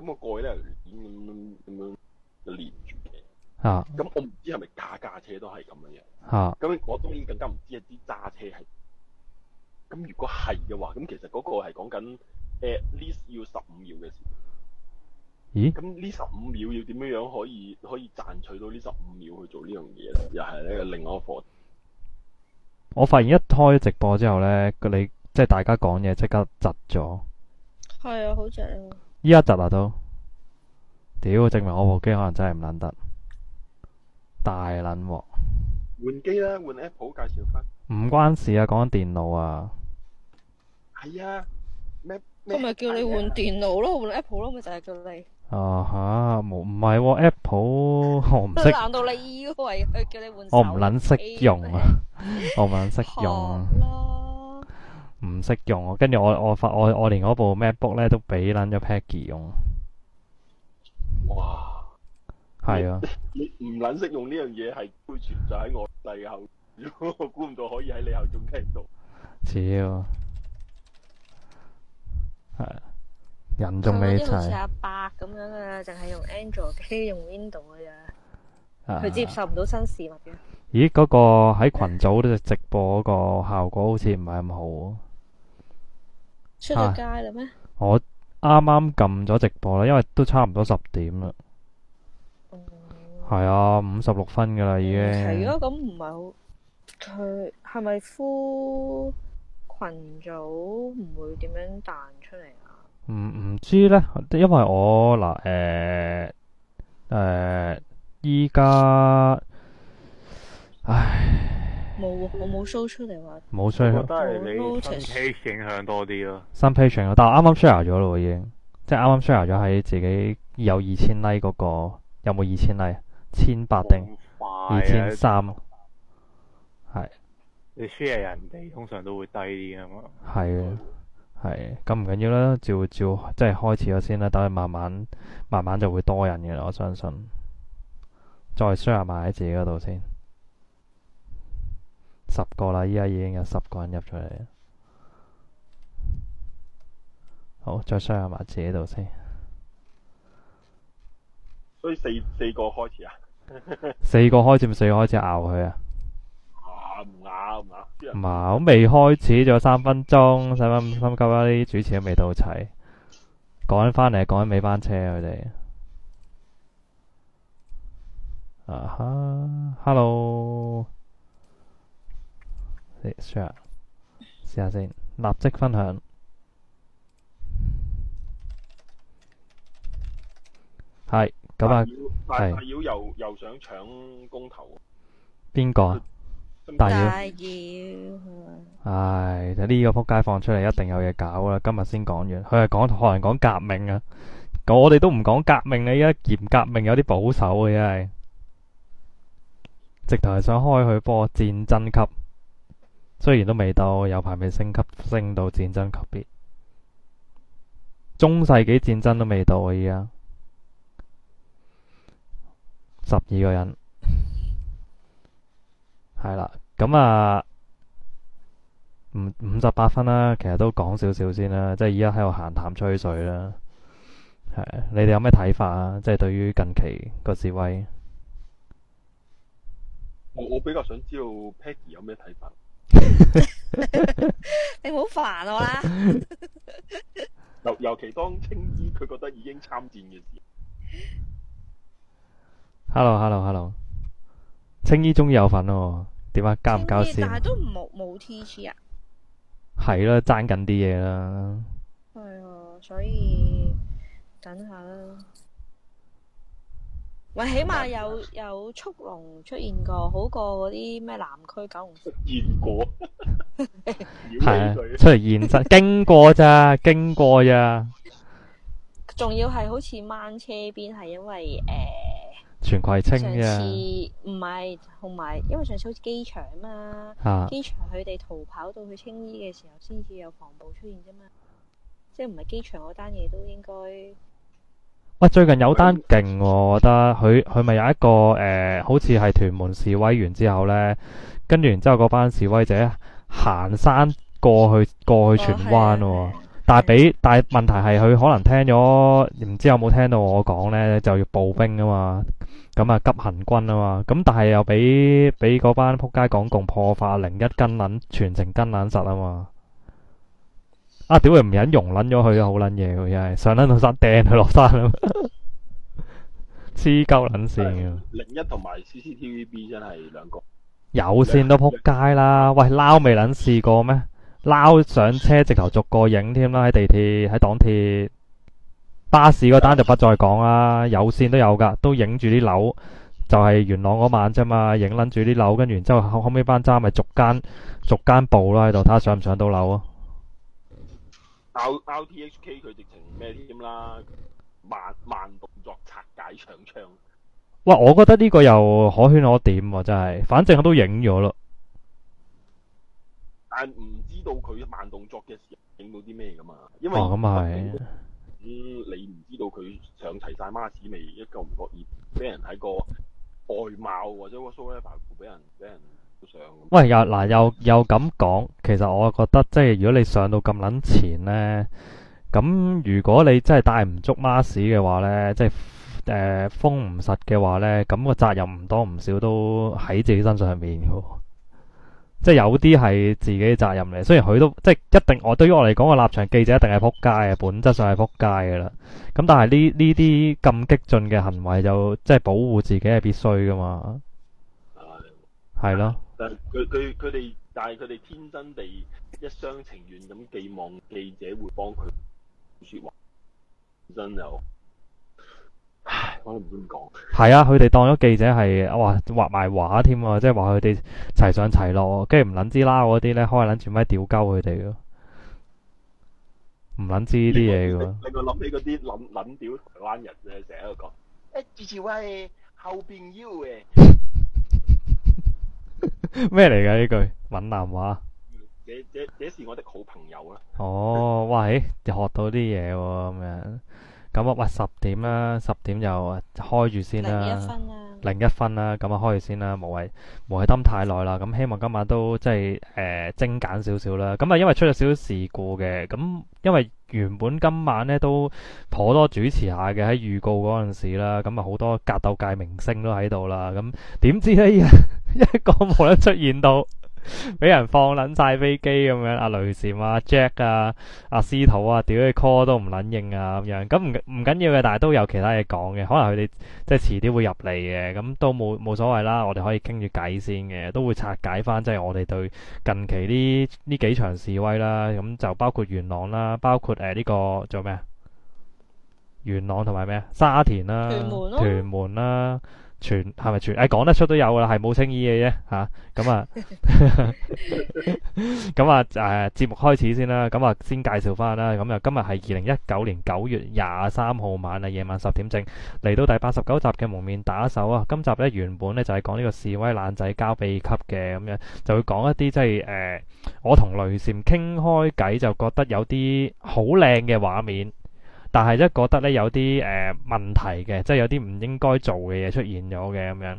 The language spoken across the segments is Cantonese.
咁個蓋咧點咁樣咁樣連住嘅，嚇咁、啊、我唔知係咪架架車都係咁樣樣，嚇咁我當然更加唔知一啲揸車係，咁如果係嘅話，咁其實嗰個係講緊，誒，呢要十五秒嘅事，咦？咁呢十五秒要點樣樣可以可以賺取到呢十五秒去做呢樣嘢咧？又係一個另外嘅課。我發現一開直播之後咧，你即係大家講嘢即刻窒咗，係啊，好窒啊！依家集啊都，屌！證明我部機可能真係唔撚得，大撚鑊。換機啦，換 Apple 介紹返。唔關事啊，講緊電腦啊。係啊，咩？佢咪叫你換電腦咯，換 Apple 咯，咪就係叫你。啊吓，冇唔係 Apple，我唔識。 難道你以為佢叫你換手機？我唔撚識用啊，我唔撚識用。唔識用，跟住我我發我我連嗰部 MacBook 咧都俾撚咗 Peggy 用，哇，係啊，你唔撚識用呢樣嘢係，會存在喺我背後。如果 我估唔到可以喺你口中聽到，超係像啊， 人仲未齊，好似阿伯咁樣啊，啊，淨係用 Android 機，用 Window 嘅咋，佢接受唔到新事物嘅。咦，嗰、那個喺群組度直播嗰個效果好似唔係咁好。 出咗街啦咩？啊？我啱啱撳咗直播啦，因為都差唔多十點啦。係、嗯、啊，五十六分嘅啦已經。係咯、嗯，咁唔係好。佢係咪呼群組唔會點樣彈出嚟？啊？唔唔、嗯、知咧，因為我嗱誒誒，依、呃、家、呃呃、唉。冇，我冇 show 出嚟話。冇 show 出嚟，你新 page 影響多啲咯。新 page 咯，但係啱啱 share 咗咯，已經，即係啱啱 share 咗喺自己有二千 like 嗰個，有冇二千 like？千八定二千三？係。你 share 人哋通常都會低啲噶嘛？係啊，係啊，咁唔緊要啦，照照，即係開始咗先啦，等佢慢慢慢慢就會多人嘅喇，我相信。再 share 埋喺自己嗰度先。十個啦，依家已經有十個人入咗嚟。好，再商量埋自己度先。所以四四個開始啊？ 四個開始咪四個開始拗佢啊？啊唔拗唔拗？唔啊，咁未開始，仲有三分鐘，使乜咁心急啊？啲主持都未到齊，趕翻嚟，趕尾班車佢哋。啊哈 ，uh huh，hello。啲相試下先，立即分享係咁啊，係大妖又又想搶公投邊個啊？大妖唉，就呢個撲街放出嚟，一定有嘢搞啦。今日先講完，佢係講同人講革命啊。我哋都唔講革命啦，你而家嫌革命有啲保守嘅，真係直頭係想開佢波戰爭級。雖然都未到，有排未升級升到戰爭級別，中世紀戰爭都未到 啊！依家十二個人係啦，咁啊五五十八分啦。其實都講少，少少先啦，即係依家喺度閒談吹水啦。係你哋有咩睇法啊？即係對於近期個示威，我我比較想知道 Peggy 有咩睇法。 tellement  你唔好煩我啦。 尤尤其當青衣，佢覺得已經參戰嘅。Hello，hello，hello。青衣終於有份哦，點啊？交唔交先？但係都冇冇提示啊？係啦，爭緊啲嘢啦。係啊、 哦，所以等下啦。我起碼有有速龍出現過，好過嗰啲咩南區九龍出現過，係出嚟現實經過咋，經過咋，仲要係好似掹車邊係因為誒、呃、全葵青啊，上次唔係同埋因為上次好似機場嘛、啊，機、啊、場佢哋逃跑到去青衣嘅時候，先至有防暴出現啫嘛，即係唔係機場嗰單嘢都應該。喂，最近有單勁喎、哦，我覺得佢佢咪有一個誒、呃，好似係屯門示威完之後呢。跟住完之後嗰班示威者行山過去過去荃灣咯，但係俾但係問題係佢可能聽咗，唔知有冇聽到我講呢，就要步兵啊嘛，咁啊急行軍啊嘛，咁但係又俾俾嗰班扑街港共破法零一跟撚，全程跟撚實啊嘛。啊！屌佢唔忍容，撚咗佢啊！好撚嘢佢真係上撚到山掟佢落山啊！黐鳩撚線啊！另一同埋 CCTV B 真係兩個有線都撲街啦！喂，撈未撚試過咩？撈上車直頭逐個影添啦！喺地鐵、喺港鐵、巴士個單就不再講啦！有線都有㗎，都影住啲樓，就係元朗嗰晚啫嘛，影撚住啲樓，跟住之後後尾班渣咪逐間逐間報啦喺度，睇下上唔上到樓啊！R R T H K 佢直情咩點啦？慢慢動作拆解長槍。哇！我覺得呢個又可圈可點喎，啊，真係。反正我都影咗咯。但唔知道佢慢動作嘅時影到啲咩噶嘛？因哦，咁係。咁你唔知道佢上齊晒孖屎未？一個唔覺意俾人喺個外貌或者個 super 俾人。喂，又嗱又又咁講，其實我覺得即係如果你上到咁撚前呢，咁如果你真係戴唔足 mask 嘅話呢，即係誒封唔實嘅話呢，咁個責任唔多唔少都喺自己身上面 即係有啲係自己責任嚟。雖然佢都即係一定對我對於我嚟講個立場，記者一定係撲街嘅，本質上係撲街噶、啊、啦。咁但係呢呢啲咁激進嘅行為，就即係保護自己係必須噶嘛，係咯。但係佢佢佢哋，但係佢哋天真地一廂情願咁寄望記者會幫佢說話，真係，唉，我都唔敢講。係啊，佢哋當咗記者係哇畫埋畫添啊，即係話佢哋齊上齊落，跟住唔捻知啦嗰啲咧，開捻住咪屌鳩佢哋咯，唔捻知想想呢啲嘢噶。令我諗起嗰啲捻捻屌台灣人嘅成日都講，誒， 支持我嘅好朋友誒。咩嚟㗎呢句閩南話？這這是我的好朋友啦、啊。哦， 哇，誒，學到啲嘢喎，咁樣。咁啊，喂，十點啦，十點就開住先啦。零一、啊、一分啦，零一分啦，咁啊，開住先啦。無謂無謂等太耐啦。咁、嗯、希望今晚都即係誒精簡少少啦。咁、嗯、啊，因為出咗少少事故嘅，咁、嗯、因為。原本今晚咧都頗多主持下嘅，喺預告嗰陣時啦，咁啊，好多格鬥界明星都喺度啦，咁點知咧一一個冇得出現到。俾 人放捻晒飛機咁樣，阿雷蟬啊、Jack 啊、阿司徒啊，屌你 call 都唔捻應啊咁樣，咁唔唔緊要嘅，但係都有其他嘢講嘅，可能佢哋即係遲啲會入嚟嘅，咁都冇冇所謂啦，我哋可以傾住偈先嘅，都會拆解翻，即係我哋對近期呢呢幾場示威啦，咁就包括元朗啦，包括誒呢個做咩元朗同埋咩沙田啦，屯門啦。全係咪全？誒講得出都有㗎啦，係冇青衣嘅啫嚇。咁啊，咁啊誒節目開始先啦。咁啊先介紹翻啦。咁啊今日係二零一九年九月廿三號晚啊，夜晚十點正嚟到第八十九集嘅蒙面打手啊。今集呢原本呢就係講呢個示威爛仔交秘笈嘅咁樣，就會講一啲即係誒我同雷禪傾開偈就覺得有啲好靚嘅畫面，但係咧覺得咧有啲誒問題嘅，即係有啲唔應該做嘅嘢出現咗嘅咁樣，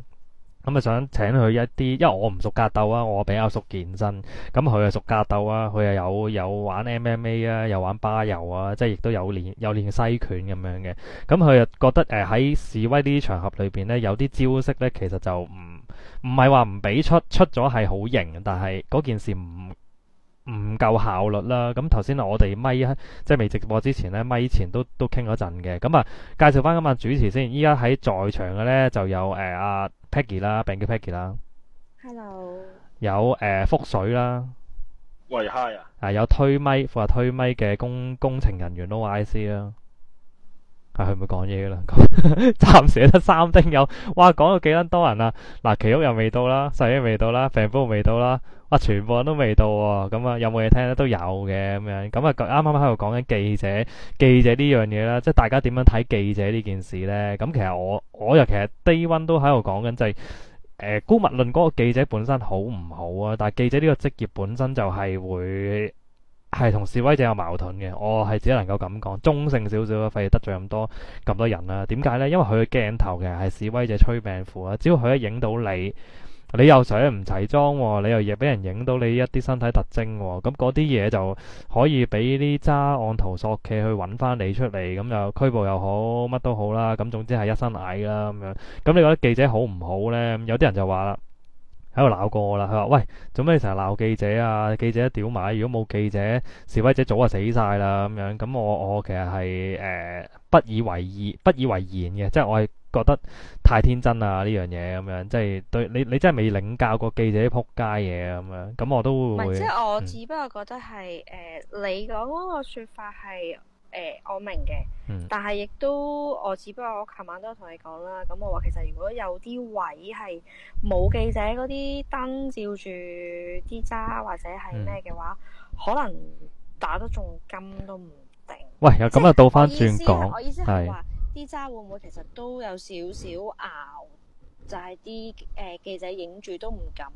咁啊想請佢一啲，因為我唔熟格鬥啊，我比較熟健身，咁佢又熟格鬥啊，佢又有有玩 MMA 啊，又玩巴柔啊，即係亦都有練有練西拳咁樣嘅，咁佢又覺得誒喺示威呢啲場合裏邊咧，有啲招式咧其實就唔唔係話唔俾出，出咗係好型，但係嗰件事唔唔夠效率啦！咁頭先我哋咪即係未直播之前咧，咪前都都傾咗陣嘅。咁啊，介紹翻咁啊主持先。依家喺在場嘅咧就有誒阿、呃、Peggy 啦病 e Peggy 啦，Hello，有誒福、呃、水啦，喂 Hey , Hi 啊，有推咪負責推咪嘅工工程人員都、no、I C 啦。係咪講嘢嘅啦， 暫時得三丁友。哇，講到幾撚多人啊！嗱、啊，奇屋又未到啦，世英未到啦，病夫未到啦，哇、啊，全部人都未到喎、哦。咁啊，有冇嘢聽咧？都有嘅咁樣。咁啊，啱啱喺度講緊記者，記者呢樣嘢咧，即、就、係、是、大家點樣睇記者呢件事咧？咁、啊、其實我我又其實低溫都喺度講緊，就係誒姑勿論嗰個記者本身好唔好啊？但係記者呢個職業本身就係會。係同示威者有矛盾嘅，我係只能夠咁講，中性少少咯，費事得罪咁多咁多人啦、啊。點解呢？因為佢嘅鏡頭其實係示威者催命符啊，只要佢一影到你，你又想唔齊裝，你又亦俾人影到你一啲身體特徵、啊，咁嗰啲嘢就可以俾啲揸案圖索企去揾翻你出嚟，咁就拘捕又好，乜都好啦。咁總之係一身矮啦、啊、咁樣。咁你覺得記者好唔好呢？有啲人就話啦。喺度鬧過我啦，佢話：喂，做咩成日鬧記者啊？記者屌埋，如果冇記者，示威者早就死晒啦咁樣。咁我我其實係誒、呃、不以為意、不以為然嘅，即係我係覺得太天真啦、啊、呢樣嘢咁樣，即係對你你真係未領教過記者撲街嘢咁樣。咁我都唔係、嗯、即係我只不過覺得係誒、呃，你講嗰個説法係。誒、欸，我明嘅，嗯、但係亦都我只不過我琴晚都有同你講啦。咁我話其實如果有啲位係冇記者嗰啲燈照住啲渣或者係咩嘅話，嗯、可能打得仲金都唔定。喂，又咁又倒翻轉講，我即意思係話啲渣會唔會其實都有少少熬，嗯、就係啲誒記者影住都唔敢。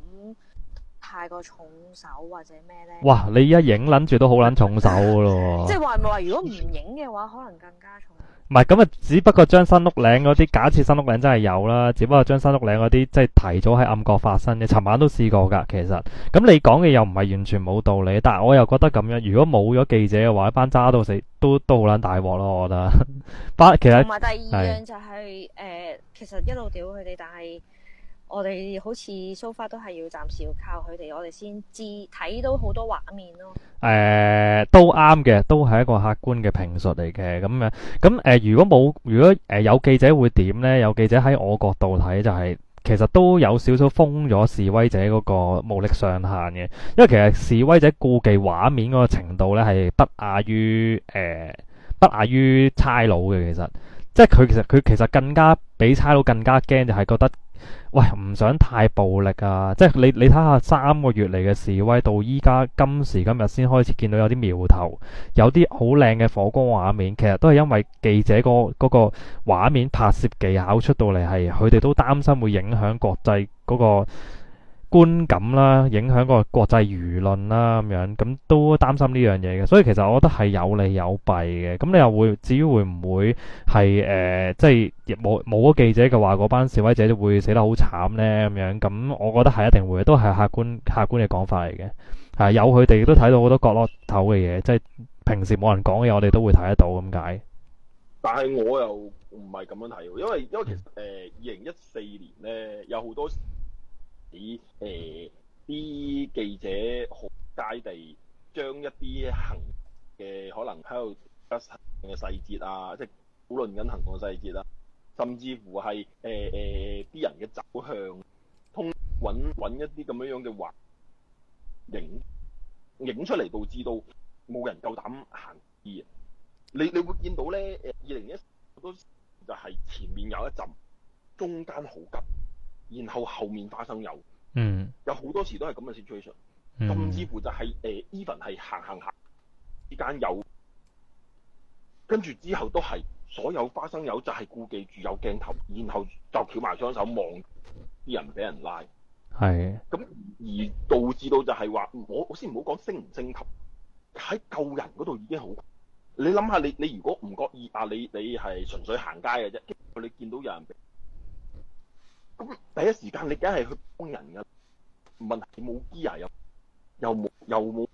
太過重手或者咩呢？哇！你一影諗住都好捻重手噶咯。即係話唔係話如果唔影嘅話，可能更加重。唔係咁啊， 不只不過將新屋嶺嗰啲，假設新屋嶺真係有啦，只不過將新屋嶺嗰啲即係提早喺暗角發生嘅，尋晚都試過噶。其實咁你講嘅又唔係完全冇道理，但係我又覺得咁樣，如果冇咗記者嘅話，一班揸到死都都好捻大鑊咯。我覺得。 其實同埋第二樣就係、是、誒是、呃，其實一路屌佢哋，但係。我哋好似 so far 都係要暫時要靠佢哋，我哋先至睇到好多畫面咯。誒、呃，都啱嘅，都係一個客觀嘅評述嚟嘅咁樣。咁、嗯、誒、嗯呃，如果冇如果誒、呃、有記者會點咧？有記者喺我角度睇就係、是，其實都有少少封咗示威者嗰個武力上限嘅，因為其實示威者顧忌畫面嗰個程度咧係不亞於誒不亞於差佬嘅。其實即係佢其實佢其實更加比差佬更加驚，就係、是、覺得。喂，唔想太暴力啊！即係你你睇下三個月嚟嘅示威，到依家今時今日先開始見到有啲苗頭，有啲好靚嘅火光畫面，其實都係因為記者個嗰個畫面拍攝技巧出到嚟，係佢哋都擔心會影響國際嗰個觀感啦，影響個國際輿論啦，咁樣咁都擔心呢樣嘢嘅，所以其實我覺得係有利有弊嘅。咁你又會至於會唔會係誒，即係冇冇嗰記者嘅話，嗰班示威者會死得好慘呢咁樣？咁我覺得係一定會，都係客觀客觀嘅講法嚟嘅。係有佢哋，亦都睇到好多角落頭嘅嘢，即係平時冇人講嘅嘢，我哋都會睇得到咁解。但係我又唔係咁樣睇，因為因為其實誒，二零一四年呢有好多。喺誒啲記者好街地將，將一啲行嘅可能喺度行嘅細節啊，即係討論緊行動細節啊，甚至乎係誒誒啲人嘅走向，通揾揾一啲咁樣樣嘅話影影出嚟，導致到冇人夠膽行。你你會見到咧誒，二零一都就係前面有一陣，中間好急。然後後面花生友，嗯，有好多時都係咁嘅 situation，甚至乎就係誒 even 係行行行之間有，跟住之後都係所有花生友就係顧忌住有鏡頭，然後就翹埋雙手望啲人俾人拉，係是。咁、嗯、而導致到就係話，我我先唔好講升唔升級，喺救人嗰度已經好。你諗下你，你你如果唔覺意啊，你你係純粹行街嘅啫，你見到有人俾。咁第一時間你梗係去幫人噶，問題冇機啊，又又冇又冇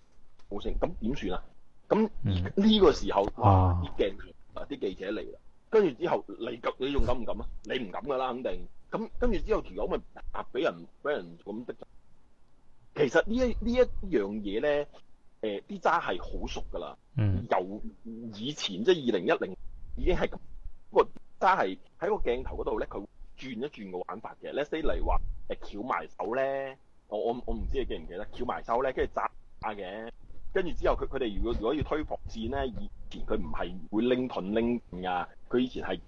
冇成，咁點算啊？咁呢個時候啲、嗯、哇鏡啊啲記者嚟啦，跟住之後你你仲敢唔敢啊？你唔敢噶啦，肯定。咁跟住之後條友咪俾人俾人咁逼。其實一一呢一呢一樣嘢咧，誒、呃、啲渣係好熟噶啦，嗯、由以前即係二零一零已經係咁個渣係喺個鏡頭嗰度咧，佢。轉一轉個玩法嘅，let’s say 嚟話，誒、翹埋手咧，我我我唔知你記唔記得翹埋手咧，跟住窒下嘅，跟住之後佢佢哋如果如果要推伏戰咧，以前佢唔係會拎盾拎噶，佢以前係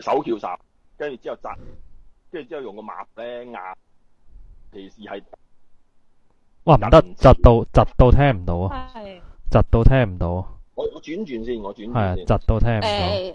手翹手。跟住之後窒，跟住之後用個抹咧，壓，其時係，哇唔得，窒到窒到聽唔到啊，係窒到聽唔到啊，我我轉轉先，我轉轉先，窒到聽唔到。哎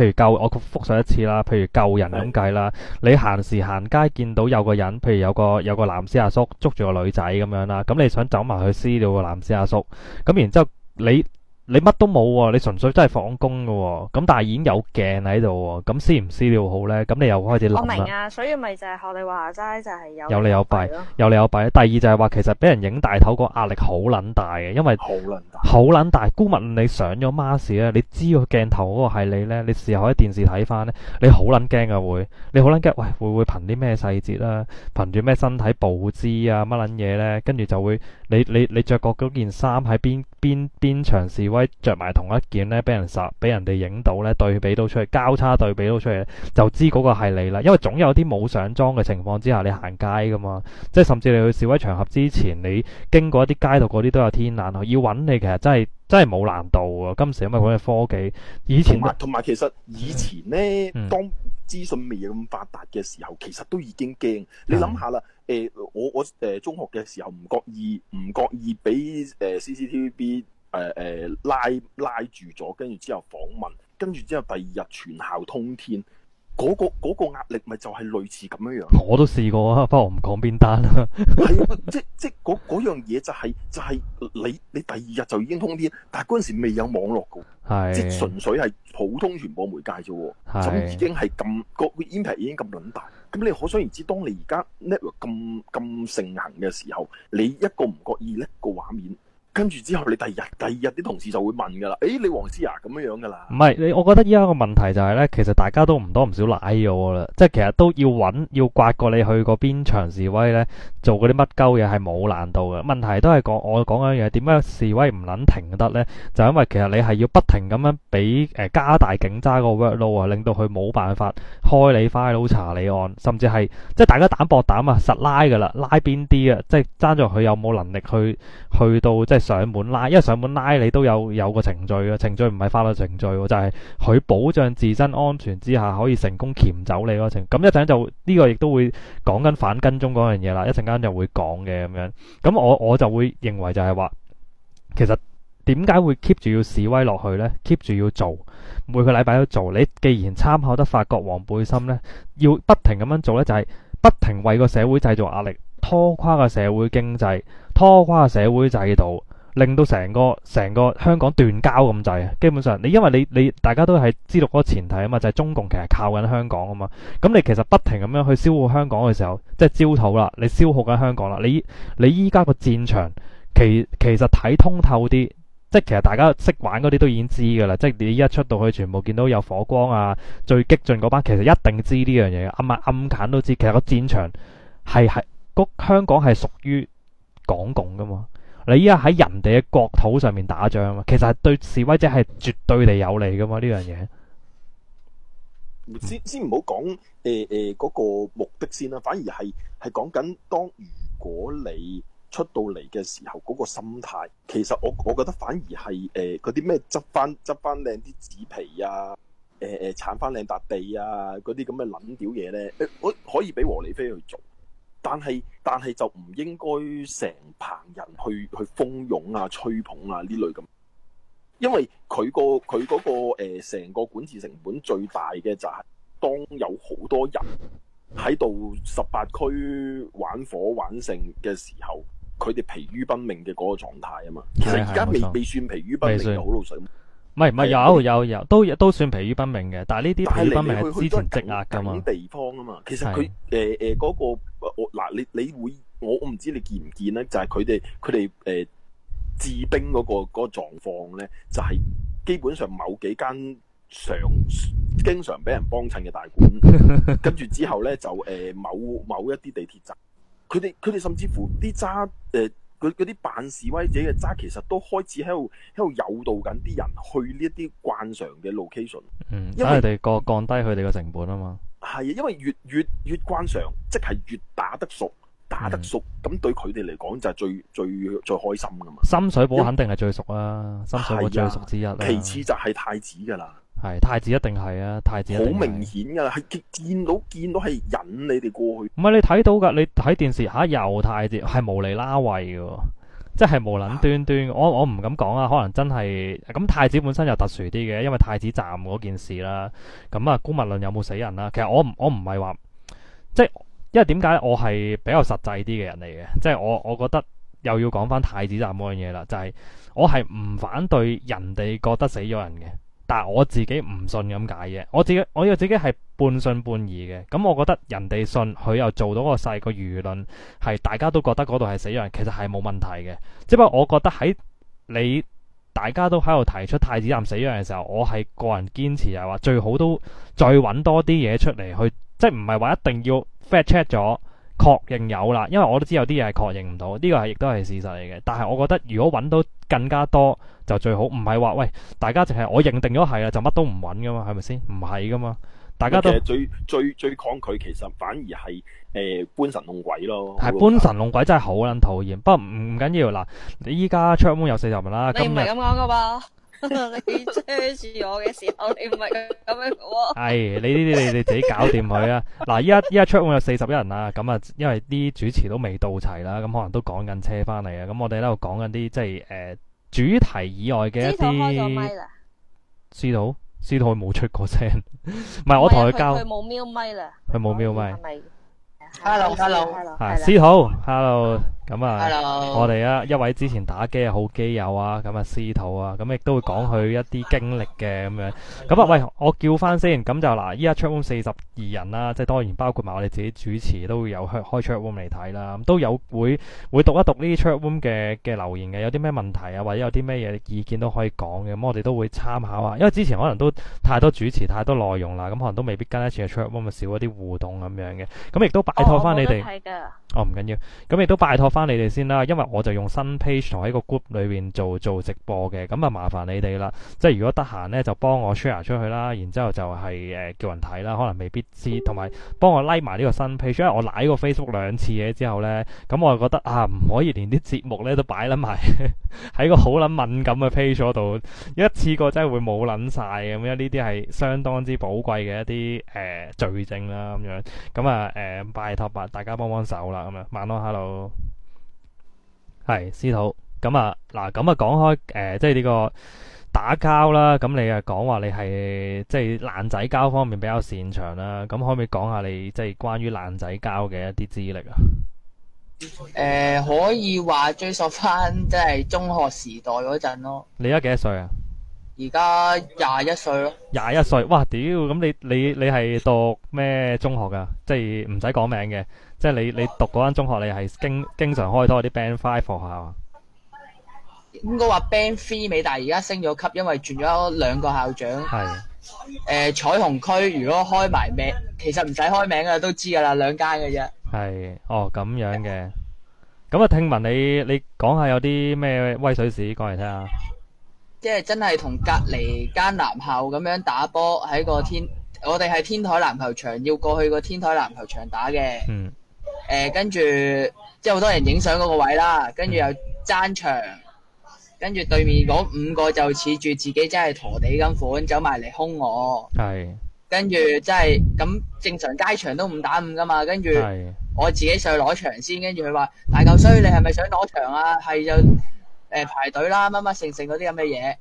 譬如救我複上一次啦，譬如救人咁計啦，是的 你閒時行街見到有個人，譬如有個有個男士阿叔捉住個女仔咁樣啦，咁你想走埋去私了個男士阿叔，咁然之後你。你乜都冇喎，你純粹真係放工嘅喎，咁但係已經有鏡喺度喎，咁撕唔撕料好咧？咁你又開始諗啦。我明啊，所以咪就係學你話齋，就係有有利有弊，有利有弊。第二就係話其實俾人影大頭個壓力好撚大嘅，因為好撚大，好撚大。估問你上咗 master 咧，你知個鏡頭嗰個係你咧，你事後喺電視睇返咧，你好撚驚啊，會你好撚驚，喂會唔會憑啲咩細節啦，憑住咩身體佈置啊乜撚嘢咧，跟住就會你你你著過嗰件衫喺邊？邊邊場示威着埋同一件咧，俾人殺，俾人哋影到咧，對比到出去，交叉對比到出去，就知嗰個係你啦。因為總有啲冇上妝嘅情況之下，你行街噶嘛，即係甚至你去示威場合之前，你經過一啲街道嗰啲都有天眼，要揾你其實真係真係冇難度啊。今時因為嗰啲科技，以前同埋同埋，其實以前呢。當、嗯。嗯資訊未有咁發達嘅時候，其實都已經驚。嗯、你諗下啦，誒、呃，我我誒中學嘅時候，唔覺意唔覺意俾誒 CCTVB 誒誒拉拉住咗，跟住之後訪問，跟住之後第二日全校通天。嗰個嗰個壓力咪就係類似咁樣樣，我都試過啊，不過我唔講邊單啦。係 啊，即即嗰樣嘢就係就係你你第二日就已經通天，但係嗰陣時未有網絡嘅，即是純粹係普通傳播媒介啫喎，咁是已經係咁個 impact 已經咁撚大，咁你可想而知，當你而家 network 咁咁盛行嘅時候，你一個唔覺意咧個畫面。跟住之後你，你第二日第二日啲同事就會問㗎啦。誒、哎，你黃絲啊咁樣樣㗎啦。唔係你，我覺得依家個問題就係、是、咧，其實大家都唔多唔少拉咗啦，即係其實都要揾要刮過你去個邊場示威咧，做嗰啲乜鳩嘢係冇難度嘅。問題都係講我講緊嘢，點解示威唔撚停得咧？就因為其實你係要不停咁樣俾誒加大警察個 work load 啊，令到佢冇辦法開你 file 查你案，甚至係即係大家膽薄膽啊，實拉㗎啦，拉邊啲啊？即係爭咗佢有冇能力去去到即係。上門拉，因為上門拉你都有有個程序嘅程序，唔係法律程序，就係、是、佢保障自身安全之下可以成功鉗走你程。咁一陣就呢、這個亦都會講緊反跟蹤嗰樣嘢啦。一陣間就會講嘅咁樣。咁我我就會認為就係話，其實點解會 keep 住要示威落去呢？keep 住要做每個禮拜都做。你既然參考得法國黃背心呢，要不停咁樣做呢，就係、是，不停為個社會製造壓力，拖垮個社會經濟，拖垮社會制度。令到成個成個香港斷交咁滯啊！基本上你因為你你大家都係知道嗰個前提啊嘛，就係中共其實靠緊香港啊嘛。咁你其實不停咁樣去消耗香港嘅時候，即係焦土啦，你消耗緊香港啦。你你依家個戰場其其實睇通透啲，即係其實大家識玩嗰啲都已經知㗎啦。即係你一出到去，全部見到有火光啊！最激進嗰班其實一定知呢樣嘢，暗啊暗㩈都知。其實個戰場係係香港係屬於港共㗎嘛。你依家喺人哋嘅國土上面打仗啊嘛，其實係對示威者係絕對地有利噶嘛呢樣嘢。先先唔好講誒誒嗰個目的先啦，啊，反而係係講緊當如果你出到嚟嘅時候嗰，那個心態，其實我我覺得反而係誒嗰啲咩執翻執翻靚啲紙皮啊，誒誒鏟翻靚笪地啊，嗰啲咁嘅撚屌嘢咧，誒、呃、可以俾和理非去做。但係但係就唔應該成棚人去去蜂擁啊、吹捧啊呢類咁，因為佢個佢嗰、嗰個成、呃、個管治成本最大嘅就係、係、當有好多人喺度十八區玩火玩勝嘅時候，佢哋疲於奔命嘅嗰個狀態啊嘛，其實而家未未算疲於奔命又好老實。唔唔係有有有，都都算疲於奔命嘅。但係呢啲疲於奔命係之前積壓噶嘛。去去頂頂地方啊嘛，其實佢誒誒嗰個，我嗱你你會，我我唔知你見唔見咧？就係佢哋佢哋誒治兵嗰個嗰個狀況咧，就係基本上某幾間常經常俾人幫襯嘅大館，跟住之後咧就誒某某一啲地鐵站，佢哋佢哋甚至乎啲渣誒。呃佢嗰啲扮示威者嘅渣，其實都開始喺度喺度誘導緊啲人去呢一啲慣常嘅 location，嗯，因為佢哋降降低佢哋嘅成本啊嘛。係，因為越越越慣常，即係越打得熟，打得熟咁、嗯、對佢哋嚟講就係最最最開心噶嘛。深水埗肯定係最熟啦，因為深水埗最熟之一，其次就係太子噶啦。係太子一定係啊！太子好明顯噶啦，係見到見到係引你哋過去。唔係你睇到噶，你睇電視吓又、啊、太子係無理拉位嘅，即係無撚端端。啊、我我唔敢講啊，可能真係咁太子本身又特殊啲嘅，因為太子站嗰件事啦。咁、嗯、啊，《孤物論》有冇死人啦？其實我唔我唔係話即係，因為點解我係比較實際啲嘅人嚟嘅，即係我我覺得又要講返太子站嗰樣嘢啦，就係、是、我係唔反對人哋覺得死咗人嘅。但我自己唔信咁解嘅，我自己我以為自己係半信半疑嘅。咁我覺得人哋信佢又做到個勢，個輿論係大家都覺得嗰度係死人，其實係冇問題嘅。只不過我覺得喺你大家都喺度提出太子站死人嘅時候，我係個人堅持係話最好都再揾多啲嘢出嚟去，即係唔係話一定要 fact check 咗。確認有啦，因為我都知有啲嘢係確認唔到，呢、這個係亦都係事實嚟嘅。但係我覺得如果揾到更加多就最好，唔係話喂大家淨係我認定咗係啊，就乜都唔揾噶嘛，係咪先？唔係噶嘛，大家都其實最最最抗拒，其實反而係誒、呃、搬神弄鬼咯。係搬神弄鬼真係好撚討厭，嗯、不過唔緊要嗱，你依家長官有四十蚊啦。你唔係咁講噶噃。 你追住我嘅時候，你唔係咁樣噶喎。係、 哎，你呢啲你你，你自己搞掂佢啊。嗱， 依家依家出我有四十一人啦。咁啊，因為啲主持都未到齊啦，咁可能都趕緊車翻嚟啊。咁我哋喺度講緊啲即係誒、呃、主題以外嘅一啲。知道開咗咪啦。司徒，司徒冇出過聲，唔 係是、啊、我同佢交。佢冇喵咪啦。佢冇喵咪。Hello，Hello，Hello、哦。係，司徒，Hello。咁啊，嗯、Hello. 我哋啊，一位之前打機嘅好基友啊，咁、嗯、啊司徒啊，咁、嗯、亦都會講佢一啲經歷嘅咁樣，咁、嗯、啊、嗯，喂，我叫翻先。咁就嗱，依家 chat room 四十二人啦、啊，即係當然包括埋我哋自己主持都會有開 chat room 嚟睇啦。咁都有會會讀一讀呢啲 chat room 嘅嘅留言嘅，有啲咩問題啊，或者有啲咩嘢意見都可以講嘅。咁、嗯、我哋都會參考啊，因為之前可能都太多主持太多內容啦，咁、嗯、可能都未必跟一次得 chat room 少一啲互動咁樣嘅。咁、嗯、亦都拜託翻你哋。哦，唔緊要。咁亦都拜託翻。翻你哋先啦，因為我就用新 page 同喺個 group 裏面做做直播嘅，咁啊麻煩你哋啦。即係如果得閒咧，就幫我 share 出去啦。然之後就係、是、誒、呃、叫人睇啦，可能未必知。同埋幫我拉埋呢個新 page，因為我拉過 Facebook 兩次嘢之後咧，咁我就覺得啊唔可以連啲節目咧都擺捻埋喺個好捻敏感嘅 page 嗰度，一次過真係會冇捻晒咁樣呢啲係相當之寶貴嘅一啲誒、呃、罪證啦咁樣。咁啊誒拜託啊，大家幫幫手啦。咁啊，晚安，hello。係師徒咁啊嗱，咁啊講開誒、呃，即係呢個打交啦。咁、嗯、你啊講話你係即係爛仔交方面比較擅長啦。咁、嗯、可唔可以講下你即係關於爛仔交嘅一啲資歷啊？誒、呃，可以話追溯翻即係中學時代嗰陣咯。你而家幾多歲啊？而家廿一歲咯。廿一歲，哇屌！咁、啊嗯、你你你係讀咩中學㗎？即係唔使講名嘅。即係你，你讀嗰間中學，你係經經常開多啲 Band Five 校啊？應該話 Band Three 尾，但係而家升咗級，因為轉咗兩個校長。係誒，彩虹區如果開埋名，其實唔使開名嘅都知噶啦，兩間嘅啫。係哦，咁樣嘅。咁啊，聽聞你你講下有啲咩威水史講嚟聽下。即係真係同隔籬間男校咁樣打波喺個天，我哋係天台籃球場，要過去個天台籃球場打嘅。嗯。誒，跟住即係好多人影相嗰個位啦，跟住又爭場，跟住對面嗰五個就似住自己真係陀地咁款，走埋嚟兇我。係是。跟住即係咁正常街場都五打五噶嘛，跟住我自己上去攞場先，跟住佢話大嚿衰，你係咪想攞場啊？係就誒、呃、排隊啦，乜乜剩剩嗰啲咁嘅嘢。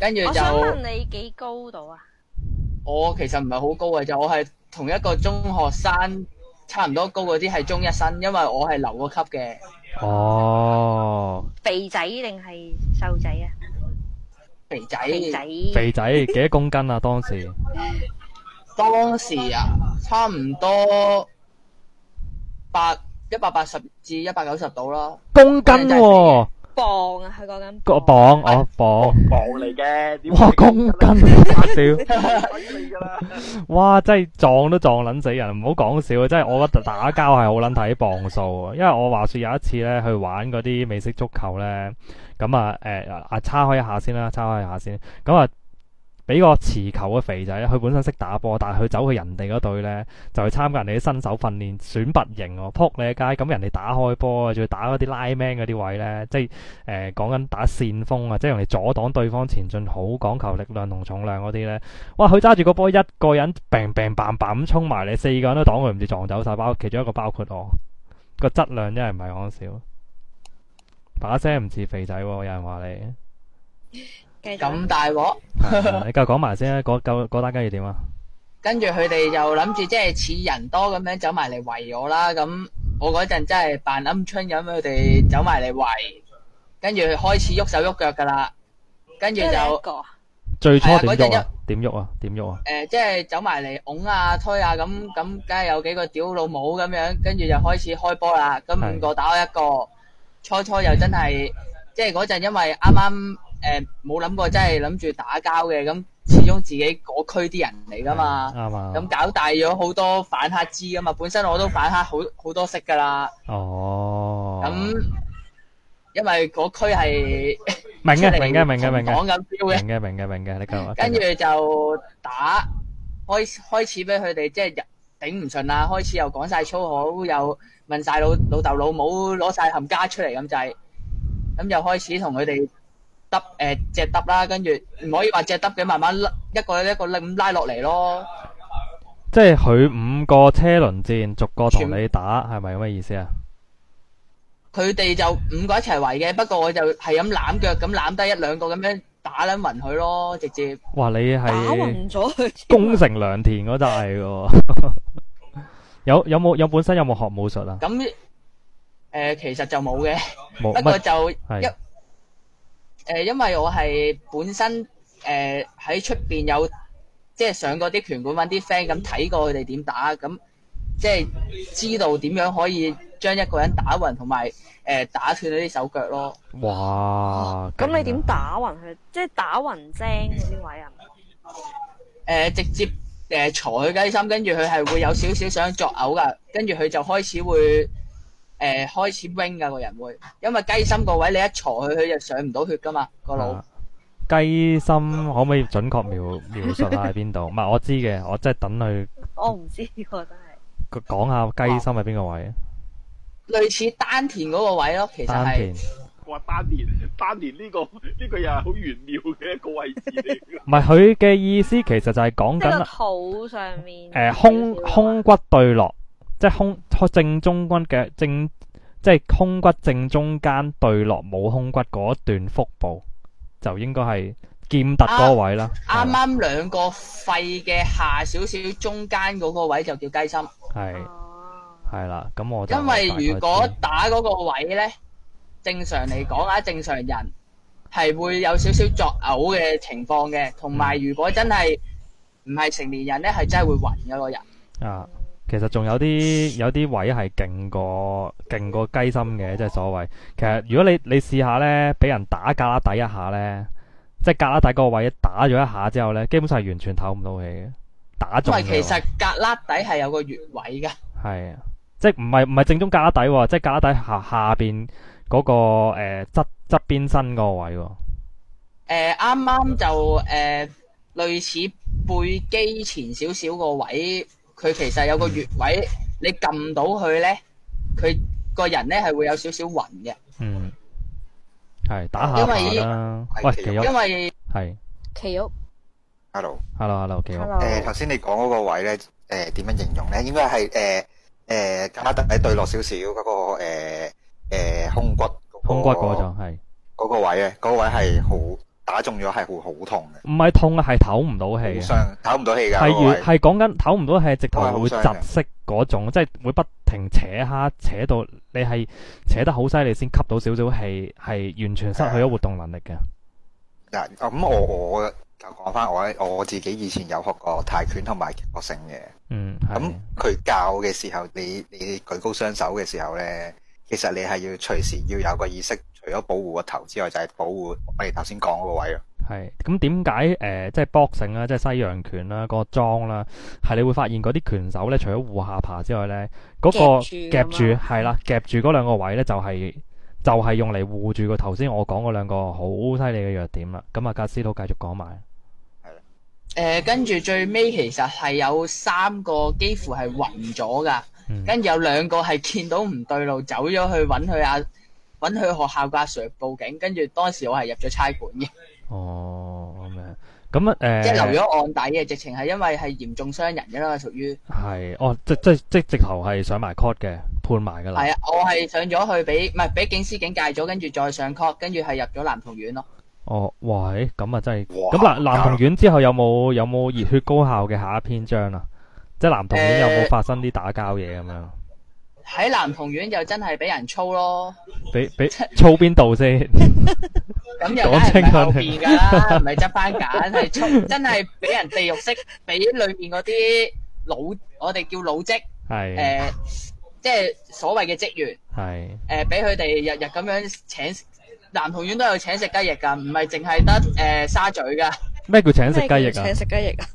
跟住就。我想問你幾高度啊？我其實唔係好高嘅，就是、我係同一個中學生。差唔多高嗰啲係中一新，因為我係留嗰級嘅。哦。肥仔定係瘦仔啊？肥仔。肥仔。肥仔幾多公斤啊？當時？當時啊，差唔多八一百八十至一百九十度啦。公斤喎、哦。磅啊，佢講緊個磅哦、啊、磅、oh, 磅嚟嘅， 哇公斤，搞笑，哇真係撞都撞卵死人，唔好講笑啊！真係我覺得打交係好卵睇磅數，因為我話說有一次咧去玩嗰啲美式足球咧，咁啊誒、呃、啊叉開一下先啦，叉開一下先，咁啊。俾個持球嘅肥仔，佢本身識打波，但係佢走去人哋嗰隊咧，就去參加人哋啲新手訓練選拔型喎、哦，撲你嘅街咁，人哋打開波，仲要打嗰啲拉 man 嗰啲位呢，即係誒、呃、講緊打線鋒啊，即係人哋阻擋對方前進，好講求力量同重量嗰啲呢。哇，佢揸住個波一個人，砰砰嘭嘭咁衝埋你，四個人都擋佢唔知撞走晒。包括其中一個包括我，個質量真係唔係講笑，把聲唔似肥仔喎、哦，有人話你。 咁大鑊，你繼續講埋先啦！嗰夠嗰單梗係點啊？跟住佢哋就諗住即係似人多咁樣走埋嚟圍我啦。咁我嗰陣真係扮鵪鶉咁，佢哋走埋嚟圍，跟住開始喐手喐腳噶啦。跟住就最初點喐？點喐啊？點喐啊？誒，即係走埋嚟拱啊、推啊，咁咁梗係有幾個屌老母咁樣，跟住就開始開波啦。咁五個打我一個，初初又真係即係嗰陣，因為啱啱。誒，冇諗過真係諗住打交嘅，咁始終自己嗰區啲人嚟噶嘛，咁搞大咗好多反黑支噶嘛。本身我都反黑好好多色噶啦，咁因為嗰區係明嘅，明嘅，明嘅，明嘅，講緊招嘅，明嘅，明嘅，明嘅，你夠我跟住就打開開始俾佢哋即係頂唔順啦，開始又講晒粗口，又問晒老老豆老母，攞晒冚家出嚟咁就係，咁又開始同佢哋。揼誒，只揼啦，跟住唔可以話只揼嘅，慢慢一個一個拎拉落嚟咯。即係佢五個車輪戰，逐個同你打，係咪咁嘅意思啊？佢哋就五個一齊圍嘅，不過我就係咁攬腳，咁攬低一兩個咁樣打捻匀佢咯，直接。哇！你係打匀咗佢，攻城良田嗰陣係喎。有有冇有本身有冇學武術啊？咁誒，其實就冇嘅，不過就一。誒，因為我係本身誒喺出邊有，即係上過啲拳館揾啲 friend 咁睇過佢哋點打，咁、嗯、即係知道點樣可以將一個人打暈，同埋誒打斷佢啲手腳咯。哇！咁你點打暈佢？即係打暈精嗰啲位啊？誒，直接誒鋤佢雞心，跟住佢係會有少少想作嘔㗎，跟住佢就開始會。誒、呃，開始 wing 噶個人會，因為雞心個位你一鋤佢，佢就上唔到血噶嘛個腦。雞、啊、心可唔可以準確描描述 下喺邊度？唔係我知嘅，我即係等佢。我唔知，我真係、 嗯。講下雞心喺邊個位？啊、類似丹田嗰個位咯，其實係。丹田。話丹田，丹田呢、這個呢、這個又係好玄妙嘅一個位置。唔係佢嘅意思，其實就係講緊。個肚上面、呃。誒，胸胸骨對落。落即係胸正中骨嘅正，即係胸骨正中間對落冇胸骨嗰段腹部，就應該係劍突嗰位啦。啱啱兩個肺嘅下少少中間嗰個位就叫雞心。係係啦，咁我因為如果打嗰個位呢，正常嚟講啊，正常人係會有少少作嘔嘅情況嘅，同埋如果真係唔係成年人呢，係真係會暈咗個人。啊！其實仲有啲有啲位係勁過勁過雞心嘅，即係所謂。其實如果你你試下呢，俾人打格拉底一下呢，即係格拉底嗰個位打咗一下之後呢，基本上係完全唞唔到氣嘅，打中。因為其實格拉底係有個穴位噶。係、啊，即係唔係唔係正宗格拉底，即係格拉底下下邊嗰、那個誒側側邊身個位。誒、呃，啱啱就誒、呃、類似背肌前少少個位。佢其實有個穴位，你撳到佢咧，佢個人咧係會有少少暈嘅。嗯，係打下啦。因為，因為係奇玉。Hello，Hello，Hello，奇玉。誒頭先你講嗰個位咧，誒點樣形容咧？應該係誒誒，加得你對落少少嗰個誒誒胸骨，胸骨嗰種係嗰個位咧，嗰個位係好。打中咗係會好痛嘅，唔係痛啊，係唞唔到氣，傷唞唔到氣噶，係完係講緊唞唔到氣，直頭會窒息嗰種，即係會不停扯蝦扯到你係扯得好犀利，先吸到少少氣，係完全失去咗活動能力嘅。啊咁、啊嗯，我我講翻我我自己以前有學過泰拳同埋格鬥性嘅，嗯，咁佢、啊、教嘅時候，你你，你舉高雙手嘅時候咧，其實你係要隨時要有個意識。除咗保護個頭之外，就係、是、保護我哋頭先講嗰個位啊，係，咁點解誒，即係 boxing 啦，即係西洋拳啦，個樁啦，係你會發現嗰啲拳手咧，除咗護下爬之外咧，嗰、嗰個夾住係啦，夾住嗰兩個位咧、就是，就係就係用嚟護住個頭先我講嗰兩個好犀利嘅弱點啦。咁啊，格斯都繼續講埋。係的。誒、呃，跟住最尾其實係有三個幾乎係暈咗噶，跟住、嗯、有兩個係見到唔對路，走咗去揾佢阿。搵佢學校個 sir 報警，跟住當時我係入咗差館嘅。哦，咁樣，咁、呃、啊，即係留咗案底嘅直情係因為係嚴重傷人嘅啦，屬於。係，哦，即即即直頭係上埋 court 嘅，判埋噶啦。係啊，我係上咗去俾唔係俾警司警戒咗，跟住再上 court，跟住係入咗男童院咯。哦，喂，誒，咁啊哇，真係，咁男男童院之後有冇有冇熱血高校嘅下一篇章啊？即係男童院有冇發生啲打交嘢咁樣？呃喺南同苑就真係俾人操咯，俾俾操邊度先？咁又係後邊噶，唔係執番架，係操，真係俾人地獄式，俾裏邊嗰啲老，我哋叫老職，係誒，即係所謂嘅職員，係誒，俾佢哋日日咁樣請，南同苑都有請食雞翼噶，唔係淨係得誒沙咀噶。咩叫請食雞翼啊？請食雞翼啊？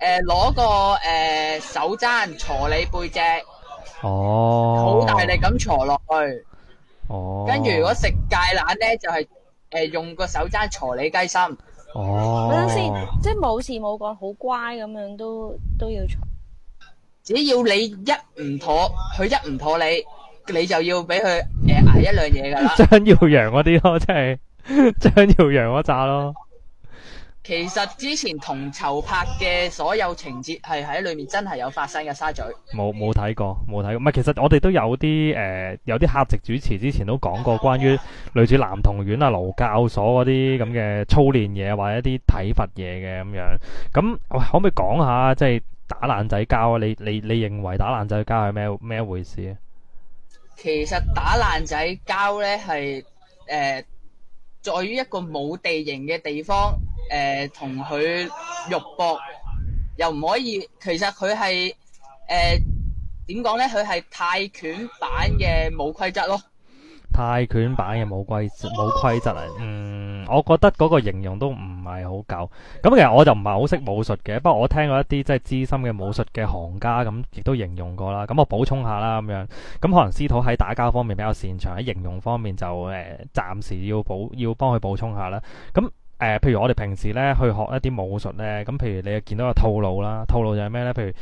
誒，攞個誒手踭坐你背脊。哦，好大力咁鋤落去，哦，跟住如果食芥蘭咧，就係、是、誒用個手踭鋤你雞心，哦，等陣先，即係冇事冇講，好乖咁樣都都要鋤，只要你一唔妥，佢一唔妥你，你就要俾佢誒挨一兩嘢噶啦，張耀揚嗰啲咯，即係張耀揚嗰扎咯。其實之前同籌拍嘅所有情節係喺裏面真係有發生嘅沙咀，冇冇睇過冇睇過，唔係其實我哋都有啲誒，有啲客席主持之前都講過關於類似男童院啊勞教所嗰啲咁嘅操練嘢，或者一啲體罰嘢嘅，咁樣咁，喂可唔可以講下即係打爛仔交啊？你你你認為打爛仔交係咩咩回事啊？其實打爛仔交呢係誒在於一個冇地形嘅地方。誒，同佢肉搏又唔可以，其實佢係誒，點講呢？佢、呃、係泰拳版嘅冇規則咯，泰拳版嘅冇規則冇規則啊！嗯，我覺得嗰個形容都唔係好夠。咁其實我就唔係好識武術嘅，不過我聽過一啲即係資深嘅武術嘅行家咁，亦都形容過啦。咁我補充下啦，咁樣咁可能司徒喺打交方面比較擅長，喺形容方面就誒、呃、暫時要補要幫佢補充下啦。咁誒、呃，譬如我哋平時咧去學一啲武術咧，咁譬如你見到個套路啦，套路就係咩咧？譬如誒，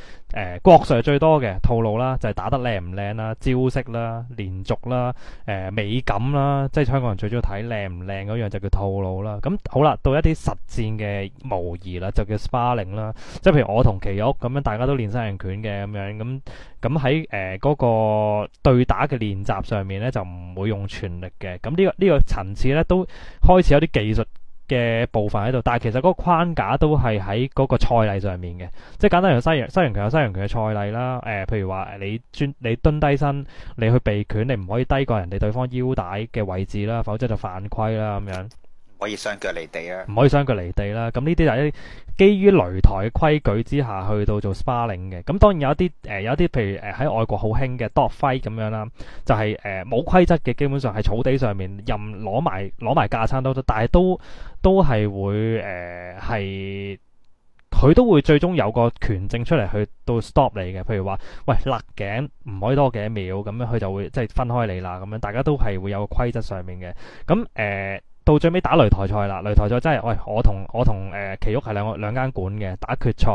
國術係最多嘅套路啦，就係、係、打得靚唔靚啦、招式啦、連續啦、誒、呃、美感啦，即係香港人最中意睇靚唔靚嗰樣就叫套路啦。咁、嗯、好啦，到一啲實戰嘅模擬啦，就叫 sparring 啦。即係譬如我同奇玉咁樣，大家都練西洋拳嘅咁樣，咁咁喺誒嗰個對打嘅練習上面咧，就唔會用全力嘅。咁呢、呢個呢、呢個層次咧都開始有啲技術，嘅部分喺度，但係其實嗰個框架都係喺嗰個賽例上面嘅，即係簡單嚟講，西洋西洋拳有西洋拳嘅賽例啦，誒、呃、譬如話誒你蹲你蹲低身，你去避拳，你唔可以低過人哋對方腰帶嘅位置啦，否則就犯規啦咁樣。可以雙腳離地啊，唔可以雙腳離地啦。咁呢啲就喺基於擂台嘅規矩之下去到做 sparring 嘅。咁、嗯、當然有一啲誒、呃，有一啲譬如誒喺、呃、外國好興嘅 dogfight 咁樣啦，就係誒冇規則嘅，基本上係草地上面任攞埋攞埋架撐都得，但係都都係會誒係佢都會最終有個權證出嚟去到 stop 你嘅。譬如話喂，勒頸唔可以多幾秒咁樣，佢就會即係分開你啦。咁樣大家都係會有個規則上面嘅咁誒。到最尾打擂台賽啦，擂台賽即係喂，我同我同誒、呃、奇玉係兩個兩間館嘅打決賽，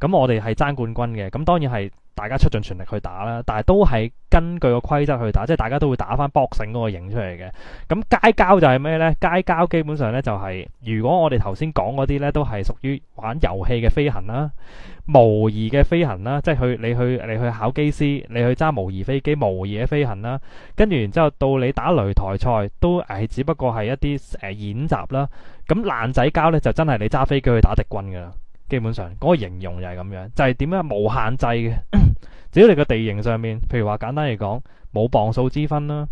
咁、嗯、我哋係爭冠軍嘅，咁、嗯、當然係。大家出盡全力去打啦，但係都係根據個規則去打，即係大家都會打翻 boxing 嗰個型出嚟嘅。咁街交就係咩呢？街交基本上呢，就係、是，如果我哋頭先講嗰啲呢，都係屬於玩遊戲嘅飛行啦、模擬嘅飛行啦，即係去你去你去，你去考機師，你去揸模擬飛機、模擬嘅飛行啦。跟住然之後到你打擂台賽，都係只不過係一啲誒演習啦。咁爛仔交呢，就真係你揸飛機去打敵軍㗎啦。基本上嗰、那個形容就係咁樣，就係點樣，無限制嘅，只要 你個地形上面，譬如話簡單嚟講，冇磅數之分啦，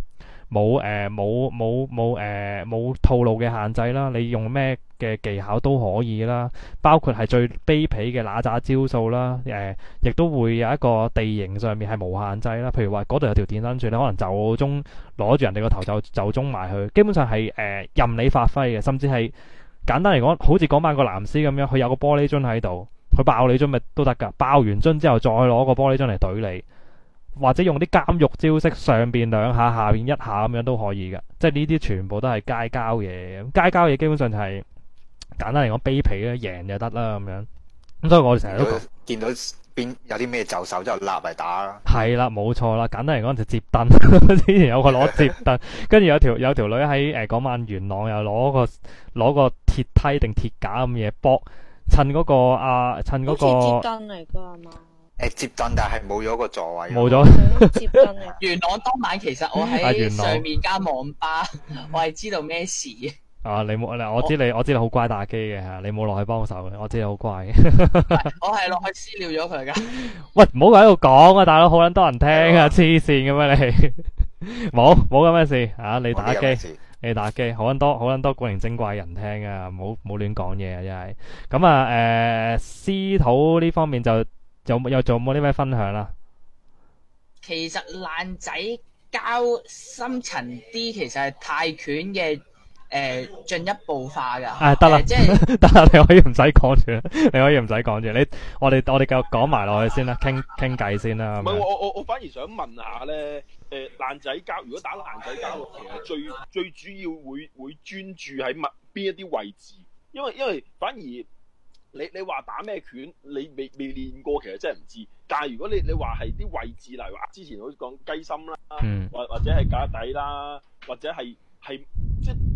冇誒冇冇冇誒冇套路嘅限制啦，你用咩嘅技巧都可以啦，包括係最卑鄙嘅嗱咋招數啦，誒、呃、亦都會有一個地形上面係無限制啦。譬如話嗰度有條電燈柱你可能就中攞住人哋個頭就就中埋去，基本上係誒、呃、任你發揮嘅，甚至係。簡單嚟講，好似講翻個男士咁樣，佢有個玻璃樽喺度，佢爆你樽咪都得㗎。爆完樽之後，再攞個玻璃樽嚟懟你，或者用啲監獄招式，上邊兩下，下邊一下咁樣都可以㗎。即係呢啲全部都係街交嘢，街交嘢基本上就係、是、簡單嚟講，卑鄙咧贏就得啦咁樣。咁所以我哋成日都見到。邊有啲咩就手就立嚟打？係啦，冇錯啦。簡單嚟講就接燈。 之前有個攞接燈，跟住有條有條女喺誒嗰晚元朗又攞個攞個鐵梯定鐵架咁嘢搏，趁嗰、嗰個啊趁嗰、嗰個接燈嚟噶嘛？誒、欸，接燈但係冇咗個座位沒了，冇咗接燈。元朗當晚其實我喺、啊、元朗上面間網吧，我係知道咩事。啊！你冇嗱，我知你，我知你好乖打機嘅，你冇落去幫手嘅，我知你好乖。我係落去私聊咗佢噶。喂，唔好喺度講啊，大佬好捻多人聽啊，黐線嘅咩你？冇冇咁嘅事啊！你打機，你打機，好捻多好捻多古靈精怪人聽啊，冇冇亂講嘢啊！真係咁啊！誒，師徒呢方面就有冇有做冇啲咩分享啦。其實爛仔交深層啲，其實係泰拳嘅。誒，進一步化噶，誒，即係得啦，你可以唔使講住，你可以唔使講住。你我哋我哋繼續講埋落去先啦，傾傾偈先啦。唔係我我我反而想問下咧，誒，爛仔交，如果打爛仔交，其實最最主要會會專注喺乜邊一啲位置？因為因為反而你你話打咩拳，你未未練過，其實真係唔知。但係如果你你話係啲位置例如話，之前好似講雞心啦，或或者係假底啦，或者係係即係。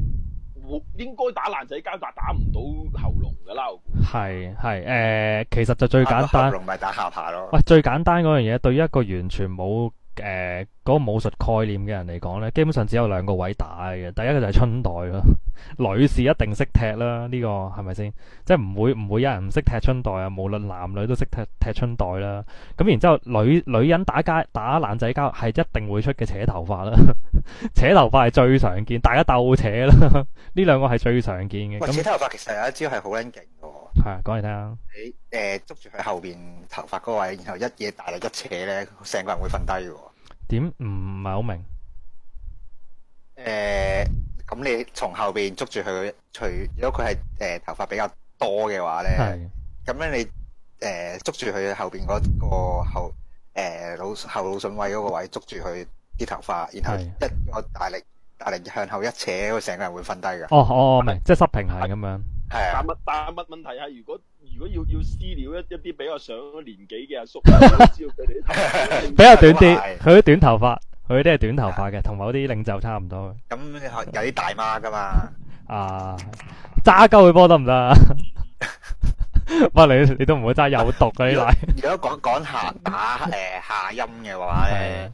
應該打爛仔間，但打唔到喉嚨噶啦。係係誒，其實就最簡單，喉嚨咪打下巴咯。喂、呃，最簡單嗰樣嘢，對於一個完全冇誒嗰個武術概念嘅人嚟講咧，基本上只有兩個位打嘅。第一個就係春袋咯。女士一定識踢啦，啊、呢，這個係咪先？即係唔會唔會有人唔識踢春袋啊？無論男女都識踢踢春袋啦，啊。咁然之後女，女女人打街打爛仔交係一定會出嘅扯頭髮啦，啊， 扯頭髮係最常見，大家鬥扯啦。呢 兩個係最常見嘅。喂，呃，扯頭髮其實有一招係好撚勁嘅，係講嚟聽下。誒捉，呃，住佢後邊頭髮嗰位，然後一嘢大力一扯咧，成個人會瞓低嘅。點唔係好明？誒，呃。咁你從後邊捉住佢，除如果佢係誒頭髮比較多嘅話咧，咁樣你誒捉住佢後邊嗰個後誒腦後腦笋位嗰個位，捉住佢啲頭髮，然後一個大力大力向後一扯，成個人會瞓低噶。哦哦，明即係失平衡咁樣。係。但乜但乜問題啊？如果如果要要私了一一啲比較上年紀嘅阿叔，知道佢哋比較短啲，佢啲短頭髮。佢啲係短頭髮嘅，同某啲領袖差唔多。咁你有啲大媽噶嘛？啊，揸鳩佢波得唔得啊？唔係你，你都唔好揸有毒嗰啲嚟。如果講講下打誒下陰嘅話咧，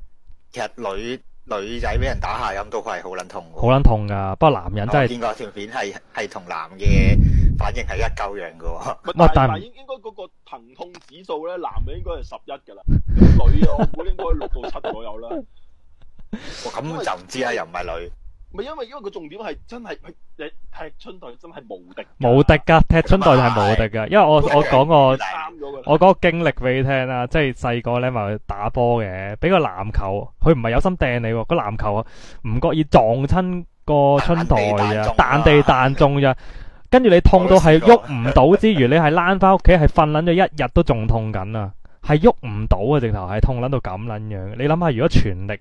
其實女女仔俾人打下陰都係好撚痛，好撚痛噶。不過男人真係，見過條片係係同男嘅反應係一鳩樣噶。唔但係應該嗰個疼痛指數咧，男嘅應該係十一噶啦，女嘅我估應該六到七左右啦。咁、哦、就唔知啦、啊，為又唔係女咪，因為因為個重點係真係踢踢春袋真係無敵，無敵噶踢春袋係無敵噶。因為我是我講個我嗰個經歷俾你聽啦、啊，即係細個你咪打波嘅，俾個籃球佢唔係有心掟你個籃球啊，唔覺意撞親個春袋啊，彈、那個啊、地彈中嘅、啊，跟住你痛到係喐唔到之餘，你係躝翻屋企係瞓捻咗一日都仲痛緊啊，係喐唔到啊，直頭係痛捻到咁捻樣。你諗下，如果全力。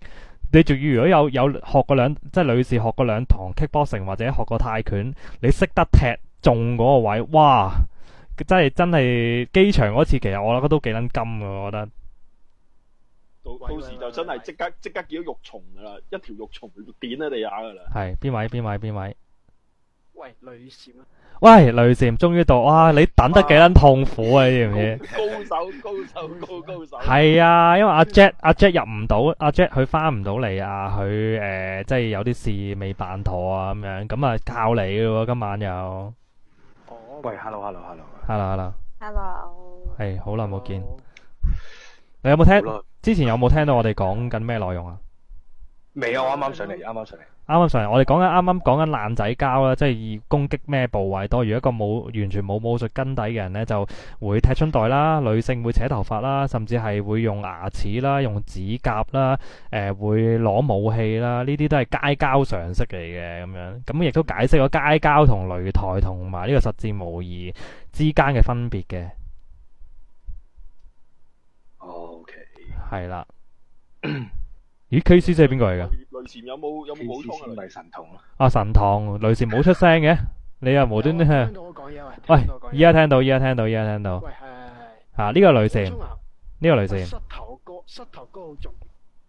你仲要如果有有學過兩即係女士學過兩堂 kickboxing 或者學過泰拳，你識得踢中嗰個位，哇！真係真係機場嗰次，其實我諗都幾撚金嘅，我覺得。到到時就真係即刻即刻見到肉蟲㗎啦，一條肉蟲扁喺地下㗎啦。係邊位？邊位？邊位？喂，雷閃！喂，雷閃，終於到哇！你等得幾撚痛苦啊？呢樣嘢，啊、高、高手，高手，高高手係 啊，因為阿 Jack，阿 Jack 入唔到，阿 Jack 佢翻唔到嚟啊！佢誒、 呃，即係有啲事未辦妥啊，咁樣咁啊，教你嘅喎，今晚又哦喂，hello，hello，hello，hello，hello，hello，係好耐冇見，Hello. 你有冇聽了之前有冇聽到我哋講緊咩內容啊？未，啊，我啱啱上嚟，啱啱上嚟。啱啱上嚟，我哋講緊啱啱講緊爛仔交啦，即係以攻擊咩部位多？如果一個冇完全冇武術根底嘅人呢，就會踢春袋啦，女性會扯頭髮啦，甚至係會用牙齒啦、用指甲啦、誒、呃、會攞武器啦，呢啲都係街交常識嚟嘅咁樣。咁亦都解釋咗街交同擂台同埋呢個實戰模擬之間嘅分別嘅。OK，係啦。 咦，KC 係邊個嚟噶？雷禪有冇有冇補充啊？阿神童，雷禪冇出聲嘅，你又無端端吓？聽到我講嘢喂？喂，依家聽到，依家聽到，依家聽到。喂係，吓呢個雷禪，呢個雷禪，膝頭哥，膝頭哥好重，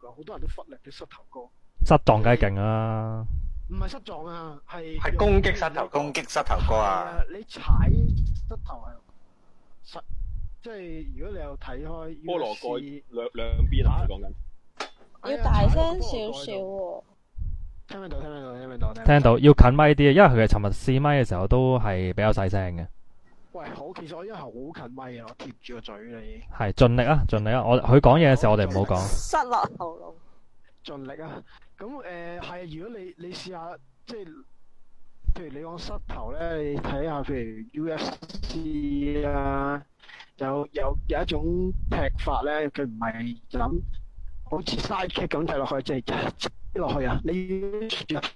好多人都忽略啲膝頭哥。膝撞梗係勁啦，唔係膝撞啊，係係攻擊膝頭，攻擊膝頭哥啊。你踩膝頭係實，即係如果你有睇開。菠蘿蓋兩兩邊啊？講緊。要大聲少少喎，聽唔到聽唔到聽唔到，聽到要近米啲啊，因為佢係尋日試米嘅時候都係比較細聲嘅。喂，好，其實我因為好近米，啊，我貼住個嘴咧。係盡力啊，盡力啊，我佢講嘢嘅時候我哋唔好講。喉嚨盡力啊，咁誒係，如果你你試下即係，譬如你講膝頭咧，你睇下，譬如 UFC 啊，有有有一種踢法咧，佢唔係咁。好似剎車咁睇落去，即係踩落去啊！你要踩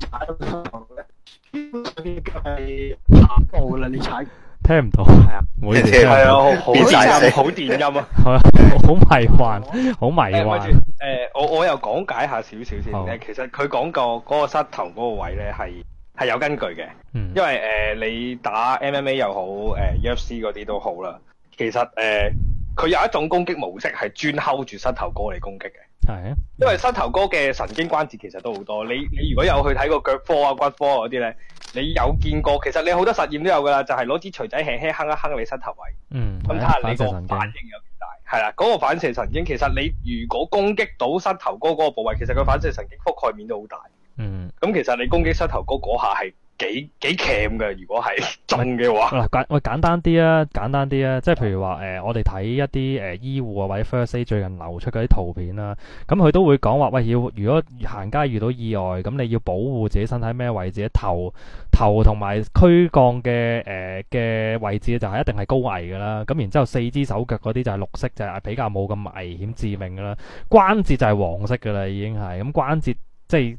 踩到膝咧，係麻木噶啦，你踩。聽唔到係啊，唔好意思係啊， 好電音，好電音啊，好 迷幻，好迷幻。誒、欸呃，我我又講解下少少先咧，其實佢講過嗰個膝頭嗰個位咧，係係有根據嘅，因為誒你打 MMA 又好，誒 UFC 嗰啲都好啦。其實誒。佢有一種攻擊模式係專睺住膝頭哥嚟攻擊嘅，係啊的，因為膝頭哥嘅神經關節其實都好多。你你如果有去睇過腳科啊骨科嗰啲咧，你有見過？其實你好多實驗都有噶啦，就係、是、攞支錘仔輕輕敲一敲你膝頭位，嗯，咁睇下你個反，反應有幾大。係啦，嗰、那個反射神經其實你如果攻擊到膝頭哥嗰個部位，其實佢反射神經覆蓋面都好大。嗯，咁、嗯、其實你攻擊膝頭哥嗰下係。幾幾鉗嘅，如果係震嘅話，嗱喂，簡單啲啊，簡單啲啊，即係譬如話誒、呃，我哋睇一啲誒、呃、醫護啊或者 First Aid 最近流出嗰啲圖片啦，咁、嗯、佢都會講話喂，如果行街遇到意外，咁你要保護自己身體咩位置？頭頭同埋軀幹嘅誒嘅位置就係一定係高危噶啦。咁、嗯、然之後四肢手腳嗰啲就係綠色，就係、是、比較冇咁危險致命噶啦。關節就係黃色噶啦，已經係咁、嗯、關節即係。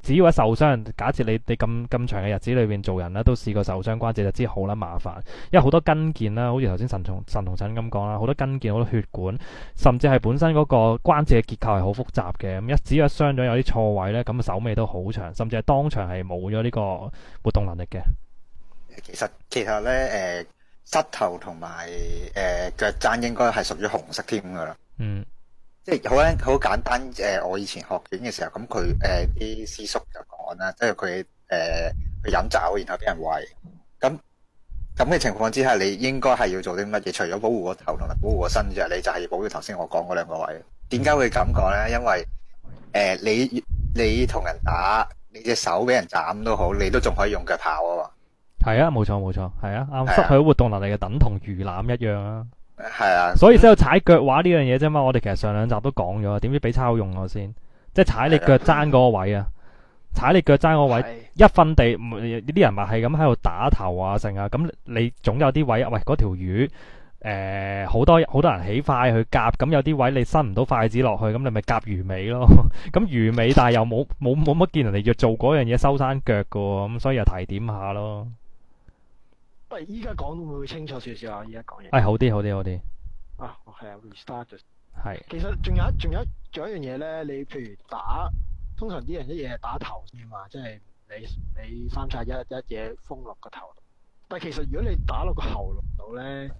只要一受傷，假設你你咁咁長嘅日子裏邊做人咧，都試過受傷，關節就知好啦，麻煩，因為好多筋腱啦，好似頭先神童神童診咁講啦，好多筋腱好多血管，甚至係本身嗰個關節嘅結構係好複雜嘅。咁一只要傷咗有啲錯位咧，咁手尾都好長，甚至係當場係冇咗呢個活動能力嘅。其實其實咧，誒、呃，膝頭同埋誒腳踭應該係屬於紅色添噶啦。嗯。即係好咧，好簡單。誒，我以前學拳嘅時候，咁佢誒啲師叔就講啦，即係佢誒去飲酒，然後俾人喂。咁咁嘅情況之下，你應該係要做啲乜嘢？除咗保護個頭同埋保護個身之外，你就係要保護頭先我講嗰兩個位。點解會咁講咧？因為誒、呃、你你同人打，你隻手俾人斬都好，你都仲可以用腳跑啊嘛。係啊，冇錯冇錯，係啊，啱。失去活動能力嘅等同魚腩一樣啊。係啊，所以先有踩腳畫呢樣嘢啫嘛。我哋其實上兩集都講咗，點知俾抄用我先？即係踩你腳踭嗰個位啊，踩你腳踭嗰位，的一份地，啲人咪係咁喺度打頭啊，成啊。咁你總有啲位，喂，嗰條魚，誒、呃，好多好多人起筷去夾，咁有啲位你伸唔到筷子落去，咁你咪夾魚尾咯。咁 魚尾，但係又冇冇冇乜見人哋要做嗰樣嘢收山腳噶，咁所以又提點下咯。喂，依家講會唔會清楚少少、哎、啊？依家講嘢。誒的，好啲，好啲，好啲。啊，我係啊，restart。係。其實仲有，有，有一，仲有仲有一樣嘢咧。你譬如打，通常啲人一嘢打頭先嘛，即係你你三叉一一嘢封落個頭度。但係其實如果你打落個喉嚨度咧，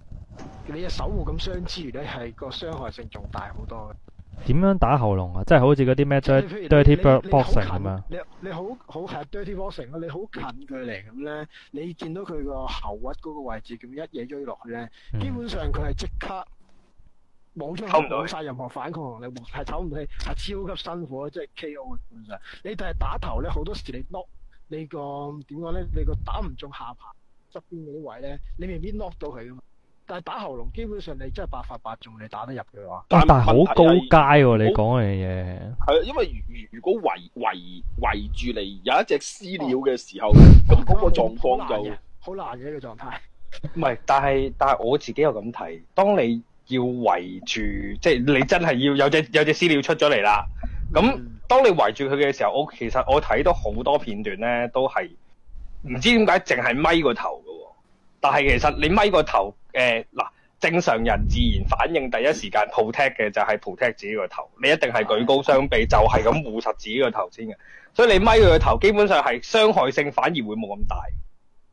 你嘅手冇咁傷之餘咧，係個傷害性仲大好多嘅。點樣打喉嚨啊？即係好似嗰啲咩，dirty boxing 咁啊！你樣你好好係 dirty boxing 咯，你好近距離咁咧，你見到佢個喉核嗰個位置，咁一嘢追落去咧，基本上佢係即刻冇咗冇晒任何反抗能力，係走唔起，係超級辛苦啊！即係 K O 啊，基本上你但係打頭咧，好多時你 lock 你個點講咧？你個打唔中下巴側邊嗰啲位咧，你未必 lock 到佢噶嘛。但係打喉嚨，基本上你真係百發百中，你打得入嘅話。但係好高階喎，你講嘅嘢。係啊，因為如如果圍圍圍住你有一隻私鳥嘅時候，咁嗰 個狀況就好難嘅一個狀態。唔係，但係但係我自己又咁睇，當你要圍住， 即係你真係要有隻有隻私鳥出咗嚟啦。咁 當你圍住佢嘅時候，我其實我睇到好多片段咧，都係唔知點解淨係咪個頭㗎，但係其實你咪個頭。誒嗱、呃，正常人自然反應第一時間 protect 嘅就係 protect 自己個頭，你一定係舉高雙臂 就係咁護實自己個頭先嘅。所以你咪佢個頭，基本上係傷害性反而會冇咁大。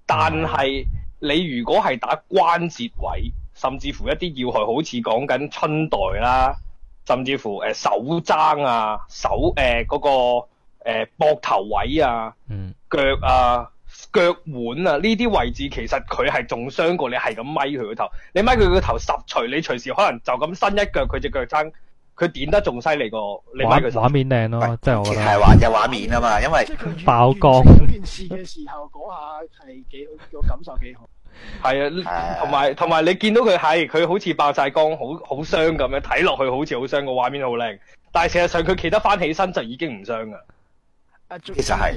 但係你如果係打關節位，甚至乎一啲要害，好似講緊春袋啦，甚至乎誒、呃、手踭啊、手誒嗰、呃嗰個膊、呃、頭位啊、嗯、腳啊。腳腕啊，呢啲位置其實佢係仲傷過你。係咁咪佢個頭，你咪佢個頭十錘，你隨時可能就咁伸一腳佢隻腳踭，佢點得仲犀利過你。咪佢畫面靚咯，即係我係畫隻畫面啊嘛，因為爆光。即係件事嘅時候，嗰下係幾，我感受幾好。係 啊，同埋同埋你見到佢係佢好似爆曬光，好好傷咁樣，睇落去好似好傷，個畫面好靚，但係事實上佢企得翻起身就已經唔傷噶。其實係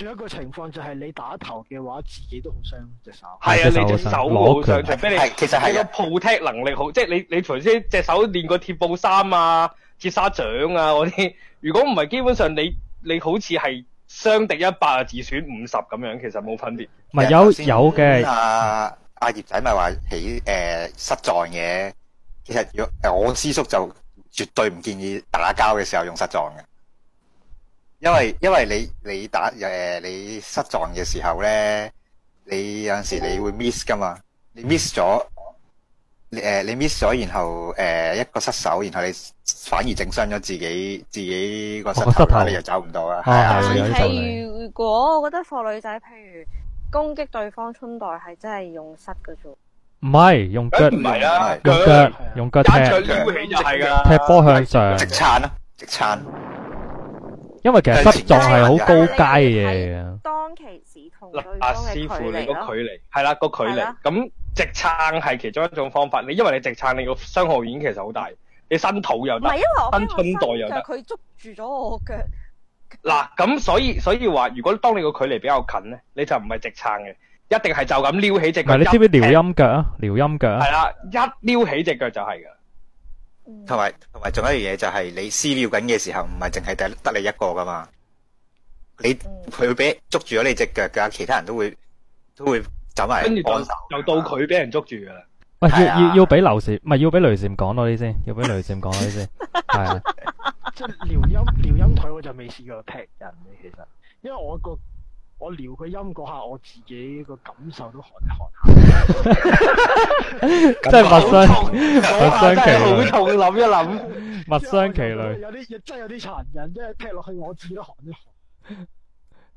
仲有一個情況就係你打頭嘅話，自己都好傷隻手。係啊，你隻手好傷，除非你其實係個鋪踢能力好，即係你你頭先隻手練個鐵布衫啊、鐵砂掌啊嗰啲。如果唔係，基本上你你好似係傷敵一百啊，自損五十咁樣，其實冇分別。唔係有有嘅啊，阿阿葉仔咪話起誒、呃、失狀嘅。其實如果我師叔就絕對唔建議打交嘅時候用失狀嘅。因為，因為你你打誒你膝撞嘅時候咧，你有陣時你會 miss 噶嘛，你 miss 咗，你誒你 miss 咗然後誒一個失手，然後你反而整傷咗自己自己個膝頭，你又走唔到啊。係啊，但係如果我覺得放女仔，譬如攻擊對方春袋，係真係用膝嘅啫。唔係用腳，用腳用腳踢，踢波向上，直鏟啊，直鏟。因為其實膝撞係好高階嘅，當其時同對方嘅距離咯。嗱，阿師傅你個距離係啦個距離，咁直撐係其中一種方法。你因為你直撐，你個傷害已經其實好大，你伸肚又得，伸春袋又得。佢捉住咗我腳。嗱、啊，咁所以所以話，如果當你個距離比較近咧，你就唔係直撐嘅，一定係就咁撩起隻腳。唔係，你知唔知撩陰腳啊？撩陰腳啊？係啦，一撩起隻腳就係噶。同埋同埋，仲有，有，有一樣嘢就係你私聊緊嘅時候，唔係淨係得得你一個噶嘛？你佢俾捉住咗你隻腳噶，其他人都會都會走埋。跟住就又到佢俾人捉住噶啦。喂，要、哎、呀 要要俾劉禪，唔係要俾雷禪講多啲先，要俾雷禪講多啲先。係。即係撩音撩音台，我就未試過劈人嘅，其實，因為我個。我撩佢音嗰下，我自己個感受都寒一寒，寒， 真係物傷物傷其類，好痛， 真係諗一諗，物傷其類，有啲嘢真係有啲殘忍，即係聽落去我自己都寒一寒。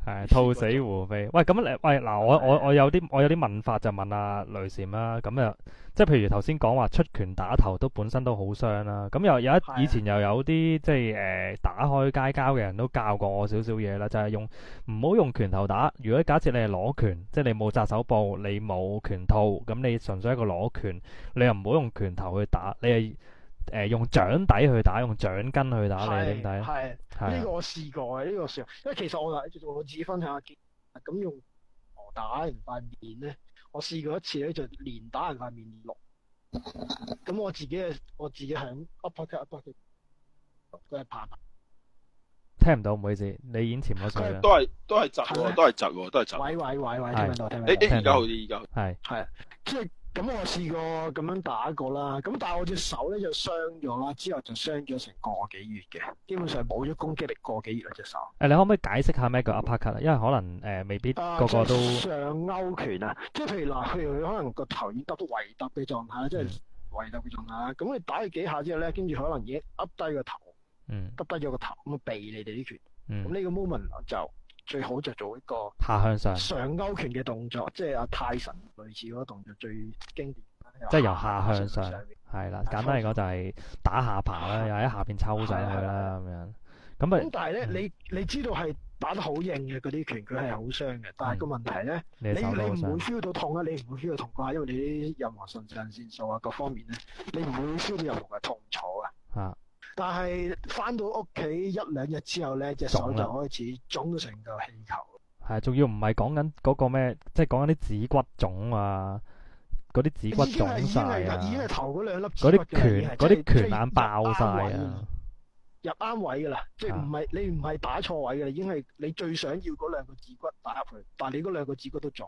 係， 兔死狐悲。喂，咁啊，喂，嗱，我我我有啲我有啲問法就問阿、啊、雷禪啦，咁啊。即係譬如頭先講話出拳打頭都本身都好傷啦、啊，咁、嗯、又有以前又有啲即係誒、呃、打開街交嘅人都教過我少少嘢啦，就係、是、用唔好用拳頭打。如果假設你係攞拳，即係你冇紮手部，你冇拳套，咁你純粹一個攞拳，你又唔好用拳頭去打，你係誒、呃、用掌底去打，用掌根去打你，你點睇咧？係的，呢是的 個我試過嘅，呢、這個時候，因為其實我我自己分享下嘅，咁用頭打人塊面咧。我試過一次咧，就連打係塊面落。咁我自己我自己係 up 佢，up 翻係怕。聽唔到，唔好意思，你演前嗰時都係都係窒喎，都係窒喎，都係窒，哦。喂喂喂喂，是聽唔到，是聽唔到。而家你好似，而家。係係是。是咁、嗯、我試過咁樣打過啦，咁但係我隻手咧就傷咗啦，之後就傷咗成個幾月嘅，基本上冇咗攻擊力個幾月啊，隻手。誒、啊，你可唔可以解釋下咩叫 uppercut 啊？因為可能誒、呃、未必個個都、啊就是、上勾拳啊，即、就、係、是、譬如嗱，譬如你可能個頭已經耷到維特嘅狀態啦，嗯、即係維特嘅狀態啦，咁你打佢幾下之後咧，跟住可能已經屈低、嗯、個頭，耷低咗個頭，咁避你哋啲拳，咁呢、嗯、個 moment、啊、就～最好就做一個下向上上勾拳嘅動作，即係阿泰臣類似嗰個動作最經典，即係由下向上，係啦。簡單嚟講就係打下巴啦，又喺下邊抽上去啦咁樣。咁啊，咁但係咧，你你知道係打得好硬嘅嗰啲拳，佢係好傷嘅。但係個問題咧，你你唔會 feel 到痛啊，你唔會 feel 到痛噶，因為你啲任何腎上腺素啊，各方面咧，你唔會 feel 到任何嘅痛楚啊。但係翻到屋企一兩日之後咧，隻手就開始腫成個氣球。係、嗯就是、啊，仲要唔係講緊嗰個咩，即係講緊啲指骨腫啊，嗰啲指骨腫晒啊。已經係頭嗰兩粒，嗰啲拳，嗰啲是拳眼爆晒啊！入啱位噶啦，即係唔係你唔係打錯位噶啦，已經係你最想要嗰兩個指骨打入去，但係你嗰兩個指骨都腫。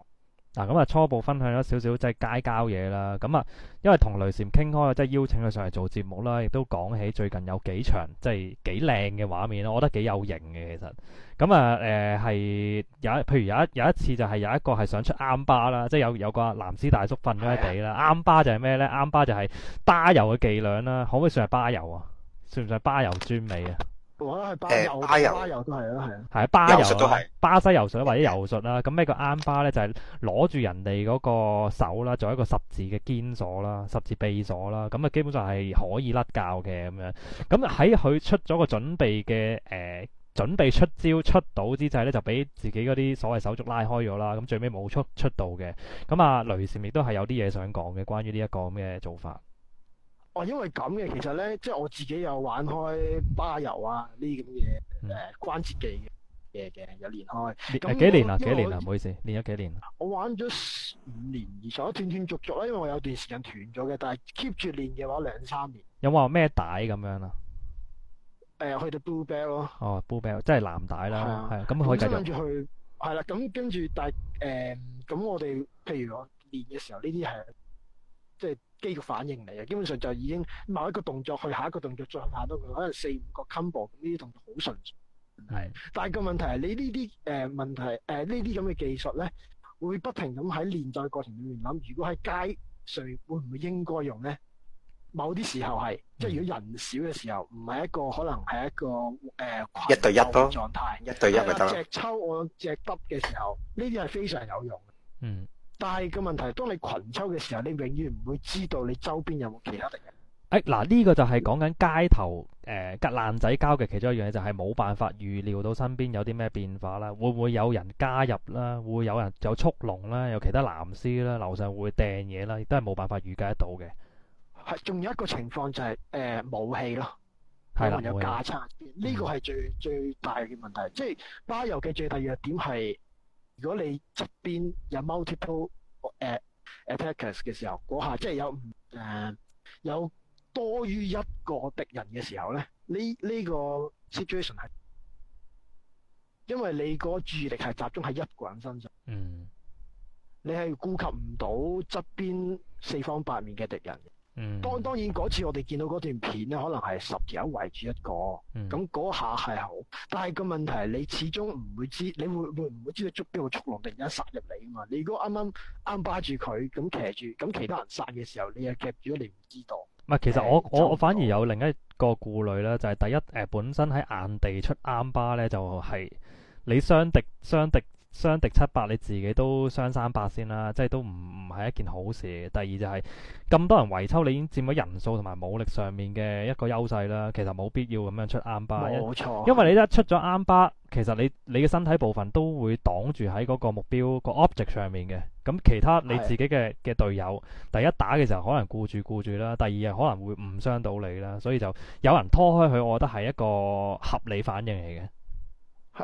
嗱咁啊、嗯，初步分享咗少少即係街交嘢啦。咁、嗯、啊，因為同雷禪傾開，即係邀請佢上嚟做節目啦，亦都講起最近有幾場即係幾靚嘅畫面咯。我覺得幾有型嘅其實。咁、嗯、啊，誒、呃、係有，譬如有一有一次就係有一個係想出啱巴啦，即係有有個藍絲大叔瞓咗喺地啦。啱巴是、啊、就係咩呢？啱巴就係巴油嘅伎倆啦。可唔可以算係巴油啊？算唔算巴油專美啊？我諗係巴巴柔都係咯，係啊、欸，係啊，巴柔都係。巴西柔術，或者柔術啦，咁咩、嗯、個啱巴咧？就係攞住人哋嗰個手啦，做一個十字嘅肩鎖啦，十字臂鎖啦，咁啊，基本上係可以甩骹嘅咁樣。咁喺佢出咗個準備嘅誒、呃，準備出招出到之際咧，就俾自己嗰啲所謂手足拉開咗啦。咁最尾冇出出到嘅。咁啊，雷禪亦都係有啲嘢想講嘅，關於呢一個咁嘅做法。哦，因為咁嘅，其實咧，即係我自己有玩開巴油啊呢啲咁嘅誒關節技嘅嘢嘅，有練開。咁幾年啊？幾年啊？唔好意思，練咗幾年。我玩咗五年，而且斷斷續續咧，因為我有段時間斷咗嘅，但係 keep 住練嘅話，兩三年。有冇話咩帶咁樣啦、啊？誒、呃，去到 blue belt 咯、哦。哦，blue belt 即係藍帶啦。係咁、啊嗯、可以跟住去係啦，咁跟住但係誒，咁、嗯、我哋譬如我練嘅時候，呢啲係即係。肌肉反應嚟嘅，基本上就已經某一個動作去下一個動作，再下多個可能四五個 combo，呢啲動作好順暢。係，但係個問題係你呢啲誒問題誒呢啲咁嘅技術咧，會不停咁喺練習過程裏面諗，如果喺街上會唔會應該用咧？某啲時候係，即係如果人少嘅時候，唔係一個可能係一個誒羣遊狀態，一對一咪得咯。隻抽我隻揼嘅時候，呢啲係非常有用。嗯。但係個問題，當你群抽嘅時候，你永遠唔會知道你周邊有冇其他敵人。誒、哎，嗱呢、這個就係講緊街頭誒格爛仔交嘅其中一樣嘢，就係冇辦法預料到身邊有啲咩變化啦，會唔會有人加入啦，會有人有速龍啦，有其他藍絲啦，樓上會掟嘢啦，亦都係冇辦法預計到嘅。係，仲有一個情況就係、是、誒、呃、武器咯，可能的有價差，呢個係最、嗯、最大嘅問題。即係包郵嘅最大弱點係。如果你側邊有 multiple 誒、uh, attackers 嘅時候，嗰下即係有誒、uh, 有多於一個敵人嘅時候咧，呢呢、這個 situation 係因為你個注意力係集中喺一個人身上，嗯，你係顧及唔到側邊四方八面嘅敵人。當、嗯、當然嗰次我哋見到嗰段片咧，可能係十人圍住一個，咁嗰、嗯、下係好。但係個問題，你始終唔會知，你會會唔會知道捉標會速龍突然間殺入嚟啊？嘛，你如果啱啱啱巴住佢，咁騎住，咁其他人殺嘅時候，你又夾住咗，你唔知道。唔係，其實我、嗯、我我反而有另一個顧慮啦，就係、是、第一誒、呃，本身喺硬地出啱巴咧，就係、是、你雙敵雙敵。傷敵七百，你自己都傷三百先啦，即係都唔唔係一件好事。第二就係、是、咁多人圍抽，你已經佔咗人數同埋武力上面嘅一個優勢啦。其實冇必要咁樣出 armbar，冇錯。因為你一出咗 armbar，其實你你嘅身體部分都會擋住喺嗰個目標個 object 上面嘅。咁其他你自己嘅嘅是的 隊友，第一打嘅時候可能顧住顧住啦，第二啊可能會誤傷到你啦。所以就有人拖開佢，我覺得係一個合理反應嚟嘅。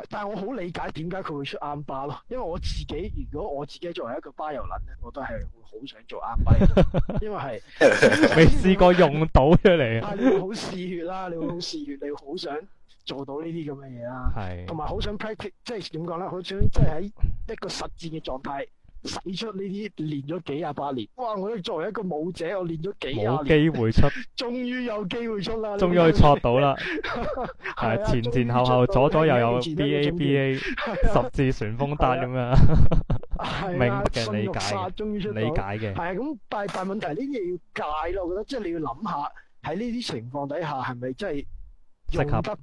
但係我好理解點解佢會出啱巴咯，因為我自己如果我自己作為一個巴油撚咧，我都係會好想做啱巴， 因為係未試過用到出嚟。係，你會好嗜血啦，你會好嗜血，你會好想做到是的 想 ic，呢啲咁嘅嘢啦，係，同埋好想 practice，即係點講咧？好想即係喺一個實戰嘅狀態。使出呢啲練咗幾廿八年，哇！我作為一個舞者，我練咗幾廿年，冇機會出，終於有機會出啦，終於可以錯到啦，係前前後後左左右右 B A B A 十字旋風刀咁樣，明嘅，理解嘅，理解嘅，係啊，咁但係但係問題呢啲嘢要戒咯，我覺得即係你要諗下喺呢啲情況底下係咪真係用得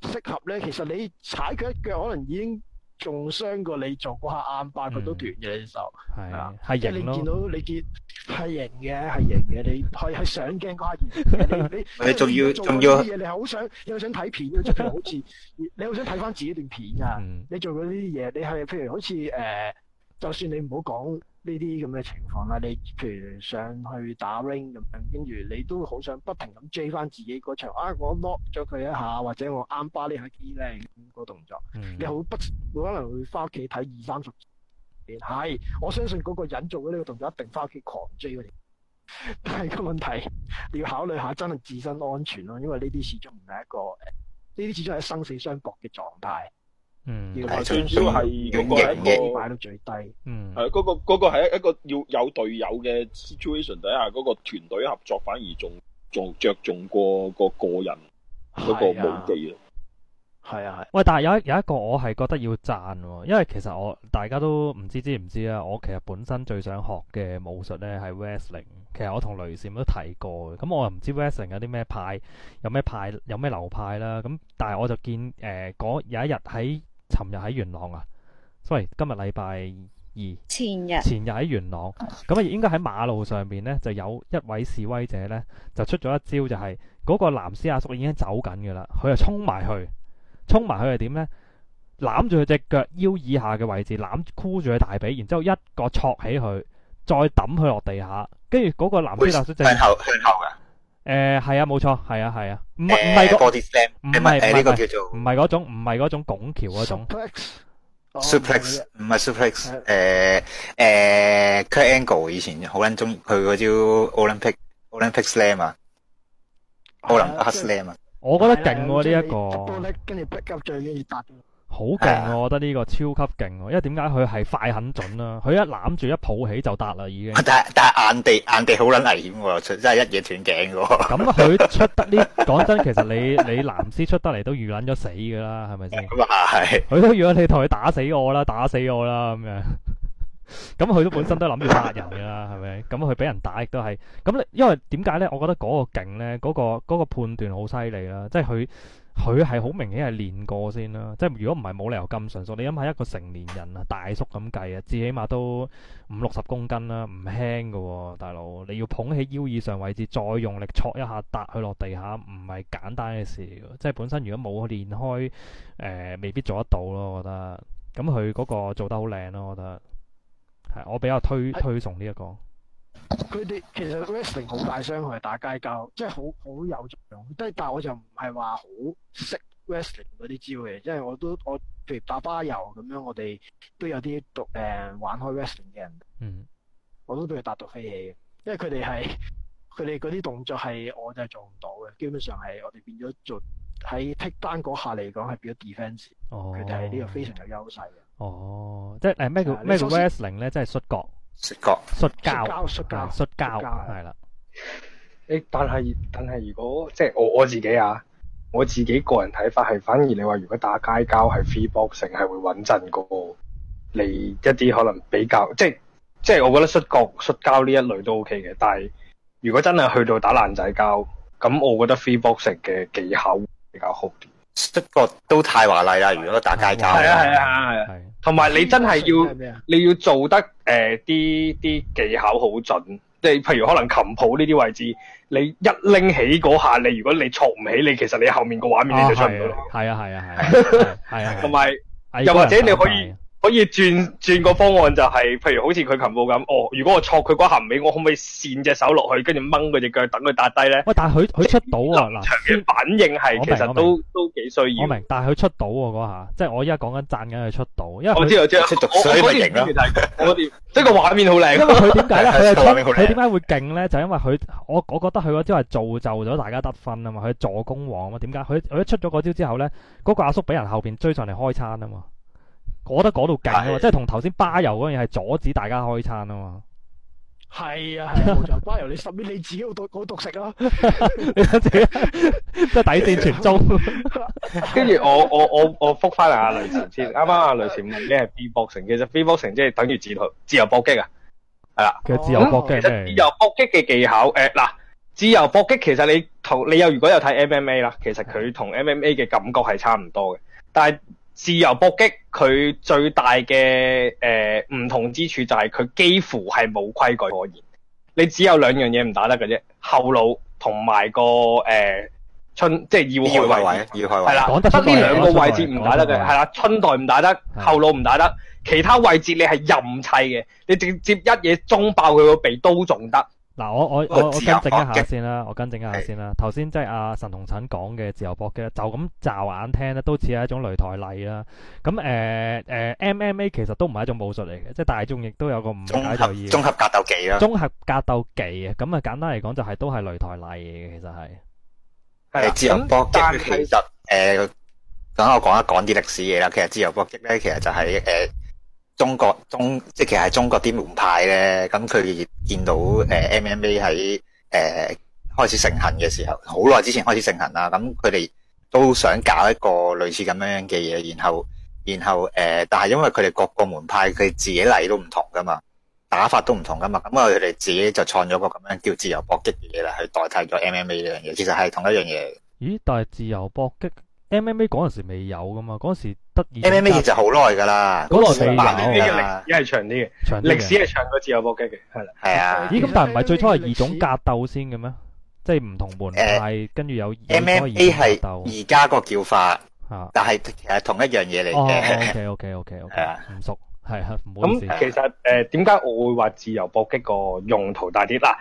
適合咧？其實你踩佢一腳，可能已經。仲傷過你做嗰下眼掰，佢都斷嘅隻手，係啊，係型咯。即係你見到你見，係型嘅，係型嘅，你係係上鏡嗰下型。你你仲要仲要做啲嘢，你係好想，你好想睇片啊！即係好似你好想睇翻自己段片㗎。你做過呢啲嘢，你係譬如好似誒，就算你唔好講。呢啲咁嘅情況啦，你譬如上去打 ring 咁樣，跟住你都好想不停咁 j 翻自己嗰場啊！我 lock 咗佢一下，或者我啱巴呢下幾靚咁個動作，mm hmm. 你好不可能會翻屋企睇二三十遍。係，我相信嗰個人做嗰呢個動作一定翻屋企狂 j 嗰啲。但係個問題，你要考慮下真係自身安全咯，因為呢啲始終唔係一個誒，呢啲始終係生死相搏嘅狀態。嗯，同埋穿招係嗰個一個派到最低，係嗰個嗰一、嗯那個那個、一個要有隊友嘅 situation 底下嗰、那個團隊合作反而仲仲着重過個個人嗰個武技咯，係啊係，啊啊喂但係有有一個我係覺得要讚喎、啊，因為其實我大家都唔知知唔知啊。我其實本身最想學嘅武術咧係 wrestling 其實我同雷閃都提過嘅，咁我又唔知 wrestling 有啲咩派，有咩派有咩流派啦，咁但係我就見誒嗰、呃、有一日喺。元朗 Sorry，今二尋日喺元朗啊，sorry，今日禮拜二，前日，前日喺元朗咁啊， 應該喺馬路上面呢，就有一位示威者呢，就出咗一招，就是就係嗰個藍絲阿叔已經走緊噶啦，佢就衝埋去，衝埋去係點呢？攬住佢隻腳腰以下嘅位置，攬箍住佢大髀，然之後一個戳起佢，再抌佢落地下，跟住嗰個藍絲阿叔就向後，向後噶誒，係啊，冇錯，係啊，係啊，唔唔係個，唔係誒呢個叫做，唔係嗰種，唔係嗰種拱橋嗰種。suplex，唔係 suplex，誒誒，Kurt Angle 以前好捻中意佢嗰招 olympic，olympic slam 啊，好捻 olympic slam 啊，我覺得勁喎呢一個。好勁、啊，我覺得呢個超級勁、啊，因為點解佢係快狠、啊、準啦，佢一攬住一抱起就得啦，已經。啊、但係但係眼地眼地好捻危險喎、啊，真係一嘢斷頸嘅、啊。咁佢出得呢？講真，其實你你藍絲出得嚟都預捻咗死噶啦，係咪先？係、嗯，佢、啊、都預咗你同佢打死我啦，打死我啦咁 樣。咁佢都本身都諗住殺人噶啦，係咪？ 咁佢俾人打亦都係。咁你因為點解咧？我覺得嗰個勁咧，嗰、嗰個、嗰個判斷好犀利啦，即係佢。佢係好明顯係練過先啦，即係如果唔係冇理由咁純熟。你諗下一個成年人啊，大叔咁計啊，至起碼都五六十公斤啦，唔輕㗎喎、哦，大佬，你要捧起腰以上位置再用力戳一下，搭佢落地下，唔係簡單嘅事。即係本身如果冇練開，誒、呃，未必做得到咯，我覺得。咁佢嗰個做得好靚咯，我覺得。係，我比較推推崇呢、這、一個。佢哋其實 wrestling 好大傷害打街交，即係好好有作用。即係但係我就唔係話好識 wrestling 嗰啲招嘅，因為我都我譬如打巴柔咁樣，我哋都有啲讀誒、呃、玩開 wrestling 嘅人。嗯，我都俾佢達到飛起嘅，因為佢哋係佢哋嗰啲動作係我就係做唔到嘅。基本上係我哋變咗做喺 take down 嗰下嚟講係變咗 defense 哦，佢哋係呢個非常有優勢嘅。哦，即係誒咩叫咩、啊、叫 wrestling 呢？即係摔角。摔跤，摔跤，摔跤，摔跤，係啦。你但係但係如果即係我我自己啊，我自己個人睇法係反而你話如果打街交係 free boxing 係會穩陣過嚟一啲，可能比較即係即係我覺得摔跤摔跤呢一類都 OK 嘅，但係如果真係去到打爛仔交咁，我覺得 free boxing 嘅技巧比較好啲。不過都太華麗啦，如果打街揸，係啊係啊係啊係，同埋你真係要你要做得誒啲啲技巧好準，即係譬如可能琴譜呢啲位置，你一拎起嗰下，你如果你坐唔起，你其實你後面個畫面你就出唔到嚟。係啊係啊係，係啊，同埋又或者你可以。可以轉轉個方案，就係譬如好似佢擒抱咁。哦，如果我錯佢個後尾，我可唔可以扇隻手落去，跟住掹佢隻腳，等佢打低咧？喂，但係佢佢出到啊！嗱，長嘅反應係其實都都幾需要。我明，但係佢出到喎嗰下，即係我依家講緊讚緊佢出到，因為我知道知道，我可以睇到係我點，即係個畫面好靚。因為佢點解咧？佢係點解會勁咧？就因為佢我我覺得佢嗰招係造就咗大家得分啊嘛！佢助攻王啊嘛？點解？佢佢一出咗嗰招之後咧，嗰個阿叔俾人後邊追上嚟開餐啊嘛！我覺得嗰度勁啊，對即係同頭先巴油嗰樣嘢係阻止大家開餐啊嘛。係啊，冇錯 巴油你十秒你自己好獨好獨食咯，即係 底線全中 。跟住我我我我覆翻阿雷神先，啱啱阿雷神問咩係 B boxing，其實 B boxing 即係等於自自自由搏擊啊，係啦，哦、其實自由搏擊，其實、嗯、okay 自由搏擊嘅技巧誒，嗱、呃，自由搏擊其實你同你又如果有睇 MMA 啦，其實佢同 MMA 嘅感覺係差唔多嘅，但係。自由搏擊佢最大嘅誒唔同之處就係、是、佢幾乎係冇規矩可言，你只有兩樣嘢唔打得嘅啫，後腦同埋個誒、呃、春即係要開位，要開位，係啦，的得呢兩個位置唔打得嘅，係啦，春代唔打得，後腦唔打得，其他位置你係任砌嘅，你直接一嘢中爆佢個鼻都仲得。嗱，我我我我更正一下先啦，我更正一下先啦。頭先即係阿神同陳講嘅自由搏擊，就咁驟眼聽咧，都似係一種擂台例啦。咁誒誒 MMA 其實都唔係一種武術嚟嘅，即係大眾亦都有個誤解，就係綜合格鬥技啦。綜合格鬥技啊，咁啊簡單嚟講就係都係擂台例嘅，其實係。誒，自由搏擊其實誒，等下我講一講啲歷史嘢啦。其實自由搏擊咧，其實就係誒。中國中即係其實係中國啲門派咧，咁佢見到誒、呃、MMA 喺誒、呃、開始盛行嘅時候，好耐之前開始盛行啦。咁佢哋都想搞一個類似咁樣嘅嘢，然後然後誒、呃，但係因為佢哋各個門派佢自己嚟,都唔同噶嘛，打法都唔同噶嘛，咁佢哋自己就創咗個咁樣叫自由搏擊嘅嘢啦，去代替咗 MMA 呢樣嘢。其實係同一樣嘢。咦？但係自由搏擊。MMA 嗰陣時未有噶嘛，嗰陣時得意。MMA 已經就好耐㗎啦，嗰耐四百年㗎，亦係長啲嘅。長啲嘅歷史係長過自由搏擊嘅，係啦。係啊，咦？咁但係唔係最初係二種格鬥先嘅咩？即係唔同門派，跟住有 MMA 係而家個叫法嚇，但係其實係同一樣嘢嚟嘅。OK OK OK OK，係啊，唔熟係嚇。咁其實誒點解我會話自由搏擊個用途大啲？嗱。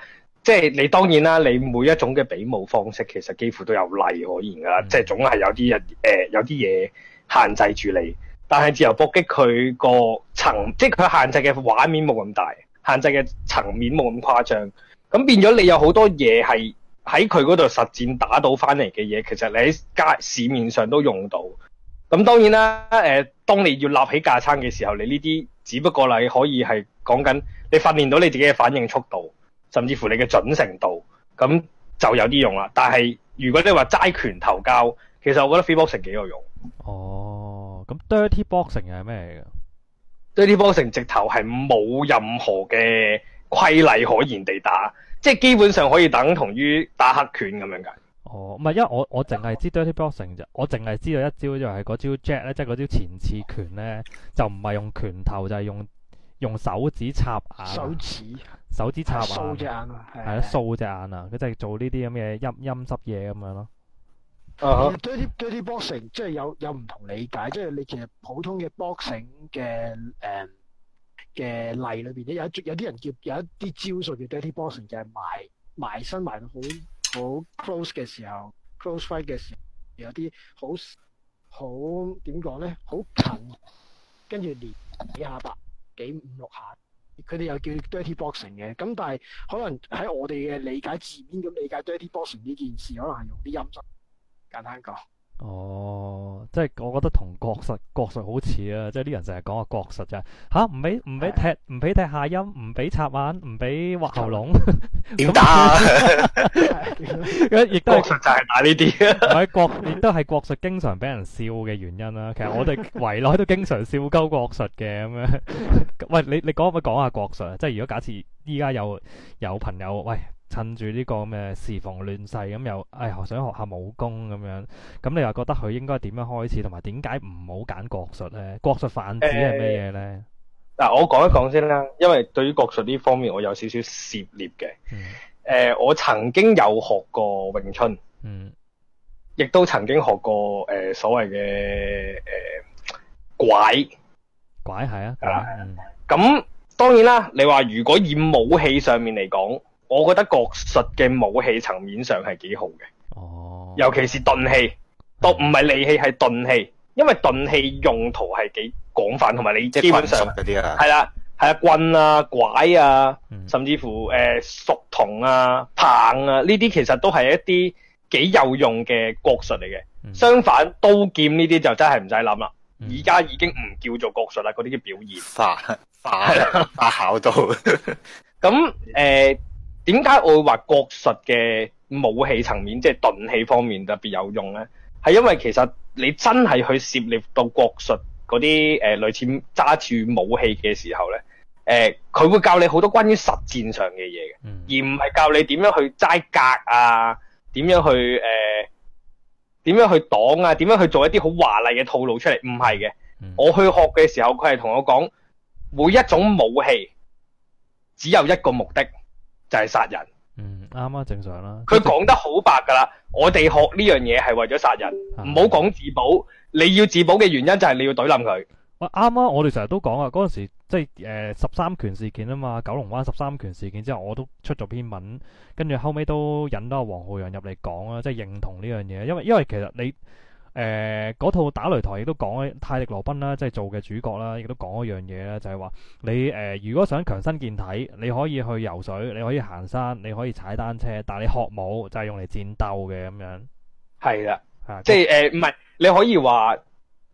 即係你當然啦，你每一種嘅比武方式其實幾乎都有例可言噶啦，嗯、即係總係有啲人誒有啲嘢限制住你。但係自由搏擊佢個層，即係佢限制嘅畫面冇咁大，限制嘅層面冇咁誇張。咁變咗你有好多嘢係喺佢嗰度實戰打到翻嚟嘅嘢，其實你喺街市面上都用到。咁當然啦，誒、呃、當你要立起架撐嘅時候，你呢啲只不過你可以係講緊你訓練到你自己嘅反應速度。甚至乎你嘅準成度，咁就有啲用啦。但係如果你話齋拳頭交，其實我覺得 free boxing 幾有用。哦，咁 dirty boxing 係咩嚟嘅？dirty boxing 直頭係冇任何嘅規例可言地打，即係基本上可以等同於打黑拳咁樣解。哦，唔係，因為我我淨係知 dirty boxing 啫，我淨係知，知道一招就係嗰招 Jack 咧，即係嗰招前刺拳咧，就唔係用拳頭，就係用。用手指插眼手指，手指插眼、眼，掃隻眼、眼啊。係啦，掃隻眼啊，佢就係做呢啲咁嘅陰陰濕嘢咁樣咯。dirty dirty boxing 即係有有唔同理解，即係你其實普通嘅 boxing 嘅誒嘅例裏邊有有啲人叫有一啲招數叫 dirty boxing，就係埋埋身埋到好好 close 嘅時候，close fight 嘅時候，有啲好好點講咧，好近，跟住連幾下白。幾五六下，佢哋又叫 dirty boxing 嘅，咁但係可能喺我哋嘅理解字面咁理解 dirty boxing 呢件事，可能係用啲陰質，簡單講。哦，即係我覺得同國術國術好似啊，即係啲人成日講啊國術就係吓，唔俾唔俾踢唔俾踢下音唔俾插眼唔俾劃喉嚨點打啊？亦都國術就係打呢啲，同埋國亦都係國術經常俾人笑嘅原因啦、啊。其實我哋圍內都經常笑鳩國術嘅咁樣。喂，你你講咪講下國術啊？即係如果假設依家有有朋友喂。趁住呢個咩時逢亂世咁又，唉，哎，想學下武功咁樣。咁你話覺得佢應該點樣開始，同埋點解唔好揀國術呢？國術範疇係咩嘢呢？嗱、欸呃，我講一講先啦。因為對於國術呢方面，我有少少涉獵嘅。誒、嗯呃，我曾經有學過詠春，嗯，亦都曾經學過誒、呃、所謂嘅誒、呃、拐，拐係啊，係啦、啊。咁、嗯、當然啦，你話如果以武器上面嚟講。我覺得國術嘅武器層面上係幾好嘅，哦、尤其是鈍器，都唔係利器，係鈍器，因為鈍器用途係幾廣泛，同埋你基本上係啦，係啊棍啊、拐啊，嗯、甚至乎誒，熟、呃、銅啊、棒啊，呢啲其實都係一啲幾有用嘅國術嚟嘅。嗯、相反，刀劍呢啲就真係唔使諗啦，而家已經唔叫做國術啦，嗰啲嘅表現化化化考到咁誒。呃點解我會話國術嘅武器層面，即係鈍器方面特別有用呢？係因為其實你真係去涉獵到國術嗰啲誒，類似揸住武器嘅時候呢，佢、呃、會教你好多關於實戰上嘅嘢嘅，嗯、而唔係教你點樣去齋格啊，點樣去誒，點樣、呃、去擋啊，點樣去做一啲好華麗嘅套路出嚟。唔係嘅，嗯、我去學嘅時候，佢係同我講，每一種武器只有一個目的。就係殺人，嗯，啱啊，正常啦。佢講得好白㗎啦，嗯、我哋學呢樣嘢係為咗殺人，唔好講自保。的你要自保嘅原因就係你要懟冧佢。哇、嗯，啱啊！我哋成日都講啊，嗰陣時即係誒十三拳事件啊嘛，九龍灣十三拳事件之後，我都出咗篇文，跟住後尾都引到阿黃浩洋入嚟講啦，即係認同呢樣嘢，因為因為其實你。誒，嗰、呃、套打擂台亦都講泰迪羅賓啦，即係做嘅主角啦，亦都講一樣嘢啦，就係話你誒，如果想強身健體，你可以去游水，你可以行山，你可以踩單車，但係你學武就係用嚟戰鬥嘅咁樣。係啦的，啊、即係誒，唔、呃、係你可以話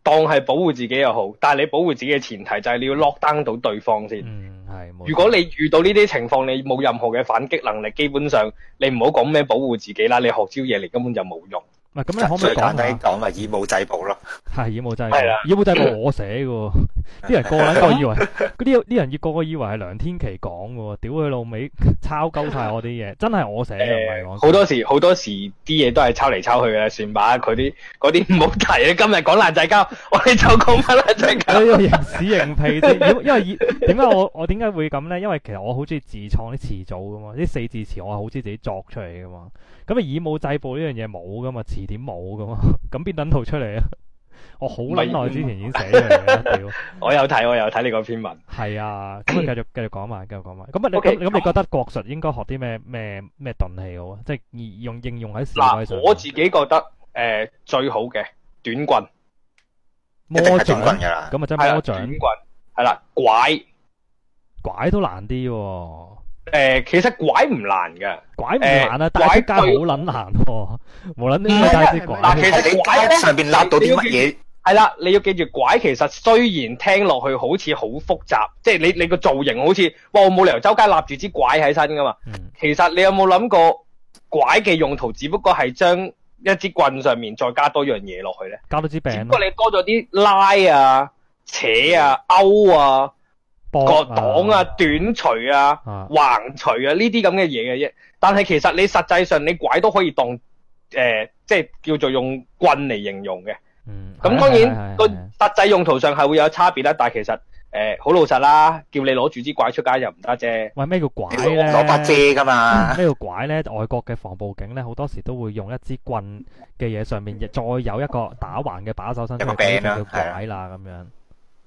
當係保護自己又好，但係你保護自己嘅前提就係你要落單到對方先。嗯，係。如果你遇到呢啲情況，你冇任何嘅反擊能力，基本上你唔好講咩保護自己啦，你學招嘢嚟根本就冇用。嗱，係咁、啊，你可唔可以講下？講咪以武制暴咯，係 以武制暴，係啦，以武制暴係我寫嘅。 啲人個個以為，嗰啲啲人要個個以為係梁天琦講嘅，屌佢老味，抄鳩曬我啲嘢，真係我寫，嘅、呃。好多時好多時啲嘢都係抄嚟抄去嘅，算吧，佢啲嗰啲唔好提啊。今日講爛仔交，我哋就講爛仔交。 因為形屎形屁的，因為點解我我點解會咁咧？因為其實我好中意自創啲詞組噶嘛，啲四字詞我係好中意自己作出嚟噶嘛。咁啊，以武制暴呢樣嘢冇噶嘛，詞典冇噶嘛，咁邊等套出嚟啊？我好耐之前已經寫咗，我有睇我有睇你個篇文。係啊，咁啊繼續繼續講埋，繼續講埋。咁啊，咁咁你覺得國術應該學啲咩咩咩鈍器好啊？即係用應用喺時代上。我自己覺得誒最好嘅短棍，魔掌咁啊真係魔掌。短棍。係啦，拐，拐都難啲。誒，其實拐唔難嘅，拐唔難啊，但係喺街好卵難，無論啲街先嗱，其實你咧上邊立到啲乜嘢？係啦，你要記住，拐其實雖然聽落去好似好複雜，即係你你個造型好似，哇，我冇理由周街立住支拐喺身噶嘛。其實你有冇諗過，拐嘅用途只不過係將一支棍上面再加多樣嘢落去咧？加多支柄。只不過你多咗啲拉啊、扯啊、勾啊。個擋啊、短錘啊、橫錘啊，呢啲咁嘅嘢嘅啫。但係其實你實際上你拐，都可以當誒，即係叫做用棍嚟形容嘅。咁當然個實際用途上係會有差別啦。但係其實誒，好老實啦，叫你攞住支拐出街又唔得啫。為咩叫拐咧？攞把遮噶嘛。咩叫拐咧？外國嘅防暴警咧，好多時都會用一支棍嘅嘢上面，再有一個打橫嘅把手身，就叫做拐啦。咁樣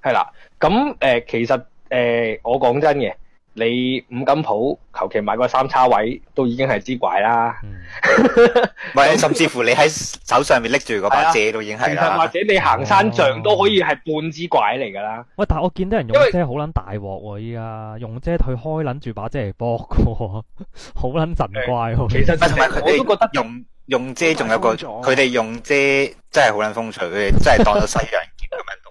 係啦。咁誒，其實。誒、欸，我講真嘅，你五金鋪求其買個三叉位，都已經係支拐啦。唔係、嗯， 甚至乎你喺手上面拎住個把遮、啊，都已經係啦。或者你行山杖都可以係半支拐嚟噶啦。哦哦、喂，但我見到人用遮好捻大鑊喎，依家為用遮去開捻住把遮嚟博嘅好捻神怪喎。啊、為 其實，唔係，我都覺得用用遮仲有個佢哋用遮真係好捻風趣，佢哋真係當咗西洋。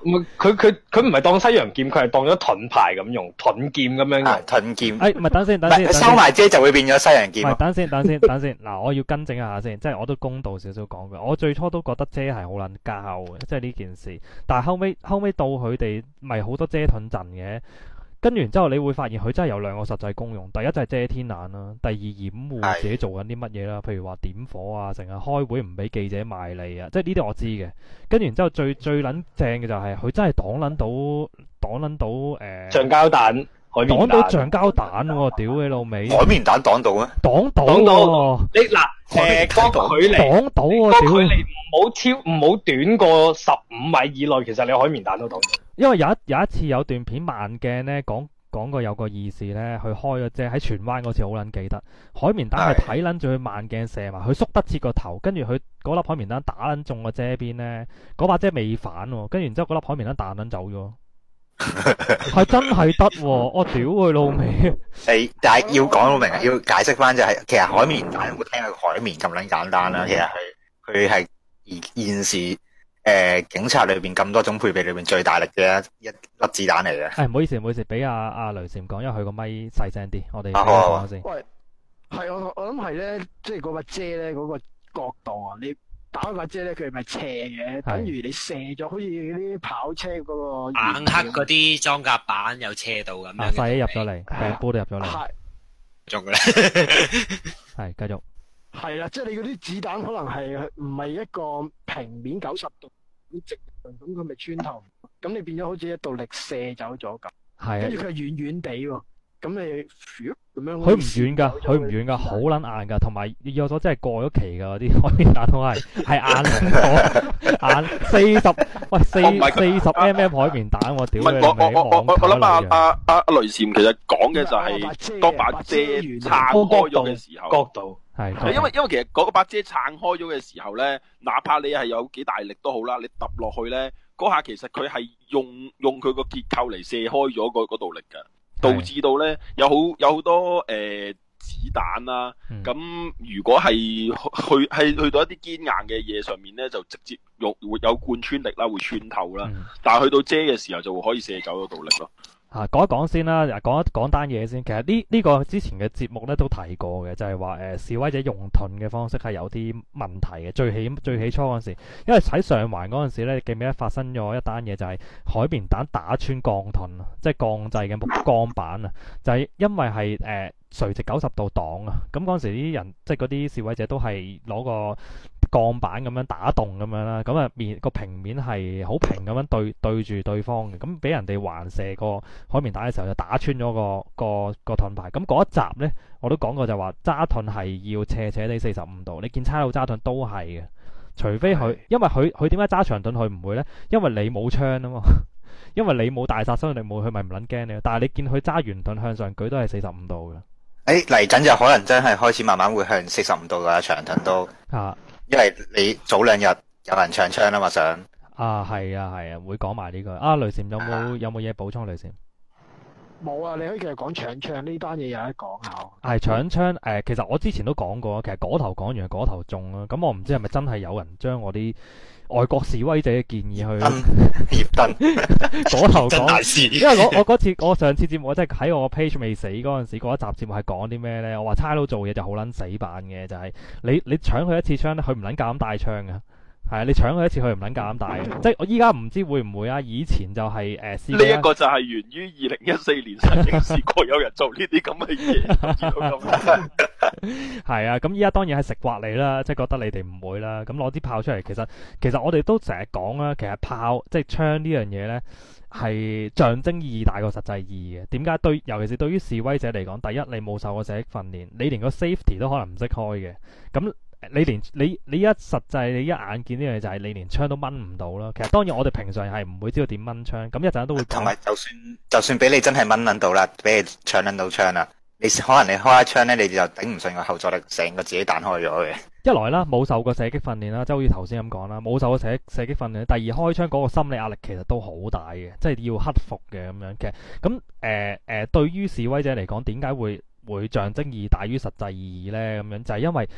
唔係佢佢佢唔係當西洋劍，佢係當咗盾牌咁用，盾劍咁樣。嘅、啊。盾劍。哎，唔係等先，等先。收埋遮就會變咗西洋劍。等先， 等先，等先。嗱，我要更正一下先， 即係我都公道少少講佢。我最初都覺得遮係好撚膠嘅，即係呢件事。但係後尾，後尾到佢哋，咪好多遮盾陣嘅。跟完之後，你會發現佢真係有兩個實際功用。第一就係遮天眼啦，第二掩護自己做緊啲乜嘢啦。的譬如話點火啊，成日開會唔俾記者賣力啊，即係呢啲我知嘅。跟完之後最，最最撚正嘅就係佢真係擋撚到擋撚到誒。橡、呃、膠彈。擋到橡膠彈喎，屌你老味！海綿彈擋到啊，擋到，擋到。你嗱，誒，講距離擋到啊，屌、啊！啊、你！冇、啊、超，唔好短過十五米以內，其實你海綿彈都擋。因為有一有一次有段片慢鏡咧，講講過有個意思咧，佢開個遮喺荃灣嗰次好捻記得，海綿彈係睇捻住佢慢鏡射埋，佢縮得切個頭，跟住佢嗰粒海綿彈打捻中個遮邊咧，嗰把遮未反，跟住然之後嗰粒海綿彈彈捻走咗。係 真係得，我屌佢老味啊！Oh, 但係要講好明啊，要解釋翻就係，其實海綿彈有冇聽啊？個海綿咁卵簡單啦，其實係佢係現現時誒、呃、警察裏邊咁多種配備裏邊最大力嘅一粒子彈嚟嘅。係唔、哎、好意思，唔好意思，俾阿阿雷先講，因為佢個咪細聲啲，我哋講下、啊、先說。喂，係我我諗係咧，即係嗰把遮咧，嗰、嗰個角度啊，呢。打開架車咧，佢咪斜嘅，等於你射咗，好似啲跑車嗰個硬黑嗰啲裝甲板有斜度咁樣，快啲入咗嚟，塊波都入咗嚟，係中嘅，係繼續，係啦，即係你嗰啲子彈可能係唔係一個平面九十度咁直行，咁佢咪穿透，咁 你變咗好似一道力射走咗咁，係，跟住佢係遠遠地喎。咁你咁樣，佢唔遠噶，佢唔遠噶，好撚硬噶，同埋你有咗真係過咗期噶啲海綿彈都係係硬，硬四十喂四四十 mm 海綿彈，我屌你老母，我我我諗下阿阿阿雷禪其實講嘅就係嗰把遮撐開咗嘅時候，角度係，因為因為其實嗰把遮撐開咗嘅時候咧，哪怕你係有幾大力都好啦，你揼落去咧，嗰下其實佢係用用佢個結構嚟卸開咗個度力噶。導致到呢，有好有好多誒、呃、子彈啦、啊，咁、嗯、如果係去係去，去到一啲堅硬嘅嘢上面呢，就直接用會有貫穿力啦，會穿透啦，嗯、但係去到遮嘅時候就會可以射走嗰道力咯。啊，講一講先啦、啊，講一講單嘢先。其實呢呢、呢個之前嘅節目咧都提過嘅，就係話誒示威者用盾嘅方式係有啲問題嘅。最起最起初嗰陣時，因為喺上環嗰陣時咧，記唔記得發生咗一單嘢，就係海綿彈打穿鋼盾啊，即係鋼製嘅木鋼板啊，就係、是、因為係誒、呃、垂直九十度擋啊。咁嗰陣時啲人，即係嗰啲示威者都係攞個鋼板咁樣打洞咁樣啦，咁啊面個平面係好平咁樣對對住對方嘅，咁俾人哋橫射個海綿彈嘅時候就打穿咗個個個盾牌。咁嗰一集呢，我都講過就話揸盾係要斜斜地四十五度。你見差佬揸盾都係嘅，除非佢因為佢佢點解揸長盾佢唔會呢，因為你冇槍啊嘛，因為你冇大殺傷力，冇佢咪唔撚驚你。但係你見佢揸圓盾向上舉都係四十五度嘅。誒嚟緊就可能真係開始慢慢會向四十五度㗎長盾度啊！因為你早兩日有人搶槍啦嘛，想啊係啊係啊，會講埋呢句。啊雷蟬有冇有冇嘢補充雷蟬？冇啊，你可以繼續講搶槍呢單嘢有得講下。係搶槍誒，其實我之前都講過，其實嗰頭講完嗰頭中啊。咁我唔知係咪真係有人將我啲。外國示威者嘅建議去，跌燈，嗰頭講，因為我我嗰次我上次節目即係喺我 page 未死嗰陣時嗰一集節目係講啲咩呢？我話差佬做嘢就好捻死板嘅，就係、是、你你搶佢一次槍咧，佢唔捻敢咁帶槍噶。係啊，你搶佢一次，佢唔撚夾膽大。即係我依家唔知會唔會啊！以前就係誒呢一個就係源於二零一四年 曾經試過有人做呢啲咁嘅嘢。係啊， 咁依家當然係食畫你啦，即係覺得你哋唔會啦。咁攞啲炮出嚟，其實其實我哋都成日講啦，其實炮即係槍呢樣嘢咧，係象徵意義大過實際意義嘅。點解對尤其是對於示威者嚟講，第一你冇受過仔訓練，你連個 safety 都可能唔識開嘅。咁你連你你依家實際你一眼見呢樣嘢，就係你連槍都掹唔到啦。其實當然我哋平常係唔會知道點掹槍，咁一陣都會同埋、啊，就算就算俾你真係掹掹到啦，俾你搶掹到槍啦，你可能你開一槍咧，你就頂唔順個後座力，成個自己彈開咗嘅一來啦，冇受過射擊訓練啦，即係好似頭先咁講啦，冇受過射射擊訓練。第二開槍嗰個心理壓力其實都好大嘅，即係要克服嘅咁樣。其實咁誒誒，對於示威者嚟講，點解會會象徵意義大於實際意義咧？咁樣就係、是、因為。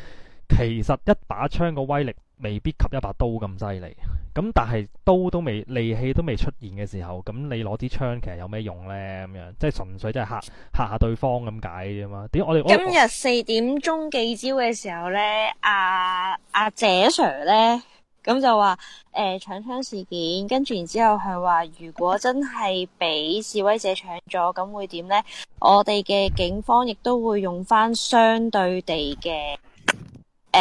其實一把槍嘅威力未必及一把刀咁犀利，咁但係刀都未利器都未出現嘅時候，咁你攞啲槍其實有咩用呢？咁樣即係純粹即係嚇，嚇嚇下對方咁解啫嘛。點，我哋今日四點鐘記招嘅時候呢，阿阿謝 Sir 呢，咁就話：誒、呃、搶槍事件跟住然之後佢話，如果真係俾示威者搶咗，咁會點呢？我哋嘅警方亦都會用翻相對地嘅。誒誒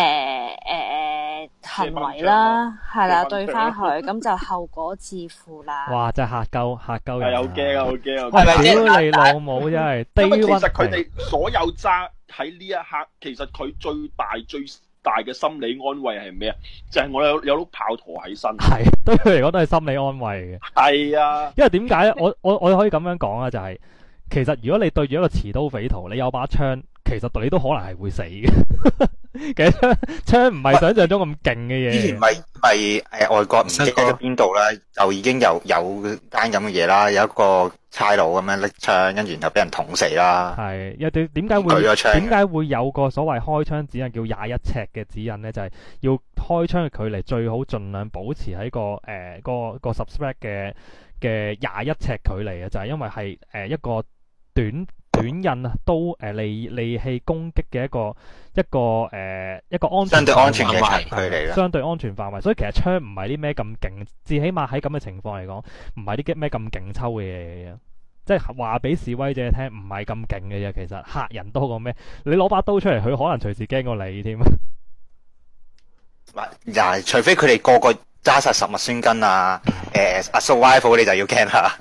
誒，行為啦，係啦、啊，的啊、對翻佢，咁 就後果自負啦。哇！真係嚇鳩嚇鳩人，係有驚啊有驚啊，屌你老母真係。咁啊，其實佢哋所有揸喺呢一刻，其實佢最大最大嘅心理安慰係咩啊？就係、是、我有有碌炮台喺身。係， 對佢嚟講都係心理安慰嘅。係啊。因為點解咧？我我我可以咁樣講啊，就係、是。其實如果你對住一個持刀匪徒，你有把槍，其實你都可能係會死嘅。 其實槍唔係想象中咁勁嘅嘢。之前咪咪誒外國唔知喺邊度啦，嗯嗯、就已經有有單咁嘅嘢啦，有一個差佬咁樣拎槍，跟住就俾人捅死啦。係因為點點解會點解會有個所謂開槍指引叫廿一尺嘅指引咧？就係、是、要開槍嘅距離最好盡量保持喺個誒個個十 spread 嘅嘅廿一尺距離啊！就係因為係誒一個。呃個個個個短短刃啊，刀、呃、誒利利器攻擊嘅一個一個誒、呃、一個安全相對安全嘅距離，相對安全範圍。嗯、所以其實槍唔係啲咩咁勁，至起碼喺咁嘅情況嚟講，唔係啲咩咁勁抽嘅嘢嘅。即係話俾示威者聽，唔係咁勁嘅嘢。其實嚇人多過咩？你攞把刀出嚟，佢可能隨時驚過你添。嗱 除非佢哋個個。揸實十物酸根啊！誒，阿叔 wife 你就要驚啦，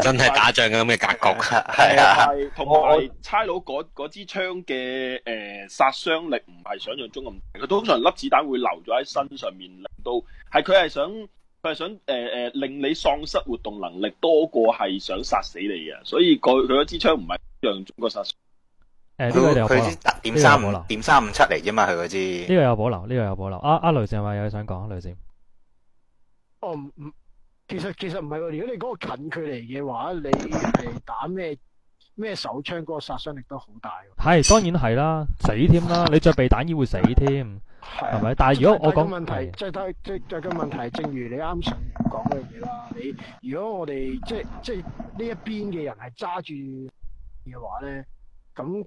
真係打仗咁嘅格局係啊。同埋差佬嗰嗰支槍嘅誒殺傷力唔係想象中咁大，佢通常粒子彈會留咗喺身上面，令到係佢係想佢係想誒誒令你喪失活動能力多過係想殺死你嘅，所以佢佢嗰支槍唔係讓中國殺誒呢個有保留，呢個有保留點三五點三五七嚟啫嘛。佢嗰支呢個有保留，呢個有保留啊！啊雷正話有嘢想講啊，雷正。哦，唔，其實其實唔係喎。如果你嗰個近距離嘅話，你係打咩咩手槍，嗰個殺傷力都好大。係，當然係啦，死添啦，你着避彈衣會死添，係咪？但係如果我講問題，即係即係即係個問題。正如你啱想講嘅嘢啦，你如果我哋即係即係呢一邊嘅人係揸住嘅話咧，咁。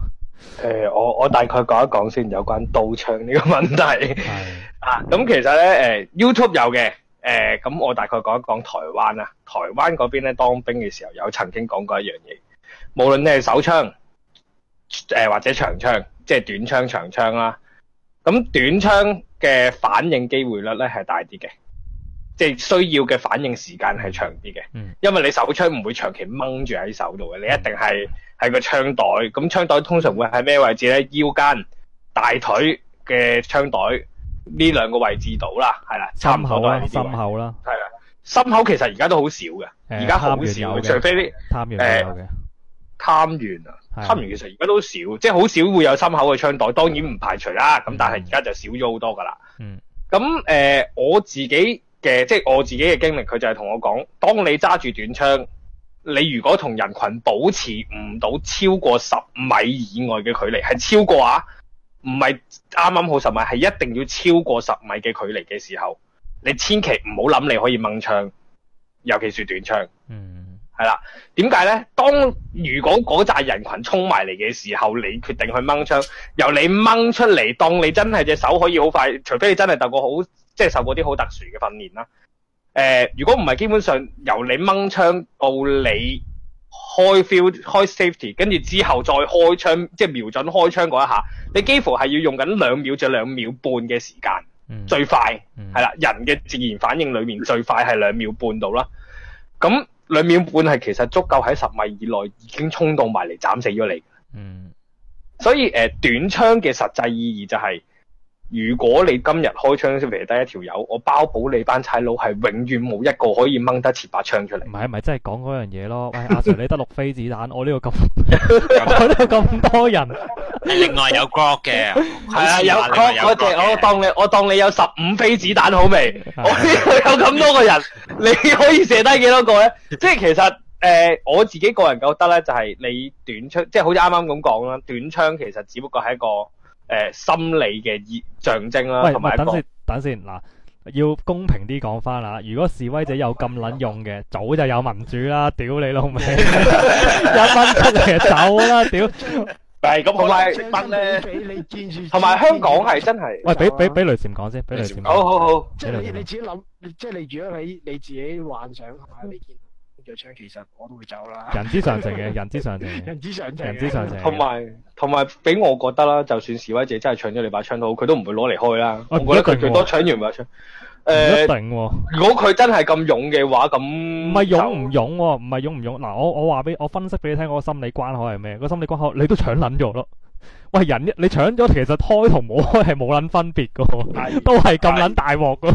誒、呃，我我大概講一講先有關刀槍呢個問題 啊。咁其實咧，誒、呃、YouTube 有嘅。誒、呃，咁我大概講一講台灣啦。台灣嗰邊咧，當兵嘅時候有曾經講過一樣嘢，無論你係手槍，誒、呃、或者長槍，即係短槍、長槍啦。咁短槍嘅反應機會率咧係大啲嘅，即係需要嘅反應時間係長啲嘅。嗯，因為你手槍唔會長期掹住喺手度嘅，你一定係。嗯係個槍袋，咁槍袋通常會喺咩位置咧？腰間、大腿嘅槍袋呢兩個位置度啦，係啦，心口、啊、都係心口啦，係啦、啊，心口其實而家都好少嘅，而家好少，除非啲誒，探員有嘅，探員啊，探員其實而家都少，即係好少會有心口嘅槍袋，當然唔排除啦，咁、嗯、但係而家就少咗好多噶啦。嗯，咁誒、呃，我自己嘅即係我自己嘅經歷，佢就係同我講，當你揸住短槍。你如果同人群保持唔到超過十米以外嘅距離，係超過啊，唔係啱啱好十米，係一定要超過十米嘅距離嘅時候，你千祈唔好諗你可以掹槍，尤其是短槍。嗯，係啦，點解呢？當如果嗰扎人群衝埋嚟嘅時候，你決定去掹槍，由你掹出嚟，當你真係隻手可以好快，除非你真係、就是、受過好，即係受過啲好特殊嘅訓練啦。誒、呃，如果唔係，基本上由你掹槍到你開 feel 開 safety，跟住之後再開槍，即係瞄準開槍嗰一下，你幾乎係要用緊兩秒至兩秒半嘅時間，最快係、嗯嗯、啦，人嘅自然反應裏面最快係兩秒半到啦。咁兩秒半係其實足夠喺十米以內已經衝到埋嚟斬死咗你。嗯，所以誒、呃，短槍嘅實際意義就係、是。如果你今日開槍，先射低一條友，我包保你班踩佬係永遠冇一個可以掹得切把槍出嚟。唔係唔係，真係講嗰樣嘢咯喂。阿 Sir，你得六飛子彈，我呢度咁咁多人，你 另外有 gun 嘅，係啊 有 gun，我哋我當你我當你有十五飛子彈好未？ 我呢度有咁多個人， 你可以射低幾多個咧？ 即係其實誒、呃，我自己個人覺得咧，就係、是、你短槍，即係好似啱啱咁講啦，短槍其實只不過係一個。誒，心理嘅象徵啦，同埋等先，等先，嗱，要公平啲講翻啦，如果示威者有咁撚用嘅，早就有民主啦，屌你老味，一蚊出嚟走啦，屌！係咁，同埋一蚊咧俾你建住，同埋香港係真係，喂，俾俾俾雷禪講先，俾雷禪，好好好，即係你自己諗，即係你如果喺你自己幻想下，你見。其實我都會走啦人。人之常情嘅，人之常情，人之常情，人之常情。同埋同埋，俾我覺得啦，就算示威者真係搶咗你把槍，都好，佢都唔會攞嚟開啦。啊、我覺得佢最多搶完把槍。誒、啊，一定喎、啊呃。定啊、如果佢真係咁勇嘅話，咁唔係勇唔勇喎、啊？唔係勇唔勇、啊？嗱、啊，我我話俾我分析俾你聽我，個心理關口係咩？個心理關口，你都搶捻咗咯。喂，人一你搶咗，其實開同冇開係冇撚分別噶，都係咁撚大鑊噶，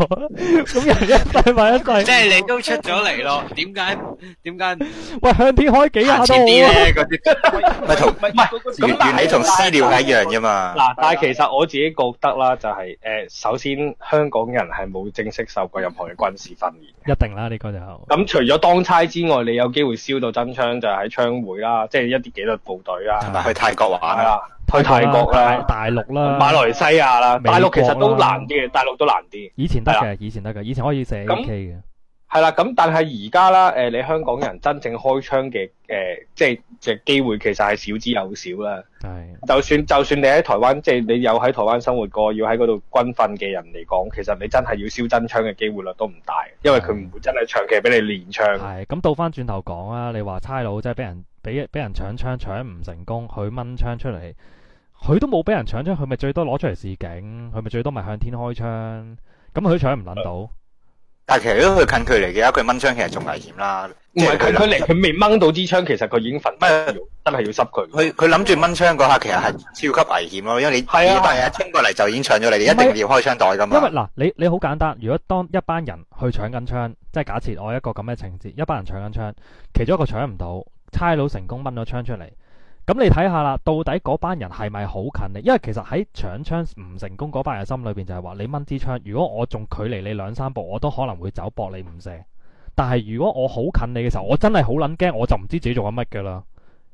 咁人一晒埋一句，即係你都出咗嚟咯？點解？點解？喂，向天開幾下都好啊！前啲咧嗰啲，咪同唔係，同私聊係一樣啫嘛。嗱、那個，但係其實我自己覺得啦，就係、是、誒，首先香港人係冇正式受過任何嘅軍事訓練。一定啦，呢、嗯、個就咁除咗當差之外，你有機會燒到真槍就喺槍會啦，即、就、係、是、一啲紀律部隊啦、啊，吧去泰國玩啦，去泰國啦、大、大陸啦、馬來西亞啦，啦大陸其實都難啲，嘅，大陸都難啲，以前得嘅，嗎以前得嘅，以前可以寫 K 嘅。嗯。係啦，咁但係而家啦，誒、呃，你香港人真正開槍嘅，誒、呃，即係即係機會，其實係少之又少啦。係的，就算就算你喺台灣，即係你有喺台灣生活過，要喺嗰度軍訓嘅人嚟講，其實你真係要燒真槍嘅機會率都唔大，因為佢唔會真係長期俾你練槍。係，咁倒翻轉頭講啊，你話差佬真係俾人俾俾人搶槍搶唔成功，佢掹槍出嚟，佢都冇俾人搶槍，佢咪最多攞出嚟示警，佢咪最多咪向天開槍，咁佢搶唔捻到。的但係其實都係近距離嘅，佢掹槍其實仲危險啦。唔係近距離佢未掹到支槍，其實佢已經瞓，乜真係要濕佢。佢佢諗住掹槍嗰刻，其實係超級危險咯，因為你係啊係啊，衝過嚟就已經搶咗你，你一定要開槍袋噶嘛因。因為嗱，你你好簡單，如果當一班人去搶緊槍，即係假設我一個咁嘅情節，一班人搶緊槍，其中一個搶唔到，差佬成功掹咗槍出嚟。咁你睇下啦，到底嗰班人係咪好近你？因為其實喺搶槍唔成功嗰班人心裏邊就係話，你掹支槍，如果我仲距離你兩三步，我都可能會走，搏你唔射。但係如果我好近你嘅時候，我真係好捻驚，我就唔知自己做緊乜噶啦，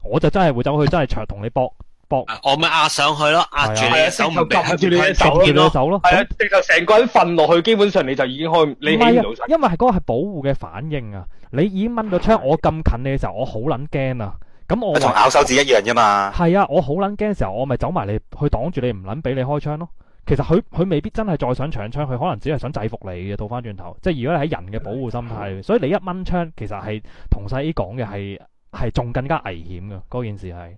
我就真係會走去真係卓同你搏搏。我咪壓上去咯，壓住你手唔俾，夾住你手咯，係啊，直頭成個人瞓落去，基本上你就已經開，你掹唔到，因為嗰個係保護嘅反應啊！你已經掹到槍，我咁近你嘅時候，我好捻驚啊！咁、嗯、我同咬手指一,一樣啫嘛，係啊，我好撚驚嘅時候，我咪走埋你去擋住你，唔撚俾你開槍咯。其實佢佢未必真係再想搶槍，佢可能只係想制服你嘅。倒翻轉頭，即係如果你喺人嘅保護心態，嗯、所以你一掹槍，其實係同晒啲講嘅係係仲更加危險噶。嗰件事係，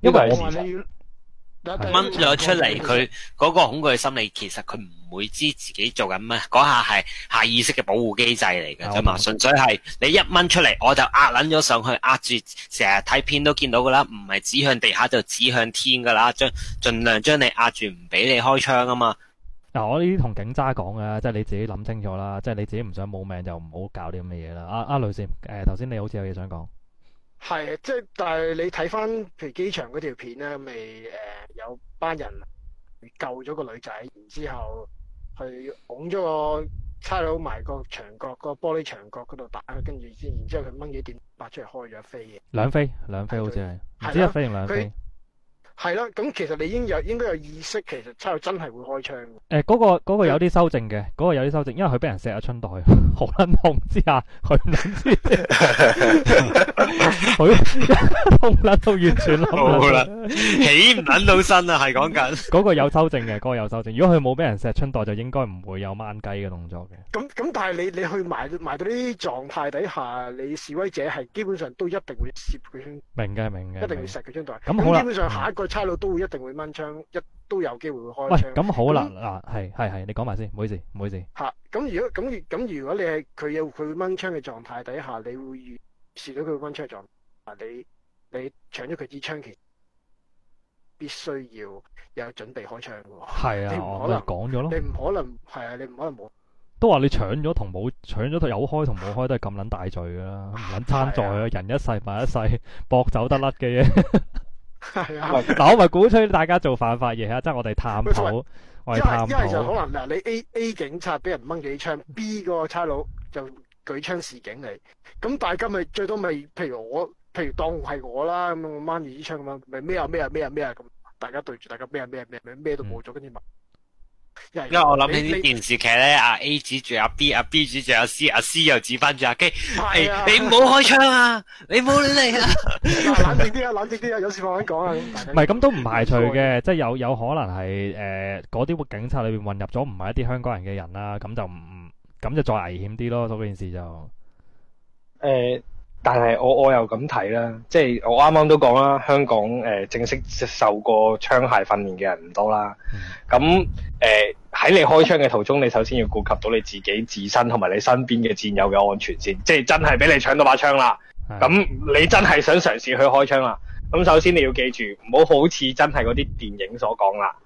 因為我掹咗出嚟，佢嗰個恐懼心理，其實佢唔會知自己做緊乜，嗰下係下意識嘅保護機制嚟嘅啫嘛，純粹係你一掹出嚟，我就壓捻咗上去，壓住成日睇片都見到噶啦，唔係指向地下就指向天噶啦，將盡量將你壓住唔俾你開槍啊嘛。嗱，呃，我呢啲同警察講嘅，即係你自己諗清楚啦，即係你自己唔想冇命就唔好搞啲咁嘅嘢啦。阿阿女士，誒，啊，頭先，呃，你好似有嘢想講。係，即係，但係你睇翻，譬如機場嗰條片咧，咪、呃、誒有班人救咗個女仔，然之後去㧬咗個差佬埋個牆角，個玻璃牆角嗰度打，跟住先。然之後佢掹咗電拔出嚟開咗飛嘅，兩飛，兩飛好似係，唔知一飛定兩飛。係啦，咁其實你已經有應該有意識，其實差佬真係會開槍嘅。誒，嗰個嗰個有啲修正嘅，嗰個有啲修正，因為佢俾人射咗春袋，好撚痛之下，佢唔諗住，佢通啦都完全冧啦，起唔撚到身啊，係講緊。嗰個有修正嘅，嗰個有修正。如果佢冇俾人射春袋，就應該唔會有掹雞嘅動作嘅。咁咁，但係你你去埋埋到呢啲狀態底下，你示威者係基本上都一定會射佢槍。明嘅，明嘅，一定會射佢春袋。咁好啦，咁基本上下一個。差佬都會一定會掹槍，一都有機會會開槍。喂，咁好啦，嗱係係係，你講埋先，唔好意思，唔好意思。嚇、啊，咁如果咁咁、啊，如果你係佢要佢掹槍嘅狀態底下，你會預視到佢掹槍嘅狀態，你你搶咗佢支槍，其必須要有準備開槍嘅喎。係啊，啊，你唔可能講咗咯，你唔可能係啊，你唔可能冇、啊。都話你搶咗同冇搶咗有開同冇開都係咁撚大罪啦，唔撚參賽啊！人一世，物一世，搏走得甩嘅嘢。 係是啊， 嗱我咪鼓吹大家做犯法嘢啊，即係我哋探討，喂我哋探討。因為因為就可能嗱，你 A A 警察俾人掹幾槍，B 個差佬就舉槍示警你，咁大家咪最多咪，譬如我，譬如當係我啦，咁我掹住支槍咁樣，咪咩啊咩啊咩啊咩啊咁，大家對住大家咩啊咩啊咩咩咩都冇咗，跟住問。因為我諗起啲電視劇咧，阿 A, A 指住阿 B，阿 B 指住阿 C，阿 C 又指翻住阿 K，是、啊哎、你你唔好開槍啊， 你唔好亂嚟啊，冷靜啲啊，冷靜啲啊，有事慢慢講啊。唔係，咁都唔排除嘅，即係有有可能係誒嗰啲警察裏邊混入咗唔係一啲香港人嘅人啦，咁就唔唔咁就再危險啲咯，嗰件事就誒。呃但係我我又咁睇啦，即係我啱啱都講啦，香港誒、呃、正式受過槍械訓練嘅人唔多啦。咁誒喺你開槍嘅途中，你首先要顧及到你自己自身同埋你身邊嘅戰友嘅安全先，即係真係俾你搶到把槍啦。咁、mm. 嗯、你真係想嘗試去開槍啦，咁、嗯、首先你要記住，唔好好似真係嗰啲電影所講啦。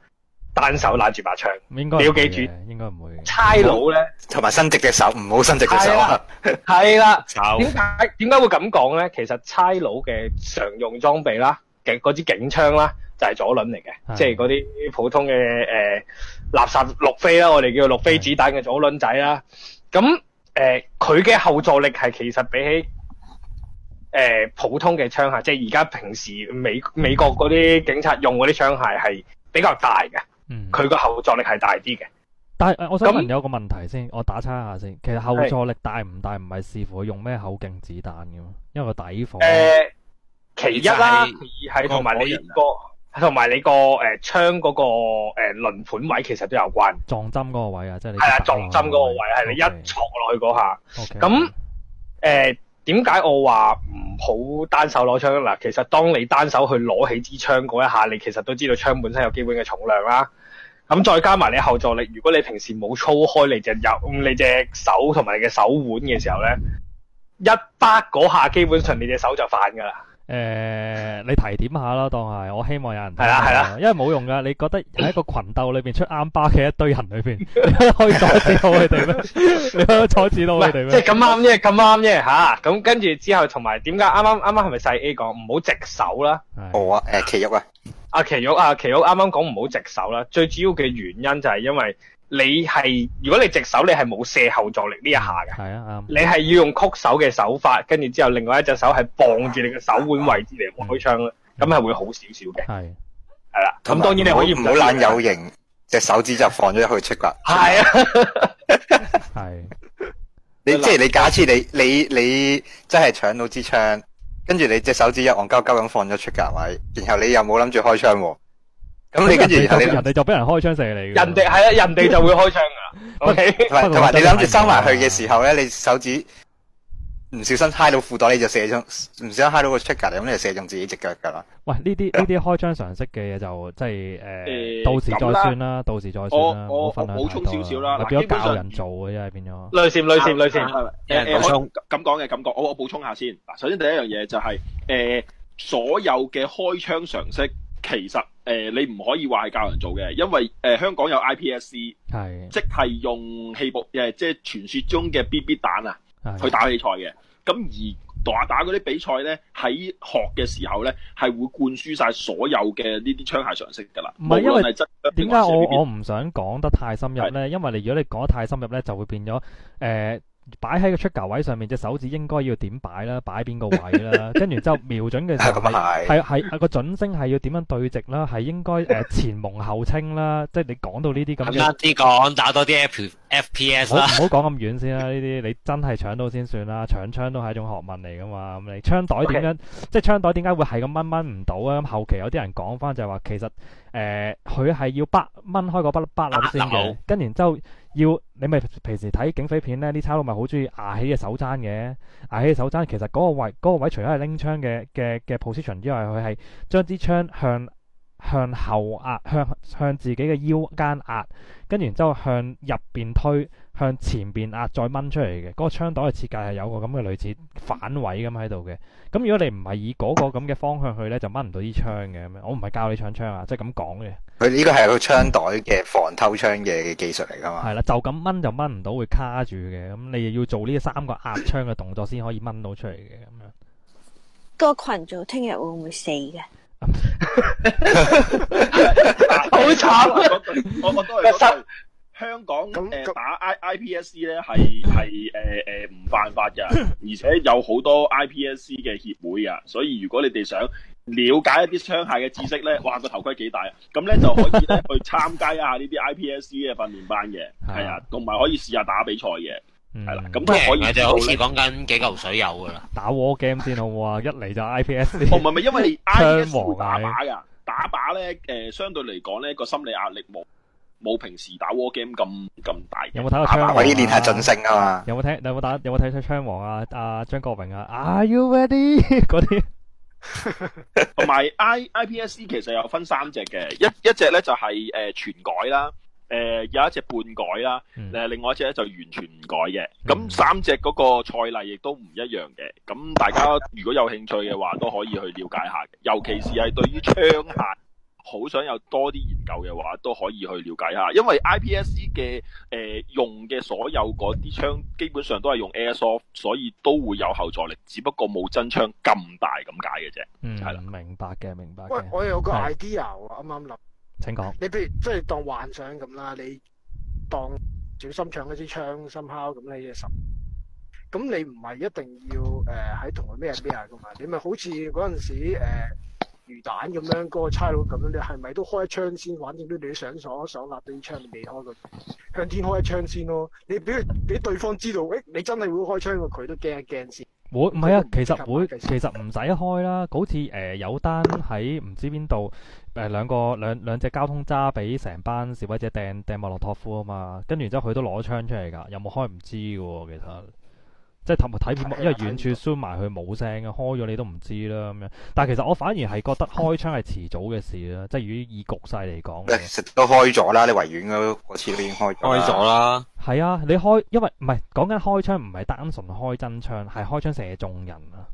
單手攬住把槍，應你要記住，應該唔會差佬咧，同埋伸直隻手，唔好伸直隻手。係啦，係啦。點解點解會咁講咧？其實差佬嘅常用裝備啦，警、嗰支警槍啦，就係、是、左輪嚟嘅，的即係嗰啲普通嘅誒、呃、垃圾六飛啦，我哋叫六飛子彈嘅左輪仔啦。咁誒的，佢嘅、呃、後坐力係其實比起誒、呃、普通嘅槍械，即係而家平時美美國嗰啲警察用嗰啲槍械係比較大嘅。嗯。佢個、嗯、後座力係大啲嘅。但係，嗯、我想問有個問題先，嗯、我打叉下先。其實後座力大唔大唔係視乎佢用咩口徑子彈嘅，因為個底火誒、呃，其一啦，二係同埋你、嗰個同埋、啊、你、嗰個誒槍嗰個誒輪盤位其實都有關。撞針嗰個位啊，即係係啊，撞針嗰個位係你一戳落去嗰下咁誒。點解 Okay, okay.、呃、我話唔好單手攞槍咧？嗱，其實當你單手去攞起支槍嗰一下，你其實都知道槍本身有基本嘅重量啦。咁再加埋你後座力，如果你平時冇操開你，你隻右你隻手同埋你嘅手腕嘅時候咧，一擻嗰下，基本上你隻手就反噶啦。誒、欸，你提點下啦，當係我希望有人提點係啦係啦，啊啊、因為冇用噶。你覺得喺一個群鬥裏邊 出啱巴嘅一堆人裏邊，你可以阻止到佢哋咩？你可以阻止到佢哋咩？即係咁啱啫，咁啱啫吓。咁、啊嗯、跟住之後，同埋點解啱啱啱啱係咪細 A 講唔好直手啦？我誒是、哦啊呃，奇玉啊，阿、啊、奇玉，阿、啊、奇玉啱啱講唔好直手啦。最主要嘅原因就係因為。你係如果你直手，你係冇射後坐力呢一下嘅。係啊，你係要用曲手嘅手法，跟住之後另外一隻手係放住你嘅手腕位置嚟開槍啦。咁係、啊、會好少少嘅。係係啦。咁是當然你可以唔好懶有型，隻 手指就放咗入去出格。係是啊，係。你即係你假設你你你，你真係搶到支槍，跟住你隻手指一戇鳩鳩咁放咗出格位，然後你又冇諗住開槍喎。咁你跟住人哋就俾人開槍射你嘅，人哋係啊，人哋就會開槍噶啦。OK，同埋你諗住收埋去嘅時候咧，你手指唔小心揩到褲袋，你就射中，唔小心揩到個 trigger，咁你就射中自己隻腳噶啦。喂，呢啲呢啲開槍常識嘅嘢就即係誒，到時再算啦，到時再算啦。我我補充少少啦，變咗教人做啊，真係變咗。類似類似類似誒誒，咁講嘅感覺，我我補充下先。嗱，首先第一樣嘢就係誒，所有嘅開槍常識其實。誒、呃，你唔可以話係教人做嘅，因為誒、呃、香港有 IPSC，係的即係用氣部，誒，即係傳說中嘅 BB 彈啊，的去打比賽嘅。咁而打打嗰啲比賽呢，喺學嘅時候呢，係會灌輸晒所有嘅呢啲槍械常識噶啦。唔係，因為點解我唔的想講得太深入呢？的因為你如果你講得太深入呢，就會變咗誒。呃擺喺個出球位上面，隻手指應該要點擺啦，擺邊個位啦，跟住之後，瞄準嘅時候，樣係，係個準星係要點樣對直啦，係應該誒前蒙後清啦，即係你講到呢啲咁樣啲講，打多啲 F P S 啦，唔好講咁遠先啦，呢啲你真係搶到先算啦，搶槍都係一種學問嚟㗎嘛，咁你槍袋點樣，即係槍袋點解會係咁掹掹唔到啊？咁後期有啲人講返就係話，其實誒佢係要掹開個 BB 粒先到。跟住之後。要你咪平時睇警匪片咧，啲差佬咪好鍾意牙起隻手踭嘅，牙起的手踭其實嗰個位嗰、嗰個位除咗係拎槍嘅嘅嘅 position 之外，佢係將支槍向。向後壓，向向自己嘅腰間壓，跟住然之後向入邊推，向前邊壓，再掹出嚟嘅。嗰個槍袋嘅設計係有個咁嘅類似反位咁喺度嘅。咁如果你唔係以嗰個咁嘅方向去呢，就掹唔到啲槍嘅。我唔係教你搶槍啊，即係咁講嘅。佢呢個係個槍袋嘅防偷槍嘅技術嚟噶嘛？係啦，就咁掹就掹唔到，會卡住嘅。咁你要做呢三個壓槍嘅動作先可以掹到出嚟嘅。咁樣個群組聽日會唔會死嘅？好慘啊！嗰、 那個、我我都係嗰對。香港誒、呃，打 I I P S C 咧係係誒誒唔犯法噶，而且有好多 I P S C 嘅協會啊。所以如果你哋想了解一啲槍械嘅知識咧，哇個頭盔幾大啊！咁咧就可以咧去參加一下呢啲 I P S C 嘅訓練班嘅，係啊，同埋可以試下打比賽嘅。係啦，咁都可以就好似講緊幾嚿水有噶啦。打 war game 先好唔好啊？一嚟就 I P S C。唔係唔係，因為 I P S C 打靶啊，打靶咧，誒，相對嚟講咧個心理壓力冇冇平時打 war game 咁咁大。有冇打過槍王？可以練下準星啊嘛。有冇睇？有冇打？有冇睇《槍王》啊？阿張國榮啊？Are you ready？嗰啲。同埋 I I P S C 其實有分三隻嘅，一一隻咧就係誒全改啦。誒、呃、有一隻半改啦，誒、呃、另外一隻咧就完全唔改嘅，咁三隻嗰個賽例亦都唔一樣嘅。咁大家如果有興趣嘅話，都可以去了解下，尤其是係對於槍械好想有多啲研究嘅話，都可以去了解下。因為 IPSC 嘅誒、呃、用嘅所有嗰啲槍基本上都係用 Airsoft，所以都會有後座力，只不過冇真槍咁大咁解嘅啫。嗯，係啦，明白嘅，明白。喂，我有個 idea，係啦，我啱啱諗。請講。你譬如即係當幻想咁啦，你當小心搶一支槍，心敲咁你十，咁你唔係一定要誒喺同佢咩咩啊噶嘛？你咪好似嗰陣時誒、呃、魚蛋咁樣，嗰、嗰個差佬咁樣，你係咪都開一槍先，反正都你想爽一爽啦，啲槍未開過，向天開一槍先咯。你俾俾對方知道，誒、欸、你真係會開槍，佢都驚一驚先。會唔係啊？其實會，其實唔使開啦。嗰次誒有單喺唔知邊度。誒兩、呃、個兩兩隻交通揸俾成班示威者掟掟莫洛托夫啊嘛，跟住然之後佢都攞槍出嚟㗎，有冇開唔知嘅喎，其實即係睇片，因為遠處 s 埋佢冇聲嘅，開咗你都唔知啦咁樣。但係其實我反而係覺得開槍係遲早嘅事啦， 即係如果以局勢嚟講，都 開咗啦，你維園嗰嗰次都已經開咗啦。係啊，你開因為唔係講緊開槍，唔係單純開真槍，係開槍射中人啊。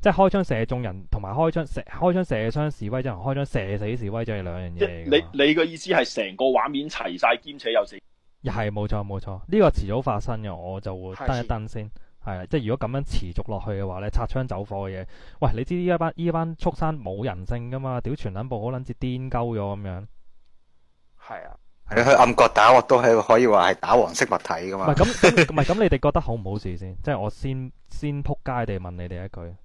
即係開槍射中人，同埋開槍射，射開槍射傷示威者，即係開槍射死示威者兩，即係兩樣嘢，你你嘅意思係成個畫面齊晒，兼且有死係冇錯冇錯，呢個遲早發生嘅，我就會等一等先係啦。即係如果咁樣持續落去嘅話咧，擦槍走火嘅嘢，喂，你知呢一班呢一班畜生，冇人性噶嘛？屌全捻部好捻似癲鳩咗咁樣。係啊，喺暗角打我都係可以話係打黃色物體噶嘛。唔咁咁，你哋覺得好唔好事先？即係我先先扑街地問你哋一句。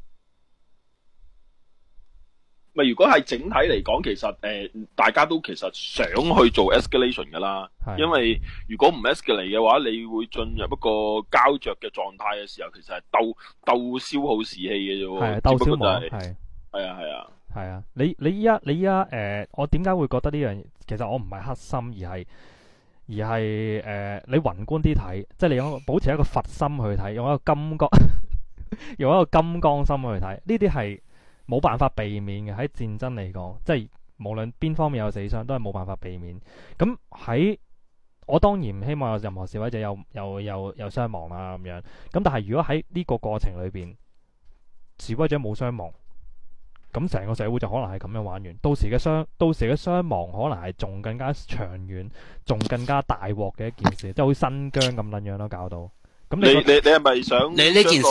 咪如果係整體嚟講，其實誒，大家都其實想去做 escalation 噶啦，因為如果唔 escalate 嚟嘅話，你會進入一個膠着嘅狀態嘅時候，其實係鬥鬥消耗士氣嘅啫，鬥消耗係，係啊係啊係啊，你你依家，你依家誒，我點解會覺得呢樣嘢？其實我唔係黑心，而係而係誒，你宏觀啲睇，即係你用保持一個佛心去睇，用一個金剛用一個金剛心去睇，呢啲係。冇辦法避免嘅喺戰爭嚟講，即係無論邊方面有死傷都係冇辦法避免。咁、嗯、喺我當然唔希望有任何示威者有有有有傷亡啦、啊、咁樣。咁、嗯、但係如果喺呢個過程裏邊示威者冇傷亡，咁、嗯、成個社會就可能係咁樣玩完。到時嘅傷到時嘅傷亡可能係仲更加長遠，仲更加大鑊嘅一件事，即 就會新疆咁撚樣啦搞到。咁你你你係咪想你呢件事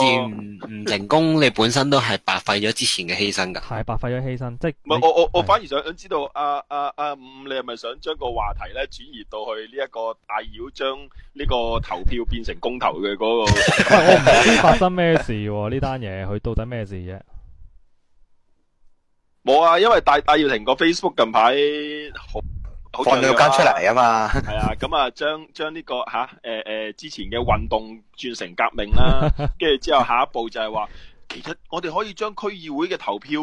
唔成功，你本身都係白費咗之前嘅犧牲噶，係 白費咗犧牲，即係唔係我我我反而想想知道阿阿阿五，你係咪想將個話題咧轉移到去呢一個大妖將呢個投票變成公投嘅嗰個，我唔知發生咩事喎？呢單嘢佢到底咩事啫？冇啊， 因為大大姚婷個 Facebook 近排。放兩間出嚟啊嘛，係 啊，咁啊，將將呢個吓誒誒，之前嘅運動轉成革命啦，啊，跟住之後下一步就係話， 其實我哋可以將區議會嘅投票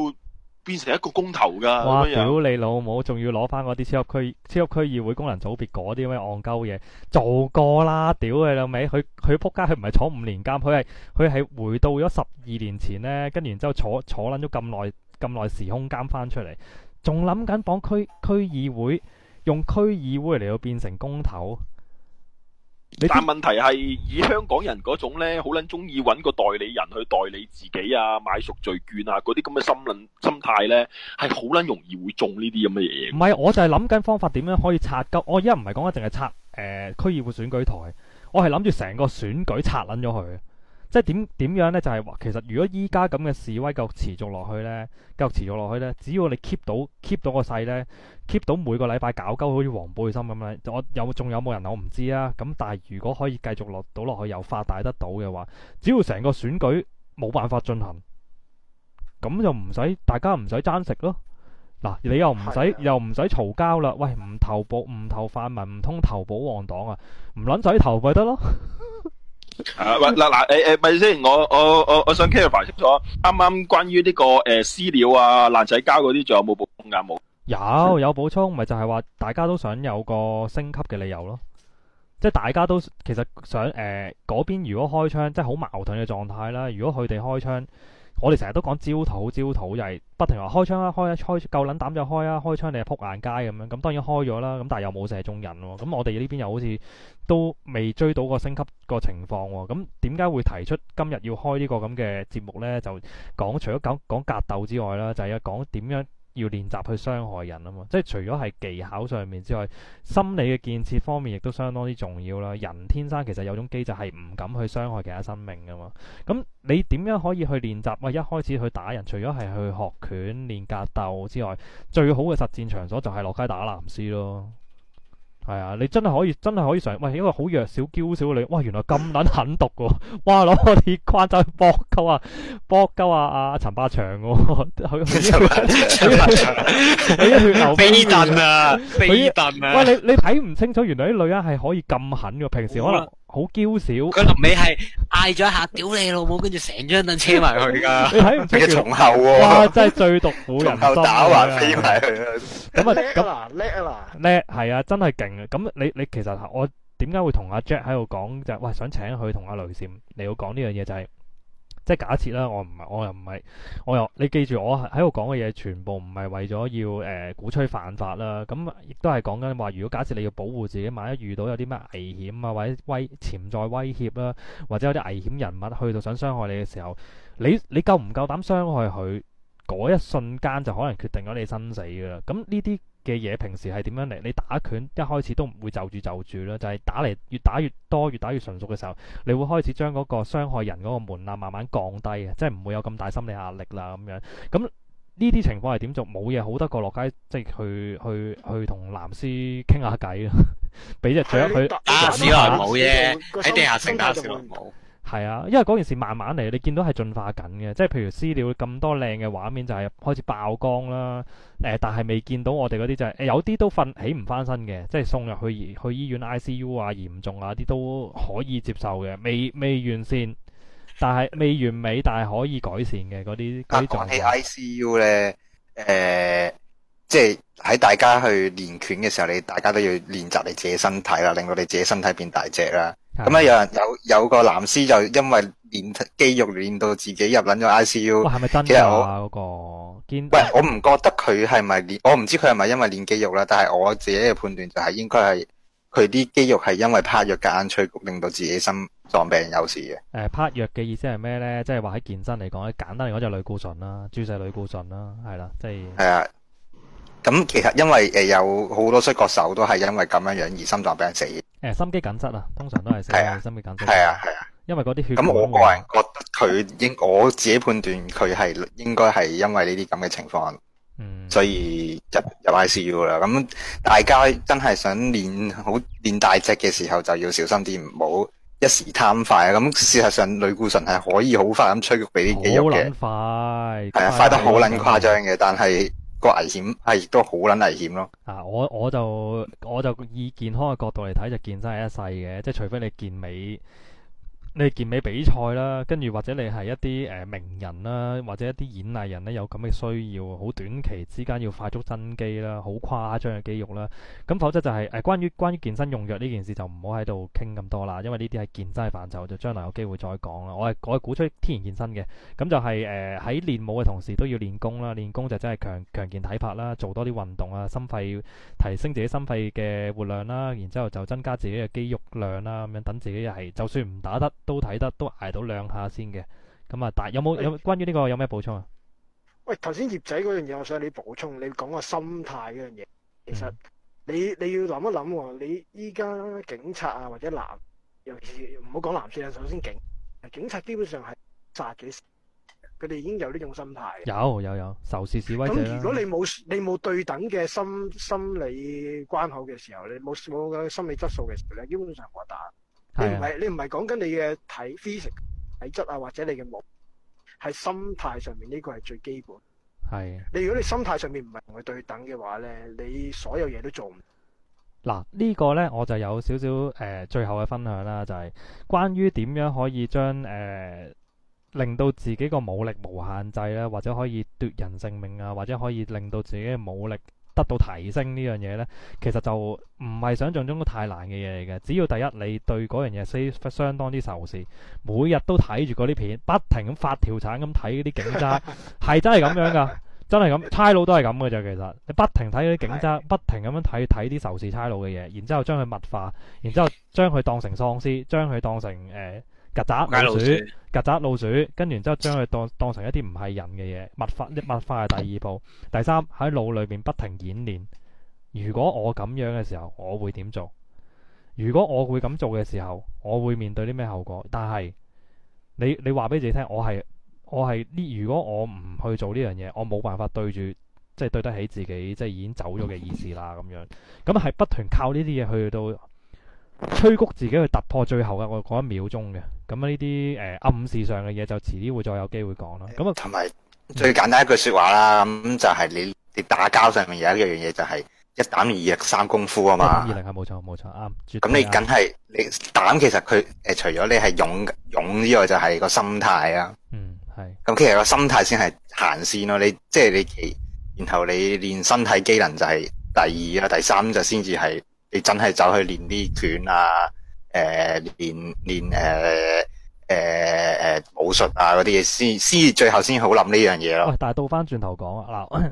變成一個公投噶。哇樣屌你老母，仲要攞翻嗰啲超級區超級區議會功能組別嗰啲咁嘅戇鳩嘢做過啦！屌你老味，佢佢仆街，佢唔係坐五年監，佢係佢係回到咗十二年前呢，跟然之後坐坐捻咗咁耐咁耐時空間翻出嚟，仲諗緊綁區區議會。用區議會嚟到變成公投，你但問題係以香港人嗰種呢，好捻中意揾個代理人去代理自己啊，買贖罪券啊，嗰啲咁嘅心諗心態呢，係好捻容易會中呢啲咁嘅嘢。唔係，我就係諗緊方法點樣可以拆，急我而家唔係講淨係拆，誒、呃，區議會選舉台，我係諗住成個選舉拆捻咗佢。即係點點樣呢？就係、話、其實，如果依家咁嘅示威繼續持續落去呢，繼續持續落去呢，只要你 keep 到 keep 到個勢呢 keep 到每個禮拜搞鳩好似黃背心咁樣，我有仲有冇人我唔知啊。咁但係如果可以繼續落到落去，又發大得到嘅話，只要成個選舉冇辦法進行，咁就唔使大家唔使爭食咯。嗱、啊，你又唔使的又唔使嘈交啦。喂，唔投保唔投泛民，唔通投保皇黨啊？唔撚使投咪得咯？ 啊，喂，嗱嗱，誒誒，咪先，我我我我想 care 排清楚，啱啱關於呢個誒私料啊爛仔交嗰啲，仲、bueno? ido isa 有冇補充㗎？冇，有有補充，咪就係、是、話大家都想有個升級嘅理由咯，即係大家都其實想誒嗰、呃、邊如果開槍，即係好矛盾嘅狀態啦。如果佢哋開槍。我哋成日都講焦土，焦土就係不停話開槍啦，開啊，開夠撚膽就開啊，開槍你就撲眼街咁樣，咁、嗯、當然開咗啦，咁但係又冇射中人喎、哦，咁、嗯、我哋呢邊又好似都未追到個升級個情況喎、哦，咁點解會提出今日要開呢個咁嘅節目呢？就講除咗講講格鬥之外啦，就係、是、要講點樣？要練習去傷害人啊嘛，即係除咗係技巧上面之外，心理嘅建設方面亦都相當之重要啦。人天生其實有種機制係唔敢去傷害其他生命噶嘛，咁你點樣可以去練習？喂，一開始去打人，除咗係去學拳練格鬥之外，最好嘅實戰場所就係落街打藍絲咯係啊，你真係可以，真係可以嘗試，喂，因為好弱小嬌小嘅你，哇，原來咁捻狠毒嘅，哇，攞個鐵框走去搏鳩啊，搏鳩啊，啊，啊，阿陳百祥，血流飛彈啊，飛彈啊，喂，你你睇唔清楚，原來啲女人係可以咁狠嘅，平時可能。好嬌小，佢臨尾係嗌咗一下，屌你老母，跟住成張凳車埋佢噶，睇唔 出佢從後、啊、哇，真係最毒婦人心，後打滑、啊、飛埋去。咁 啊，叻啊，叻啊，叻係啊，真係勁。咁你你其實我點解會同阿 Jack 喺度講就係、是，喂，想請佢同阿雷蟬你要講呢樣嘢就係、是。即係假設啦，我唔係，我又唔係，我又你記住，我喺度講嘅嘢全部唔係為咗要誒、呃、鼓吹犯法啦。咁亦都係講緊話，說說如果假設你要保護自己，萬一遇到有啲咩危險啊，或者威潛在威脅啦、啊，或者有啲危險人物去到想傷害你嘅時候，你你夠唔夠膽傷害佢？嗰一瞬間就可能決定咗你生死㗎啦。咁呢啲。嘅嘢，平時係點樣嚟？你打拳一開始都唔會就住就住啦，就係、是、打嚟越打越多，越打越純熟嘅時候，你會開始將嗰個傷害人嗰個門慢慢降低啊，即係唔會有咁大心理壓力啦咁樣。咁呢啲情況係點做？冇嘢好得過落街，即係去去去同藍絲傾下偈啊，俾隻腳佢啊，小台冇嘢，喺、啊啊啊、地下城打小台。係啊，因為嗰件事慢慢嚟，你見到係進化緊嘅，即係譬如私料咁多靚嘅畫面就係開始爆光啦。誒、呃，但係未見到我哋嗰啲就係、是呃，有啲都瞓起唔翻身嘅，即係送入去去醫院 ICU 啊，嚴重啊啲都可以接受嘅，未未完善，但係未完美，但係可以改善嘅嗰啲。但係 ICU 咧，誒，即係喺大家去練拳嘅時候，你大家都要練習你自己身體啦，令到你自己身體變大隻啦。咁咧、嗯嗯，有人有有個男師就因為練肌肉練到自己入捻咗 I C U、哦。哇、啊，係咪真噶？其實嗰、那個見，喂，我唔覺得佢係咪練，我唔知佢係咪因為練肌肉啦。但係我自己嘅判斷就係應該係佢啲肌肉係因為拍藥夾硬脆，令到自己心臟病有事嘅。誒、呃，帕藥嘅意思係咩咧？即係話喺健身嚟講，喺簡單嚟講就類固醇啦，注射類固醇啦，係啦，即係。係啊、嗯。嗯咁其實因為誒有好多摔角手都係因為咁樣樣而心臟病死誒，心肌梗塞啊，通常都係死係啊，心肌梗塞係啊係啊，因為嗰啲血，咁我個人覺得佢應我自己判斷佢係應該係因為呢啲咁嘅情況，所以入入 I C U 啦。咁大家真係想練好練大隻嘅時候就要小心啲，唔好一時貪快啊。咁事實上，類固醇係可以好快咁吹肥啲肌肉嘅，快係啊，快得好撚誇張嘅，但係，個危險係亦都好撚危險咯啊！我我就我就以健康嘅角度嚟睇，就健身係一世嘅，即係除非你健美。你健美比賽啦，跟住或者你係一啲誒、呃、名人啦，或者一啲演藝人咧，有咁嘅需要，好短期之間要快速增肌啦，好誇張嘅肌肉啦。咁否則就係、是、誒、呃、關於關於健身用藥呢件事就唔好喺度傾咁多啦，因為呢啲係健身嘅範疇，就將來有機會再講啦。我係我係鼓吹天然健身嘅，咁就係誒喺練武嘅同時都要練功啦，練功就真係強強健體魄啦，做多啲運動啊，心肺提升自己心肺嘅活量啦，然之後就增加自己嘅肌肉量啦，咁樣等自己係就算唔打得。都睇得，都捱到兩下先嘅。咁、嗯、啊，但有冇有，有關於呢個有咩補充啊？喂，頭先葉仔嗰樣嘢，我想你補充，你講個心態嗰樣嘢。其實你你要諗一諗，你依家警察啊或者男，尤其唔好講男士啊，首先警警察基本上係三十幾，佢哋已經有呢種心態，有有有仇視示威者。咁如果你冇你冇對等嘅心心理關口嘅時候，你冇冇心理質素嘅時候咧，基本上我打。你唔係你唔係講緊你嘅體 physical 體質啊，或者你嘅武，係心態上面呢個係最基本。係。是的 你如果你心態上面唔係同佢對等嘅話呢，你所有嘢都做唔。嗱呢個呢，我就有少少誒最後嘅分享啦，就係關於點樣可以將誒令到自己個武力無限制咧，或者可以奪人性命啊，或者可以令到自己嘅武力。得到提升呢樣嘢呢，其實就唔係想像中太難嘅嘢嚟嘅。只要第一你對嗰樣嘢相當之仇視，每日都睇住嗰啲片，不停咁發條產咁睇嗰啲警察，係 真係咁樣噶，真係咁，差佬都係咁嘅咋，其實，你不停睇嗰啲警察，不停咁樣睇睇啲仇視差佬嘅嘢，然之後將佢物化，然之後將佢當成喪屍，將佢當成誒，呃曱甴、老鼠、曱甴、老鼠，跟完之後將佢當當成一啲唔係人嘅嘢，物化呢物化係第二步，第三喺腦裏邊不停演練，如果我咁樣嘅時候，我會點做？如果我會咁做嘅時候，我會面對啲咩後果？但係你你話俾自己聽，我係我係呢。如果我唔去做呢樣嘢，我冇辦法對住，即係對得起自己，即係已經走咗嘅意思啦。咁樣咁係不斷靠呢啲嘢去到。催谷自己去突破最後嘅我嗰一秒鐘嘅，咁呢啲誒暗示上嘅嘢就遲啲會再有機會講咯。咁啊，同埋最簡單一句說話啦，咁、嗯、就係你你打交上面有一樣嘢就係一膽二力三功夫啊嘛。二力係冇錯冇錯啱。咁你梗係你膽其實佢誒、呃、除咗你係勇勇之外，就係個心態啊。嗯，係。咁其實個心態先係行先咯。你即係你然後你練身體機能就係第二啦，第三就先至係。你真係走去練啲拳啊？誒、呃，練練誒誒誒武術啊嗰啲嘢先先，最後先好諗呢樣嘢咯。但係倒翻轉頭講嗱，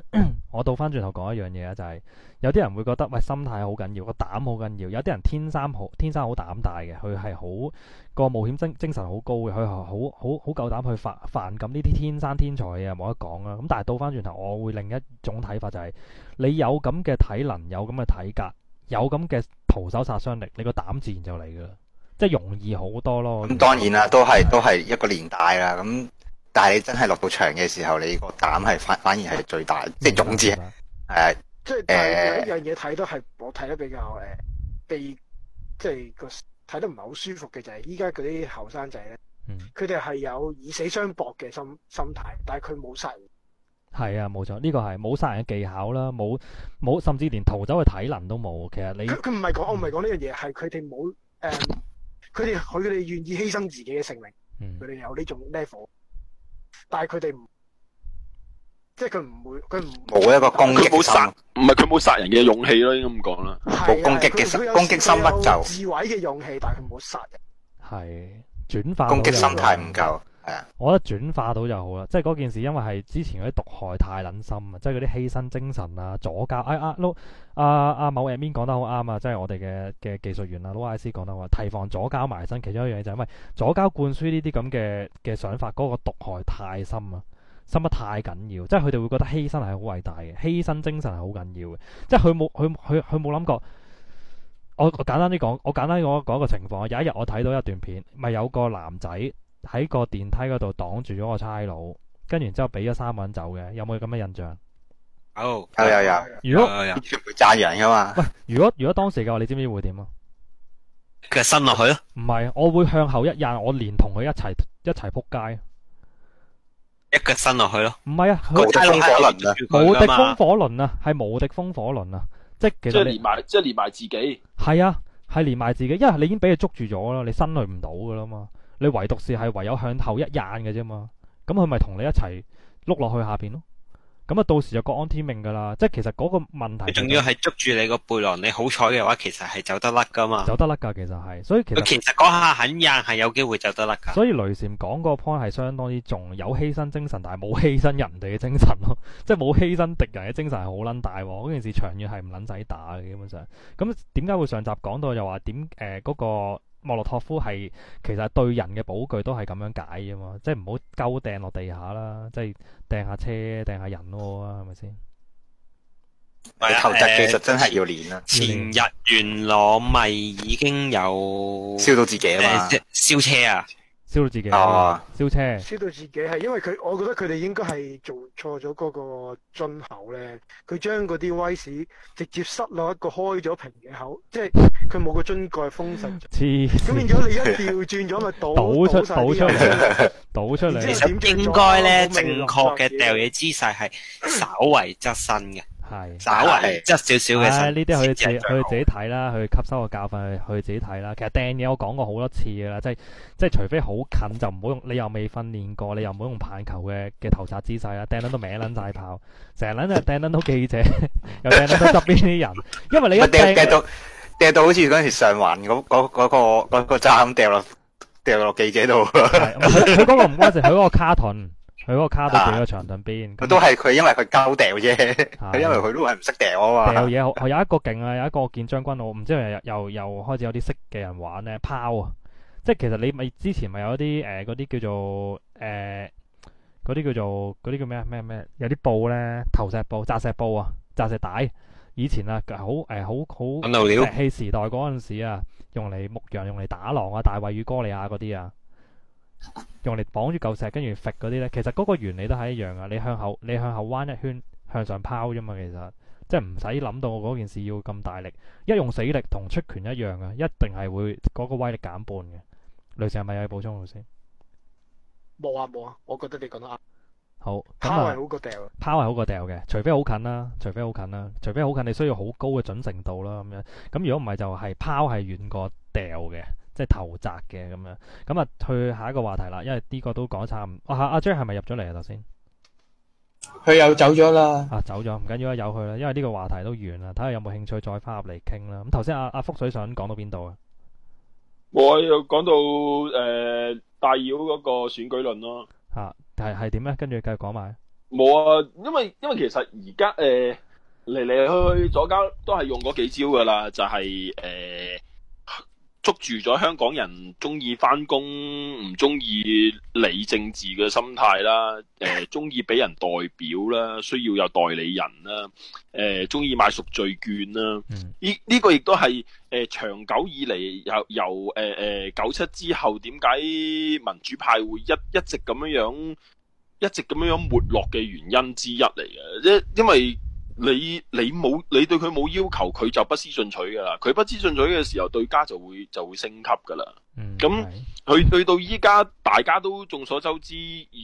我倒翻轉頭講一樣嘢啊，就係有啲人會覺得喂，心態好緊要，個膽好緊要。有啲人天生好天生好膽大嘅，佢係好個冒險精精神好高嘅，佢好好好夠膽去犯犯，咁呢啲天生天才嘅冇得講啊。咁但係倒翻轉頭，我會另一種睇法就係、是、你有咁嘅體能，有咁嘅體格。有咁嘅徒手殺傷力，你個膽自然就嚟噶啦，即係容易好多咯。咁、嗯、當然啦，都係都係一個年代啦。咁但係你真係落到場嘅時候，你個膽係反反而係最大，最大即係總之係誒。即係誒，呃、有一樣嘢睇都係我睇得比較誒悲，即係個睇得唔係好舒服嘅就係，依家嗰啲後生仔咧，佢哋係有以死相搏嘅心心態，但係佢冇殺，係啊，冇錯，呢個係冇殺人嘅技巧啦，冇冇，甚至連逃走嘅體能都冇。其實你佢佢唔係講，我唔係講呢樣嘢，係佢哋冇誒，佢哋佢哋願意犧牲自己嘅性命，佢哋有呢種 level，但係佢哋唔即係佢唔會，佢唔冇一個攻擊心，唔係佢冇殺人嘅勇氣咯，應該咁講啦，冇攻擊嘅攻擊心唔夠，自毀嘅勇氣，但係佢冇殺人，係轉化攻擊心態唔夠。我覺得轉化到就好啦。即係嗰件事，因為係之前嗰啲毒害太撚深啊，即係嗰啲犧牲精神啊，左膠，哎哎，盧阿阿某 admin 講得好啱啊，即係我哋嘅嘅技術員啊，盧 I C 講得話提防左膠埋身，其中一樣嘢，就係因為左膠灌輸呢啲咁嘅嘅想法，嗰個毒害太深啊，深得太緊要，即係佢哋會覺得犧牲係好偉大嘅，犧牲精神係好緊要嘅，即係佢冇佢佢佢冇諗過。我我簡單啲講，我簡單講講一個情況。有一日我睇到一段片，咪有個男仔。喺個電梯嗰度擋住咗個差佬，跟完之後俾咗三個人走嘅，有冇咁嘅印象？有有有。如果唔會炸人噶嘛？喂，yeah, yeah , yeah. 如果如果當時嘅話，你知唔知會點啊？佢伸落去咯。唔係，我會向後一壓，我連同佢一齊一齊撲街，一腳伸落去咯。唔係啊，輪無敵風火輪啊，無敵風火輪啊，係無敵風火輪啊，即係其實連埋即係連埋自己係啊，係連埋自己，因為你已經俾佢捉住咗啦，你伸去唔到噶啦嘛。你唯獨是係唯有向後一仰嘅啫嘛，咁佢咪同你一齊碌落去下邊咯，咁啊到時就各安天命噶啦。即係其實嗰個問題，佢仲要係捉住你個背囊，你好彩嘅話，其實係走得甩噶嘛。走得甩噶，其實係。所以其實佢其實嗰下肯仰係有機會走得甩噶。所以雷士講個 point 係相當之重，有犧牲精神，但係冇犧牲人哋嘅精神咯，即係冇犧牲敵人嘅精神係好撚大。嗰件事長遠係唔撚仔打嘅，基本上。咁點解會上集講到又話點？誒嗰個。莫洛托夫係其實對人嘅寶具都係咁樣解啫嘛，即係唔好鳩掟落地下啦，即係掟下車掟下人咯，係咪先？投資技術真係要練啦。呃、前日元朗咪已經有燒到自己啊嘛，燒、呃、車啊！燒到自己啊！燒車！燒到自己係，因為佢，我覺得佢哋應該係做錯咗嗰個樽口咧。佢將嗰啲威士直接塞落一個開咗瓶嘅口，即係佢冇個樽蓋封實咗。咁變咗你一調轉咗咪倒倒出嚟？倒出嚟。其實應該咧，正確嘅掉嘢姿勢係稍為側身嘅。係稍為即少少嘅、啊，呢啲去自最去，去自己睇啦，去吸收個教訓，去自己睇啦。其實掟嘢我講過好多次噶啦，即係即係除非好近就唔好用，你又未訓練過，你又唔好用棒球嘅嘅投擲姿勢啊！掟到都歪撚晒炮，成撚就掟撚到記者， 又掟撚到身邊啲人，因為你一掟掟到掟到好似嗰時上環嗰嗰嗰個個站掟落掟落記者度，佢嗰個唔關事，佢嗰個卡通。佢嗰個卡都掉咗牆上邊，佢、啊、那都係佢因為佢交掉啫，佢、啊、因為佢都係唔識掉啊嘛。有嘢，有有一個勁啊，有一個我見將軍澳我唔知又又又開始有啲識嘅人玩咧拋啊，即係其實你咪之前咪有一啲誒嗰啲叫做誒嗰啲叫做嗰啲叫咩咩咩有啲布咧投石布砸石布啊砸石，石帶以前啊好誒好好石器時代嗰陣時啊用嚟牧羊用嚟打狼啊大衛與哥利亞嗰啲啊。用力綁住嚿石，跟住揈嗰啲呢，其實嗰個原理都係一樣噶。你向後，你向後彎一圈，向上拋啫嘛。其實即係唔使諗到我嗰件事要咁大力，一用死力同出拳一樣噶，一定係會嗰個威力減半嘅。女士係咪有補充到先？冇啊冇啊，我覺得你講得啱。好，拋係好過掉，拋係好過掉嘅，除非好近啦，除非好近啦，除非好近，你需要好高嘅準繩度啦咁樣。咁如果唔係，就係拋係遠過掉嘅。即係頭擲嘅咁樣，咁啊，去下一個話題啦，因為呢個都講差唔，阿阿張係咪入咗嚟啊？頭先佢又走咗啦，啊走咗，唔緊要啊，有佢啦，因為呢個話題都完啦，睇下有冇興趣再翻入嚟傾啦。咁頭先阿阿福水想講到邊度啊？我又講到誒、呃、大妖嗰個選舉論咯，嚇係係點咧？跟住繼續講埋。冇啊，因為因為其實而家誒嚟嚟去去左交都係用嗰幾招噶啦，就係、是、誒。呃捉住咗香港人中意翻工、唔中意理政治嘅心態啦，誒、呃，中意俾人代表啦，需要有代理人啦，誒、呃，中意買贖罪券啦，呢呢、嗯、個亦都係誒長久以嚟由由誒誒九七之後，點解民主派會一一直咁樣樣，一直咁樣樣沒落嘅原因之一嚟嘅，即因為。你你冇你對佢冇要求，佢就不思進取㗎啦。佢不思進取嘅時候，對家就會就會升級㗎啦。咁佢、嗯嗯、去，去到依家，大家都眾所周知，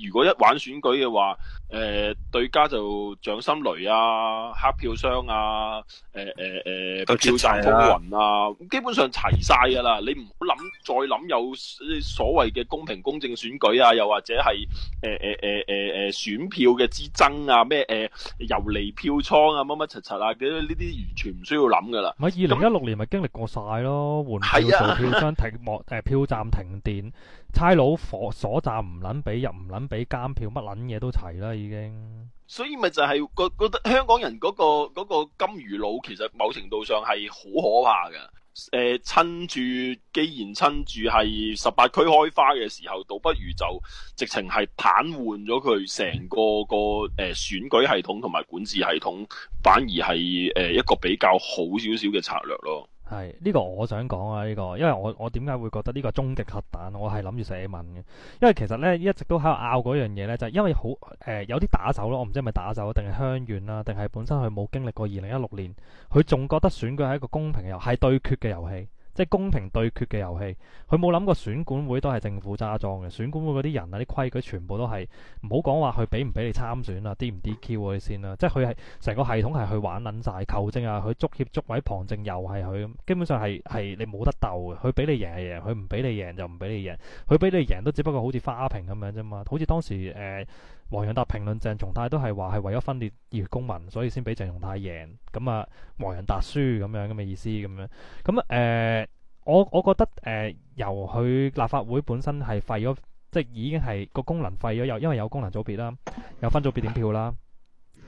如果一玩選舉嘅話，誒、呃、對家就掌心雷啊、黑票箱啊、誒、呃、誒，誒、呃、票站風雲啊，基本上齊晒噶啦。你唔好諗，再諗有所謂嘅公平公正選舉啊，又或者係誒誒誒誒誒選票嘅之爭啊，咩誒游離票倉啊，乜乜柒柒啊，嗰呢啲完全唔需要諗噶啦。咪二零一六年咪經歷過晒咯，換、嗯、票、做票商、停幕是、啊 票站停電，差佬火鎖站唔撚俾入，唔撚俾監票，乜撚嘢都齊啦已經。所以咪就係覺覺得香港人嗰、嗰個嗰個金魚佬其實某程度上係好可怕嘅。誒、呃、趁住，既然趁住係十八區開花嘅時候，倒不如就直情係癱瘓咗佢成個個誒選舉系統同埋管治系統，反而係誒一個比較好少少嘅策略咯。係呢、呢個我想講啊呢個，因為我我點解會覺得呢個終極核彈，我係諗住寫文嘅，因為其實呢一直都喺度拗嗰樣嘢呢，就係、因為好誒、呃、有啲打手咯，我唔知係咪打手定係鄉願啦，定係本身佢冇經歷過二零一六年，佢仲覺得選舉係一個公平嘅遊，係對決嘅遊戲。即係公平對決嘅遊戲，佢冇諗過選管會都係政府揸莊嘅，選管會嗰啲人啊、啲規矩全部都係唔好講話，佢俾唔俾你參選啊、d 唔 DQ 嗰啲先啦、啊，即係佢係成個系統係去玩撚晒球證啊，佢足協足位旁證又係佢，基本上係係你冇得鬥嘅，佢俾你贏係贏，佢唔俾你贏就唔俾你，你贏，佢俾你贏都只不過好似花瓶咁樣啫嘛，好似當時誒。呃黃仁達評論鄭松泰都係話係為咗分裂二月公民，所以先俾鄭松泰贏咁啊，黃仁達輸咁樣咁嘅意思咁樣咁誒，我我覺得誒、呃，由佢立法會本身係廢咗，即係已經係個功能廢咗，又因為有功能組別啦，有分組別點票啦，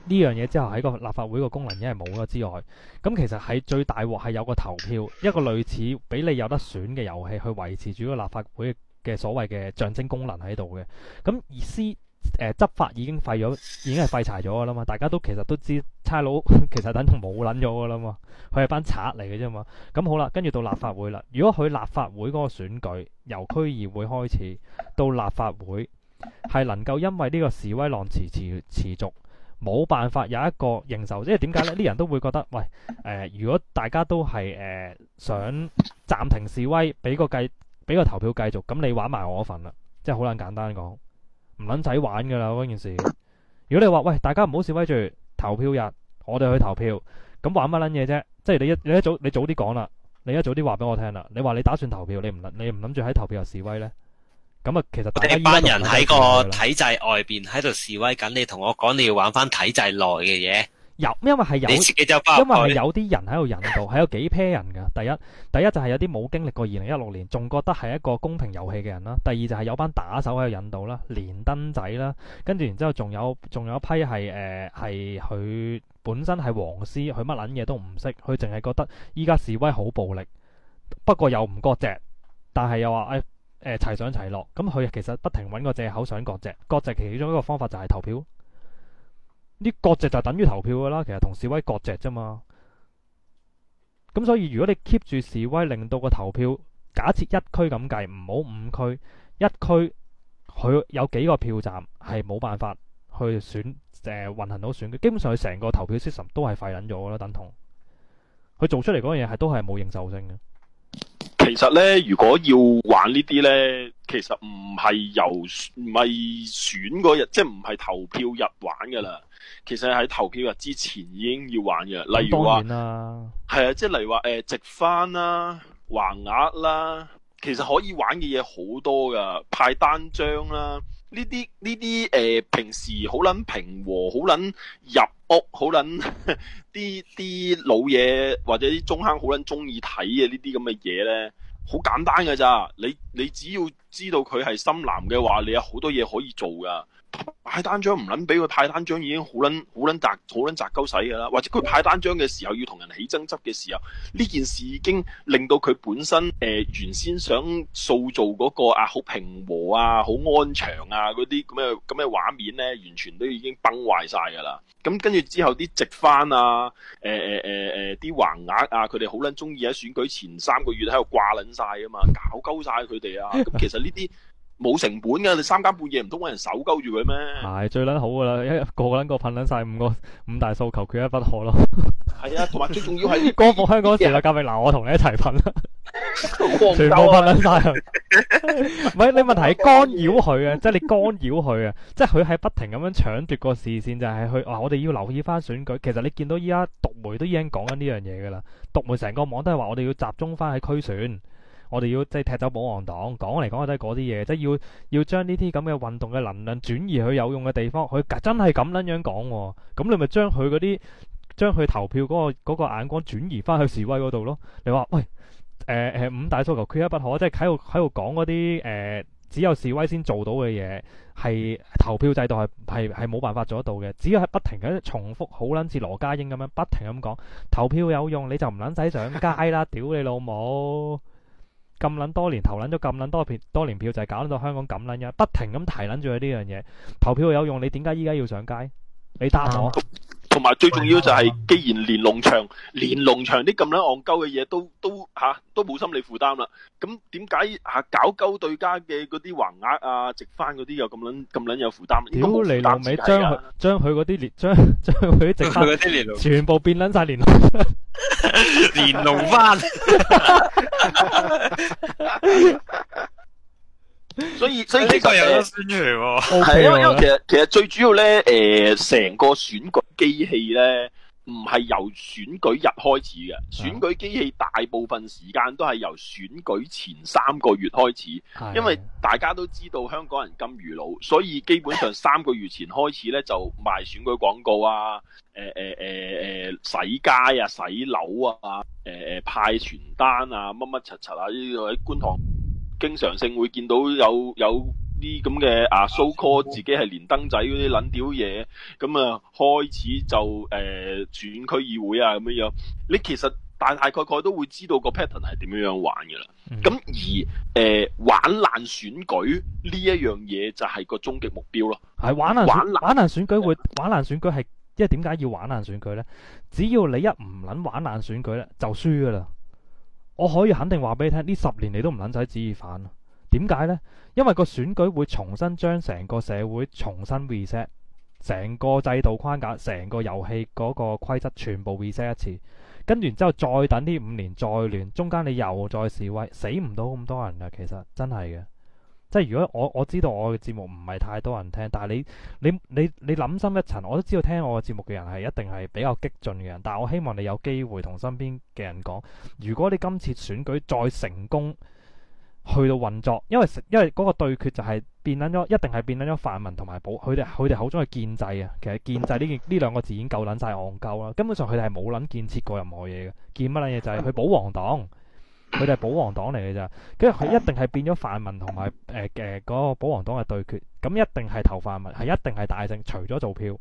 呢樣嘢之後喺個立法會個功能已經係冇咗之外，咁其實喺最大鑊係有個投票一個類似俾你有得選嘅遊戲去維持住個立法會嘅所謂嘅象徵功能喺度嘅咁意思。誒，執、呃、法已經廢咗，已經係廢柴咗噶啦嘛！大家都其實都知差佬， 其實等同冇捻咗噶啦嘛，佢係班賊嚟嘅啫嘛。咁好啦，跟住到立法會啦。如果佢立法會嗰個選舉由區議會開始到立法會，係能夠因為呢個示威浪潮持持續，冇辦法有一個認受，即係點解呢？啲人都會覺得，喂，誒、呃，如果大家都係誒、呃、想暫停示威，俾個計，俾個投票繼續，咁你玩埋我份啦，即係好捻簡單講。唔捻使玩噶啦嗰件事。如果你話喂，大家唔好示威住投票日，我哋去投票，咁玩乜捻嘢啫？即係你一你一早你早啲講啦，你一早啲話俾我聽啦。你話你，你，你打算投票，你唔諗你唔諗住喺投票又示威呢？咁啊，其實大家一班人喺個體制外邊喺度示威緊，你同我講你要玩翻體制內嘅嘢。有，因為係有，因為有啲人喺度引導，係 有幾批人嘅。第一，第一就係有啲冇經歷過二零一六年，仲覺得係一個公平遊戲嘅人啦。第二就係有班打手喺度引導啦，連登仔啦，跟住然之後仲有仲有一批係誒係佢本身係黃絲，佢乜撚嘢都唔識，佢淨係覺得依家示威好暴力，不過又唔割席，但係又話誒誒齊上齊落，咁佢其實不停揾個借口想割席，割席其中一個方法就係投票。啲國藉就等於投票噶啦，其實同示威割席啫嘛。咁所以如果你 keep 住示威，令到個投票，假設一區咁計，唔好五區一區，佢有幾個票站係冇辦法去選誒、呃、運行到選嘅，基本上佢成個投票 system，都係快撚咗啦，等同佢做出嚟嗰樣嘢係都係冇認受性嘅。其實呢，如果要玩呢啲呢，其實唔係由唔係選嗰日，即係唔係投票日玩噶啦。其實喺投票日之前已經要玩嘅，例如話係啊，即係嚟話誒，直幡啦，橫額啦，其實可以玩嘅嘢好多㗎，派單張啦，呢啲呢啲誒，平時好撚平和，好撚入屋，好撚啲啲老嘢或者啲中坑，好撚鍾意睇嘅呢啲咁嘅嘢咧，好簡單㗎咋，你你只要知道佢係深藍嘅話，你有好多嘢可以做㗎。派單張唔捻俾佢派單張已經好捻好捻雜好捻雜鳩使噶啦，或者佢派單張嘅時候要同人起爭執嘅時候，呢件事已經令到佢本身誒、呃、原先想塑造嗰、那個啊好平和啊好安詳啊嗰啲咁嘅咁嘅畫面咧，完全都已經崩壞晒噶啦。咁跟住之後啲直幡啊，誒誒誒誒啲橫額啊，佢哋好捻中意喺選舉前三個月喺度掛捻晒吖嘛，搞鳩晒佢哋啊。咁其實呢啲。冇成本嘅，你三更半夜唔通搵人手勾住佢咩？係最撚好嘅啦，一個撚個噴撚曬五個五大訴求，缺一不可咯。係啊，同埋最重要係過冇香港時啦，咁咪嗱我同你一齊噴啦，全部噴撚曬。唔係你問題係干擾佢啊，即係你干擾佢啊，即係佢係不停咁樣搶奪個視線，就係去哇！我哋要留意翻選舉，其實你見到依家獨媒都已經講緊呢樣嘢嘅啦，獨媒成個網都係話我哋要集中翻喺區選。我哋要即係踢走保皇黨，講嚟講去都係嗰啲嘢，即係要要將呢啲咁嘅運動嘅能量轉移去有用嘅地方。佢真係咁撚樣講，哦，咁你咪將佢嗰啲將佢投票嗰、嗰個嗰個眼光轉移翻去示威嗰度咯。你話喂，誒、呃、誒五大訴求缺一不可，即係喺度喺度講嗰啲誒只有示威先做到嘅嘢，係投票制度係係係冇辦法做得到嘅，只要係不停咁重複好撚似羅家英咁樣不停咁講投票有用，你就唔撚使上街啦， 屌你老母！咁撚多年投撚咗咁撚多多年票就係搞到香港咁撚樣，不停咁提撚住佢呢樣嘢投票有用，你點解依家要上街？你答我。 同埋最重要就係，既然連儂牆連儂牆啲咁撚戇鳩嘅嘢都都吓、啊、都冇心理負擔啦，咁點解吓搞鳩對家嘅嗰啲橫額啊、植翻嗰啲又咁撚咁撚有負擔？屌連南尾將將佢嗰啲連將將佢啲植翻全部變捻晒連龍，連龍翻。所以所以呢個有得宣傳喎，係因為其實其實最主要咧，誒、呃、成個選舉機器咧，唔係由選舉日開始嘅，選舉機器大部分時間都係由選舉前三個月開始，因為大家都知道香港人金魚佬，所以基本上三個月前開始咧就賣選舉廣告啊，誒誒誒誒洗街啊洗樓啊，誒、呃、誒派傳單啊乜乜柒柒啊，呢個喺觀塘。經常性會見到有有啲咁嘅啊 show call 自己係連登仔嗰啲撚屌嘢，咁啊開始就誒轉、呃、區議會啊咁樣樣。你其實大大概，概概都會知道個 pattern 係點樣樣玩㗎啦。咁而誒玩爛選舉呢一樣嘢就係個終極目標咯。係玩爛玩爛選舉會玩爛選舉係，因為點解要玩爛選舉咧？只要你一唔撚玩爛選舉咧，就輸㗎啦。我可以肯定話俾你聽，呢十年你都唔捻使旨意反。點解呢？因為個選舉會重新將成個社會重新 reset，成個制度框架、成個遊戲嗰個規則全部 reset 一次，跟住之後再等呢五年再亂，中間你又再示威，死唔到咁多人噶。其實真係嘅。即係如果我我知道我嘅節目唔係太多人聽，但係你你你你諗深一層，我都知道聽我嘅節目嘅人係一定係比較激進嘅人。但係我希望你有機會同身邊嘅人講，如果你今次選舉再成功去到運作，因為因為嗰個對決就係變咗一定係變咗泛民同埋保佢哋佢哋口中嘅建制啊。其實建制呢呢兩個字已經夠撚晒戇鳩啦。根本上佢哋係冇撚建設過任何嘢嘅，建乜撚嘢，就係去保皇黨。佢哋係保皇黨嚟嘅咋，跟住佢一定係變咗泛民同埋誒誒嗰個保皇黨嘅對決，咁一定係投泛民，係一定係大勝，除咗做票，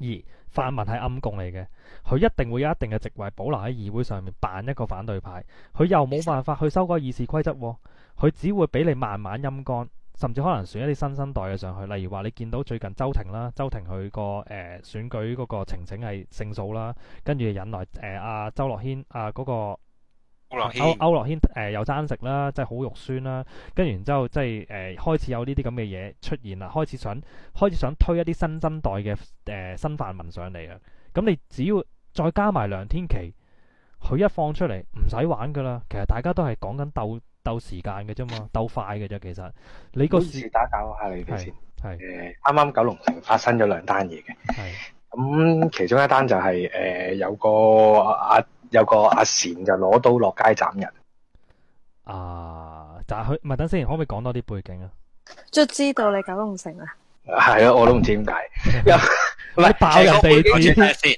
而泛民係暗共嚟嘅，佢一定會有一定嘅席位保留喺議會上面辦一個反對派，佢又冇辦法去修改議事規則，佢只會俾你慢慢陰乾，甚至可能選一啲新生代嘅上去，例如話你見到最近周庭啦，周庭佢個誒選舉嗰個晴晴係勝訴啦，跟住引來誒阿、呃啊、周樂軒阿嗰個。歐歐樂軒誒又爭食啦，即係好肉酸啦，跟住然之後即係誒開始有呢啲咁嘅嘢出現啦，開始想開始想推一啲新生代嘅誒新泛民上嚟啊！咁你只要再加埋梁天琦，佢一放出嚟唔使玩噶啦，其實大家都係講緊鬥鬥時間嘅啫嘛，鬥快嘅啫，其實你個是打攪下你先係誒，啱啱九龍城發生咗兩單嘢嘅，係咁其中一單就係誒有個阿。有個阿善就攞刀落街斬人啊！但係佢唔係等先，可唔可以講多啲背景啊？即係知道你搞都唔成啊？係啊，我都唔知點解，又唔係包人哋。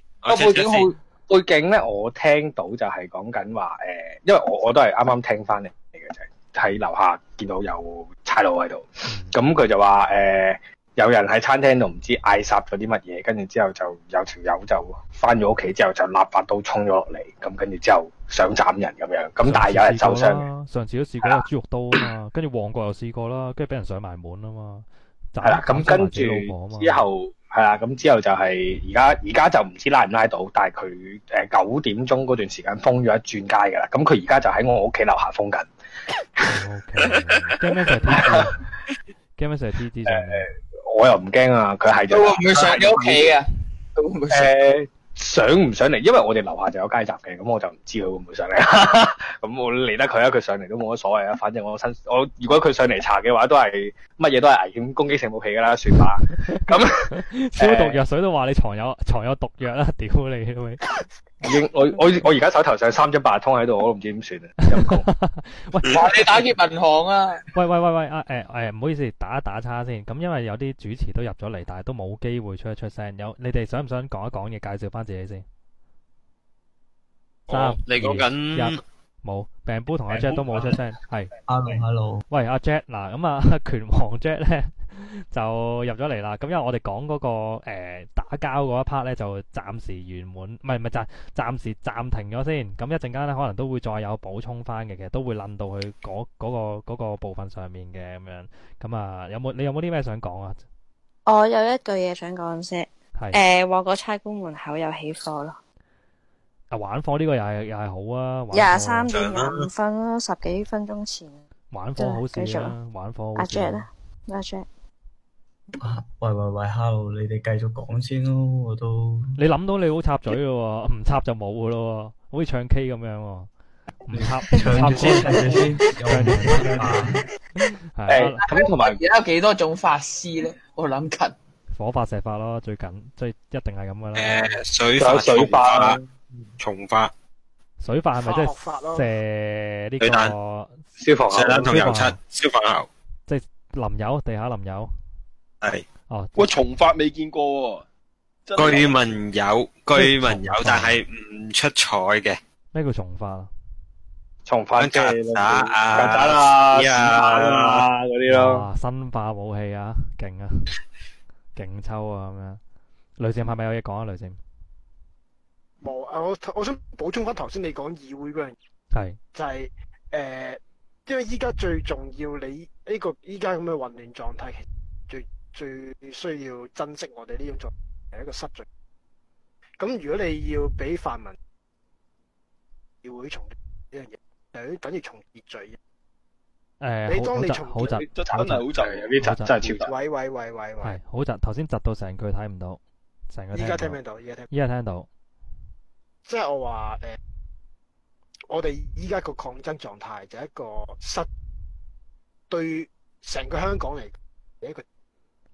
爆入 個背景好 背景咧，我聽到就係講緊話誒，因為我我都係啱啱聽翻嚟嘅啫，喺樓下見到有差佬喺度，咁佢、 嗯、就話誒。呃有人喺餐廳度唔知嗌殺咗啲乜嘢，跟住之後就有條友就返咗屋企之後就立把刀衝咗落嚟，咁跟住之後想斬人咁樣。咁但係有人受傷。上次都試過啊，豬肉刀吖嘛，跟住旺角又試過啦，跟住俾人上埋門啊嘛。係啦，咁跟住之後係啦，咁之後就係而家而家就唔知拉唔拉到，但係佢誒九點鐘嗰段時間封咗一轉街㗎啦。咁佢而家就喺我屋企樓下封緊。game 我又唔驚啊，佢係就。佢會唔會上你屋企啊？佢唔誒，呃、上唔上嚟？因為我哋樓下就有街閘嘅，咁、嗯、我就唔知佢會唔會上嚟。咁、 嗯、我理得佢啊，佢上嚟都冇乜所謂啊。反正我身，我如果佢上嚟查嘅話，都係乜嘢都係危險攻擊性武器㗎啦，算吧。咁消毒藥水都話你藏有藏有毒藥啦、啊，屌你！ 我我我而家手頭上三張八達通喺度，我都唔知點算啊！喂，你打劫銀行啊！喂喂喂喂啊！誒、哎、誒，唔好意思，打一打叉先。咁因為有啲主持都入咗嚟，但係都冇機會出一出聲。有你哋想唔想講一講嘢，介紹翻自己先？三，你講緊一冇病夫同阿 Jack 都冇出聲。係阿龍 hello。喂、 啊，阿 Jack 嗱，咁啊，啊，拳王 Jack 咧。就入咗嚟啦，咁因為我哋講嗰個誒、呃、打交嗰一 part 咧，就暫時圓滿，唔係唔係暫暫時暫停咗先，咁一陣間咧可能都會再有補充翻嘅，其實都會捻到佢嗰嗰個、那個部分上面嘅咁樣，咁啊有冇你有冇啲咩想講啊？我有一句嘢想講先，係誒是、呃，我個差館門口有起火咯。啊玩火呢個又係又係好啊，廿三點廿五分、啊、十幾分鐘前，玩火好少啦、啊，就是、繼續玩火阿、啊啊、Jack 啦、啊，阿、啊、Jack。喂喂喂，Hello 你哋繼續講先咯，我都你諗到你好插嘴嘅喎，唔插就冇嘅咯，好似唱 K 咁樣，唔插唱住先，唱住先，係咁，同埋而家幾多種法師咧？我諗緊火法、石法咯，最緊即係一定係咁嘅啦。水法、水法、重法、水法係咪即係？即係呢個消防消防即係淋油，地下淋油。係哦，喂從化未見過。據聞有，據聞有，但係唔出彩嘅。咩叫從化？從化嘅曱甴啊，啲咯、啊。生化武器啊，勁啊，勁 抽啊咁樣。女性係咪有嘢講啊？女性。冇啊！我我想補充翻頭先你講議會嗰樣。係是。就係、是、誒、呃，因為依家最重要你狀狀，重要重要你呢個依家咁嘅混亂狀態，最。最需要珍惜我哋呢種作，係一個失序。咁如果你要俾泛民議會重呢樣嘢，就等於重秩序。誒，你當你重好窒，真係好窒，有啲窒真係超大。喂喂喂喂喂，係好窒，頭先窒到成句睇唔到，成個。依家聽唔聽到？依家聽。依家聽到。即係我話誒，我哋依家個抗爭狀態就一個失對成個香港嚟，係一個。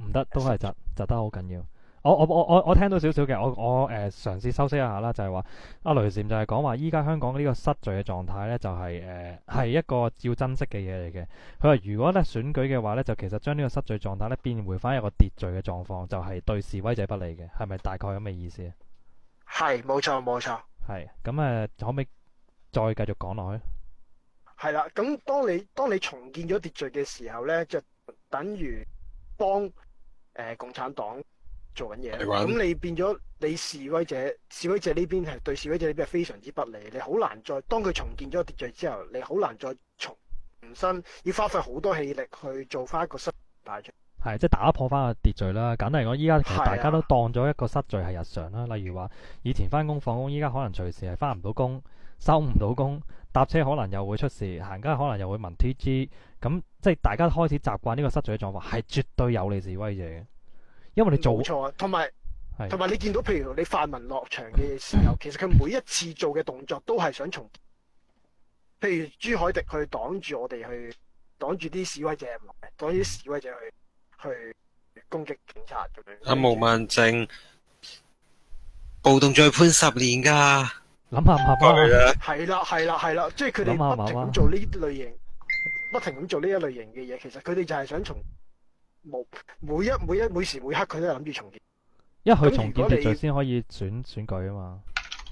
唔得，都係窒窒得好緊要。我我我我我聽到少少嘅，我我誒嘗試修飾一下啦，就係話阿雷禪就係講話依家香港呢個失序嘅狀態呢，就係誒係一個要珍惜嘅嘢嚟嘅。佢話如果呢選舉嘅話呢，就其實將呢個失序狀態呢，變回翻一個秩序嘅狀況，就係、是、對示威者不利嘅，係咪大概咁嘅意思啊？係，冇錯冇錯。係，咁誒、呃、可唔可以再繼續講落去？係啦，咁當你當你重建咗秩序嘅時候呢，就等於幫。誒、呃、共產黨做緊嘢，咁灣你變咗你示威者，示威者呢邊係對示威者呢邊係非常之不利，你好難再當佢重建咗秩序之後，你好難再重新要花費好多氣力去做翻一個失序，係即係打破翻個秩序啦。簡單嚟講，依家其實大家都當咗一個失序係日常啦。啊、例如話以前翻工放工，依家可能隨時係翻唔到工、收唔到工，搭車可能又會出事，行街可能又會問 T.G. 咁，即係大家開始習慣呢個失序嘅狀況，係絕對有利示威者嘅，因為你做錯。同埋，同埋是你見到譬如你泛民落場嘅時候，其實佢每一次做嘅動作都係想從，譬如朱凱廸去擋住我哋，去擋住啲示威者嚟，擋住啲示威者去去攻擊警察咁樣。阿、啊、毛孟靜，暴動再判十年㗎。諗下馬包嘅嘢，係啦係啦係啦，即係佢哋不停咁做呢類型，想想不，想不停咁做呢一類型嘅嘢，其實佢哋就係想從每每一每一時每刻佢都係諗住重建，每每重建因為佢重建秩序先可以選選舉啊嘛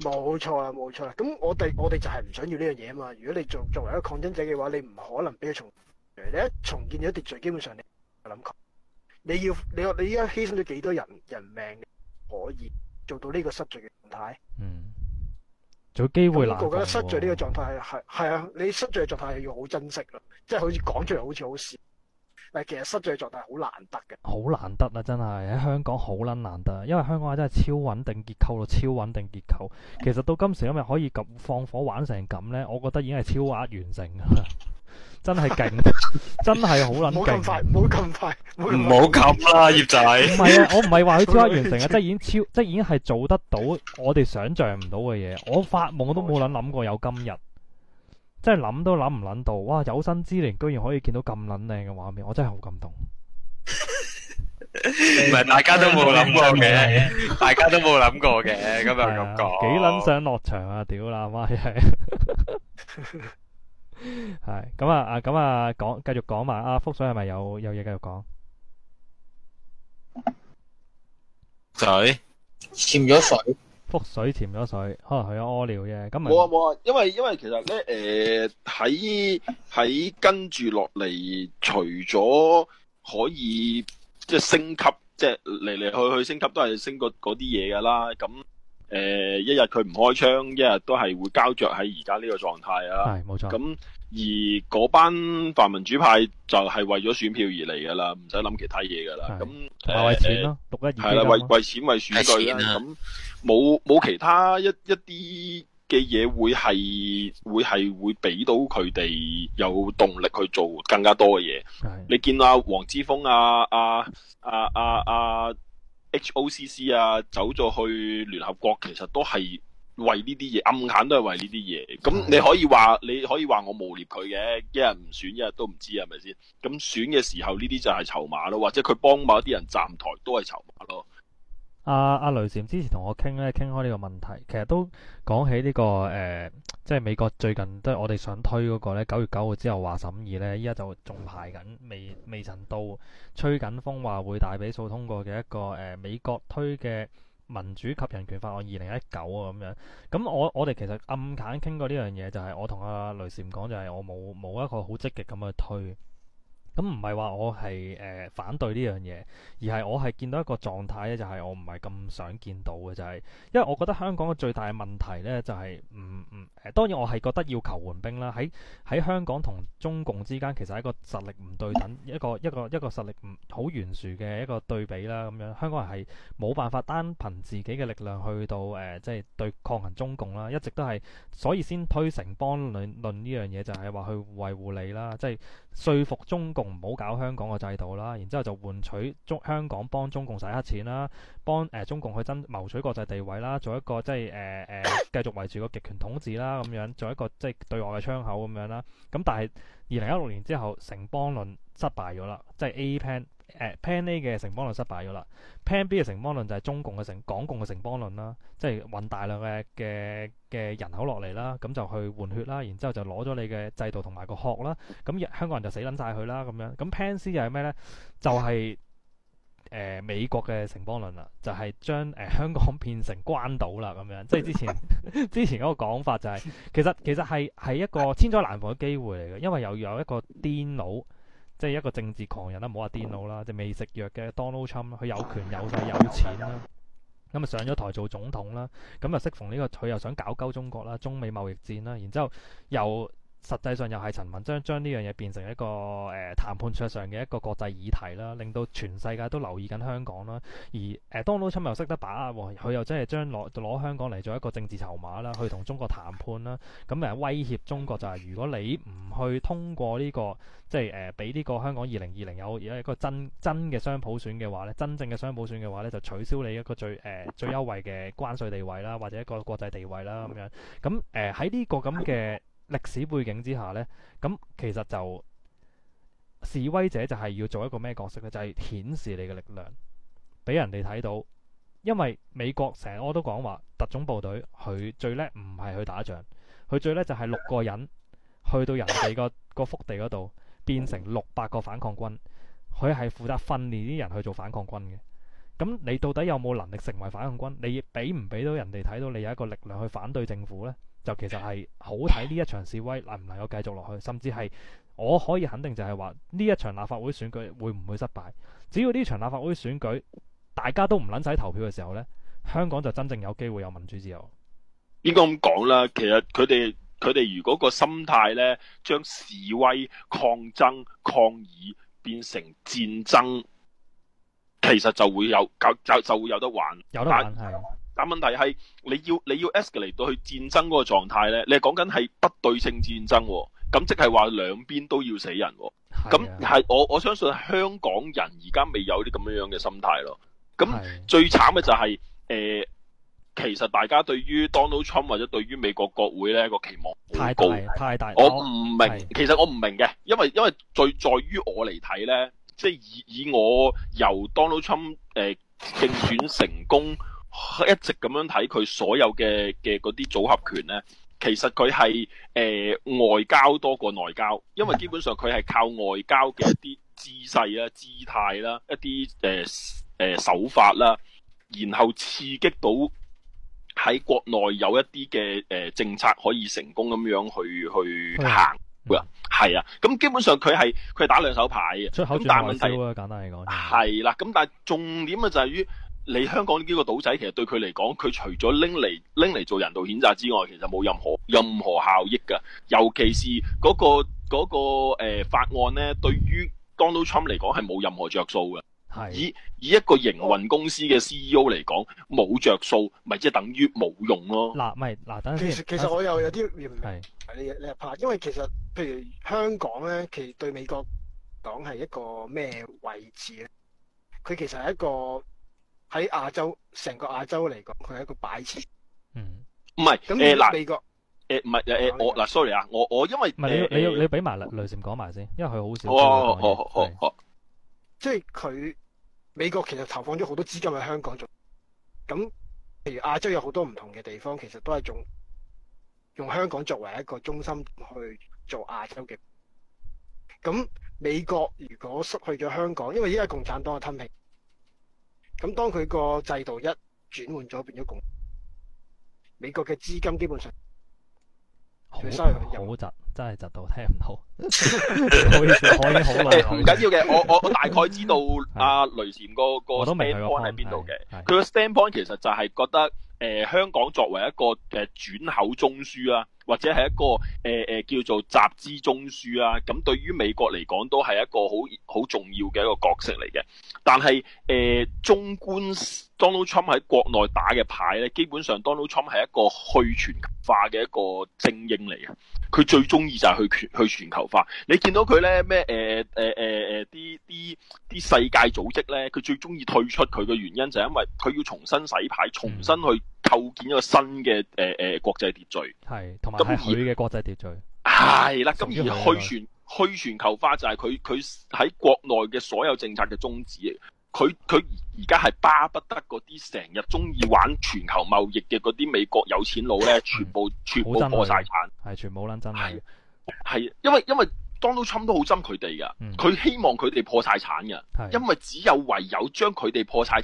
冇錯啦，冇錯啦。咁、嗯、我哋我哋就係唔想要呢樣嘢啊嘛。如果你做作為一個抗爭者嘅話，你唔可能俾佢重你一重建咗秩序，基本上你諗過，你要你你依家犧牲咗幾多人人命可以做到呢個失序嘅狀態？嗯。有機會難，我覺得失罪呢個狀態係係係啊，你失罪嘅狀態係要好珍惜咯，即係好似講出嚟好似好少，但其實失罪嘅狀態好難得嘅。好難得啊！真係喺香港好撚難得，因為香港啊真係超穩定結構咯，超穩定結構。其實到今時今日可以咁放火玩成咁呢，我覺得已經係超額完成 真係勁，真係好捻勁。唔好咁快，唔好咁快，唔好冚啦，葉仔。唔係啊，我唔係話佢超級完成啊，即係已經超，即係已經係做得到我哋想象唔到嘅嘢。我發夢都冇捻諗過有今日，即係諗都諗唔捻到。哇，有生之年居然可以見到咁捻靚嘅畫面，我真係好感動。唔係，大家都冇諗過嘅，大家都冇諗過嘅。咁樣感覺，幾捻想落場啊？屌啦，媽耶！係咁啊！啊咁啊，講，繼續講埋啊！福水係咪有有嘢，繼續講？水潛咗水，福水潛咗水，可能佢屙尿啫。咁啊冇啊冇啊，因為因為其實咧誒喺喺跟住落嚟，除咗可以即係、就是、升級，即係嚟嚟去去升級都係升過嗰啲嘢噶啦咁。誒、啊，一日佢唔開槍，一日都係會膠着喺而家呢個狀態啊。係，冇錯。咁、嗯、而嗰班泛民主派就係為咗選票而嚟噶是、嗯、啦，唔使諗其他嘢噶啦。咁買位錢咯，係啦，為為錢為選舉咁，冇冇其他一一啲嘅嘢會係會係會俾到佢哋有動力去做更加多嘅嘢。的你見阿黃之鋒。啊，阿阿阿阿，啊啊啊啊啊啊 H.O.C.C. 啊，H o C、C, 走咗去聯合國其實都係為呢啲嘢，暗眼都係為呢啲嘢。咁你可以話你可以話我誣蔑佢嘅，一日唔選一日都唔知係咪先。咁選嘅時候，呢啲就係籌碼咯，或者佢幫某一啲人站台都係籌碼咯。阿阿、啊、雷善之前同我傾咧，傾開呢個問題，其實都講起呢、這個誒、呃，即係美國最近都係我哋想推嗰個咧，九月九號之後話審議咧，依家就仲排緊，未未曾到，吹緊風話會大比數通過嘅一個誒、呃、美國推嘅民主及人權法案二零一九啊咁樣。咁我我哋其實暗揀傾過呢樣嘢，就係、是、我同阿、啊、雷善講就，就係我冇冇一個好積極咁去推。咁唔係話我係誒、呃、反對呢樣嘢，而係我係見到一個狀態咧，就係我唔係咁想見到嘅，就係、是、因為我覺得香港嘅最大嘅問題呢，就係唔唔誒。當然我係覺得要求援兵啦，喺喺香港同中共之間其實係一個實力唔對等，一個一個一個實力唔好懸殊嘅一個對比啦咁樣。香港人係冇辦法單憑自己嘅力量去到誒、呃，即係對抗衡中共啦，一直都係所以先推城邦論論呢樣嘢，就係、是、話去維護你啦，即係。說服中共唔好搞香港嘅制度啦，然之後就換取中香港幫中共洗黑錢啦，幫誒、呃、中共去爭謀取國際地位啦，做一個即係誒誒繼續維持個極權統治啦咁樣，做一個即係對外嘅窗口咁樣啦。咁但係二零一六年之後，城邦論失敗咗啦，即係 A plan 誒、uh, Plan A 嘅城邦論失敗咗啦 Plan B 嘅城邦論就係中共嘅城港共嘅城邦論啦，即係運大量嘅嘅嘅人口落嚟啦，咁就去換血啦，然之後就攞咗你嘅制度同埋個殼啦，咁香港人就死撚晒佢啦咁樣，咁 Plan C 又係咩咧？就係、是、誒、呃、美國嘅城邦論啦，就係將誒香港變成關島啦咁樣，即係之前 之前嗰個講法就係、是，其實其實係係一個千載難逢嘅機會嚟嘅，因為有有一個癲佬。即係一個政治狂人啦，唔好話癲佬啦，即未食藥嘅 Donald Trump，佢有權有勢有錢啦，咁啊上咗台做總統啦，咁啊、這個，適逢呢個佢又想搞鳩中國啦，中美貿易戰啦，然之後又。實際上又係陳文章將呢樣嘢變成一個誒、呃、談判桌上嘅一個國際議題啦，令到全世界都留意緊香港啦。而誒、呃、Donald Trump 又識得把握，佢、呃、又真係將攞攞香港嚟做一個政治籌碼啦，去同中國談判啦。咁、嗯、誒威脅中國就係如果你唔去通過呢、這個即係誒，俾、呃、呢個香港二零二零有而家一個真真嘅雙普選嘅話咧，真正嘅雙普選嘅話咧，就取消你一個最誒、呃、最優惠嘅關稅地位啦，或者一個國際地位啦咁樣。咁誒喺呢個咁嘅。歷史背景之下呢，咁其實就示威者就係要做一個咩角色呢？就係顯示你嘅力量，俾人哋睇到。因為美國成日我都講話，特種部隊佢最叻唔係去打仗，佢最叻就係六個人去到人哋個個腹地嗰度，變成六百個反抗軍。佢係負責訓練啲人去做反抗軍嘅。咁你到底有冇能力成為反抗軍？你俾唔俾到人哋睇到你有一個力量去反對政府呢？就其實係好睇呢一場示威能唔能夠繼續落去，甚至係我可以肯定就係話呢一場立法會選舉會唔會失敗？只要呢場立法會選舉大家都唔撚使投票嘅時候呢，香港就真正有機會有民主自由。應該咁講啦，其實佢哋佢哋如果個心態呢，將示威抗爭抗議變成戰爭，其實就會有就就會有得玩，有得玩係。啊。但問題係，你要你要 escalate 到去戰爭嗰個狀態咧？你係講緊係不對稱戰爭、啊，咁即係話兩邊都要死人、啊。咁係是、啊、我我相信香港人而家未有啲咁樣樣嘅心態咯。咁最慘嘅就係、是、誒是、啊呃，其實大家對於 Donald Trump 或者對於美國國會咧個期望太高太大。太大我唔明，哦啊、其實我唔明嘅，因為因為在在於我嚟睇咧，即係以以我由 Donald Trump 誒、呃、競選成功。 一直咁樣睇佢所有嘅嘅嗰啲組合拳呢，其實佢係誒外交多過內交，因為基本上佢係靠外交嘅一啲姿勢啦、啊、姿態啦、啊、一啲誒誒手法啦、啊，然後刺激到喺國內有一啲嘅誒政策可以成功咁樣去去行，係啊，咁基本上佢係佢係打兩手牌嘅，出口轉內銷啦，簡單嚟講係啦，咁但係重點啊就係於。你香港呢幾個島仔其實對佢嚟講，佢除咗拎嚟拎嚟做人道譴責之外，其實冇任何任何效益嘅。尤其是嗰個嗰個呃法案咧，對於 Donald Trump 嚟講係冇任何着數嘅。係是以以一個營運公司嘅 CEO 嚟講，冇着數，咪即係等於冇用咯。嗱咪嗱，其實其實我又有啲唔明。係是你你又怕，因為其實譬如香港咧，其實對美國講係一個咩位置咧？佢其實係一個。喺亞洲成個亞洲嚟講，佢係一個擺設。嗯，唔係咁誒，嗱、呃，誒唔係誒，呃呃呃呃、我嗱、呃、，sorry 啊，我我因為你要、呃、你要你俾埋、呃、雷雷盛講埋先，因為佢好少講嘢、哦哦。哦哦哦即係佢美國其實投放咗好多資金喺香港做，咁譬如亞洲有好多唔同嘅地方，其實都係用用香港作為一個中心去做亞洲嘅。咁美國如果失去咗香港，因為依家共產黨嘅吞平。咁當佢個制度一轉換咗，變咗共美國嘅資金基本上好好窒，真係窒到聽唔到。唔緊要嘅，我我我大概知道阿、啊、 雷銳個的個 standpoint 係邊度嘅。佢個的 standpoint 其實就係覺得誒、呃、香港作為一個嘅轉口中樞，啊。啦。或者係一個誒誒、呃、叫做集資中樞啊。咁對於美國嚟講都係一個好好重要嘅一個角色嚟嘅。但係誒、呃、中觀 Donald Trump 喺國內打嘅牌咧，基本上 Donald Trump 係一個去全球化嘅一個精英嚟嘅。佢最中意就係去去全球化。你見到佢咧咩誒誒誒誒啲啲啲世界組織咧，佢最中意退出佢嘅原因就係因為佢要重新洗牌，重新去構建一個新嘅誒誒國際秩序，係同埋虛嘅國際秩序，係啦是。咁而去全去全球化就係佢佢喺國內嘅所有政策嘅宗旨。佢佢而家係巴不得嗰啲成日鍾意玩全球貿易嘅嗰啲美國有錢佬咧，全部全部破晒產，係全部撚真係，係因為因為。因為 Donald Trump 都好憎佢哋嘅，佢、嗯、希望佢哋破產嘅，是因為只有唯有將佢哋破產，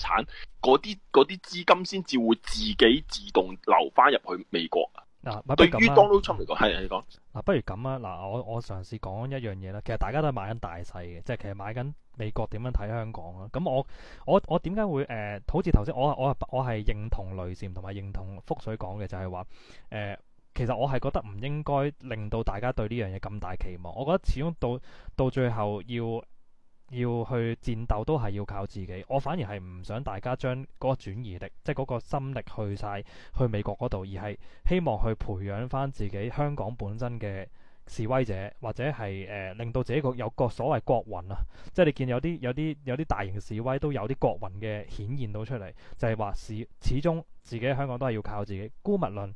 嗰啲啲資金先至會自己自動流翻入去美國。嗱，對於 Donald Trump 嚟講，係你講嗱、啊，不如咁啊！嗱，我我嘗試講一樣嘢啦。其實大家都係買緊大細嘅，即係其實買緊美國點樣睇香港啊！咁我我我點解會誒、呃？好似頭先我我我係認同雷氏同埋認同福水講嘅，就係話誒。呃。其實我係覺得唔應該令到大家對呢樣嘢咁大期望。我覺得始終到到最後要要去戰鬥都係要靠自己。我反而係唔想大家將嗰個轉移力，即係嗰個心力去晒去美國嗰度，而係希望去培養返自己香港本身嘅示威者，或者係誒、呃、令到自己個有個所謂國魂啊。即係你見有啲有啲有啲大型示威都有啲國魂嘅顯現到出嚟，就係、是、話始始終自己香港都係要靠自己。姑勿論。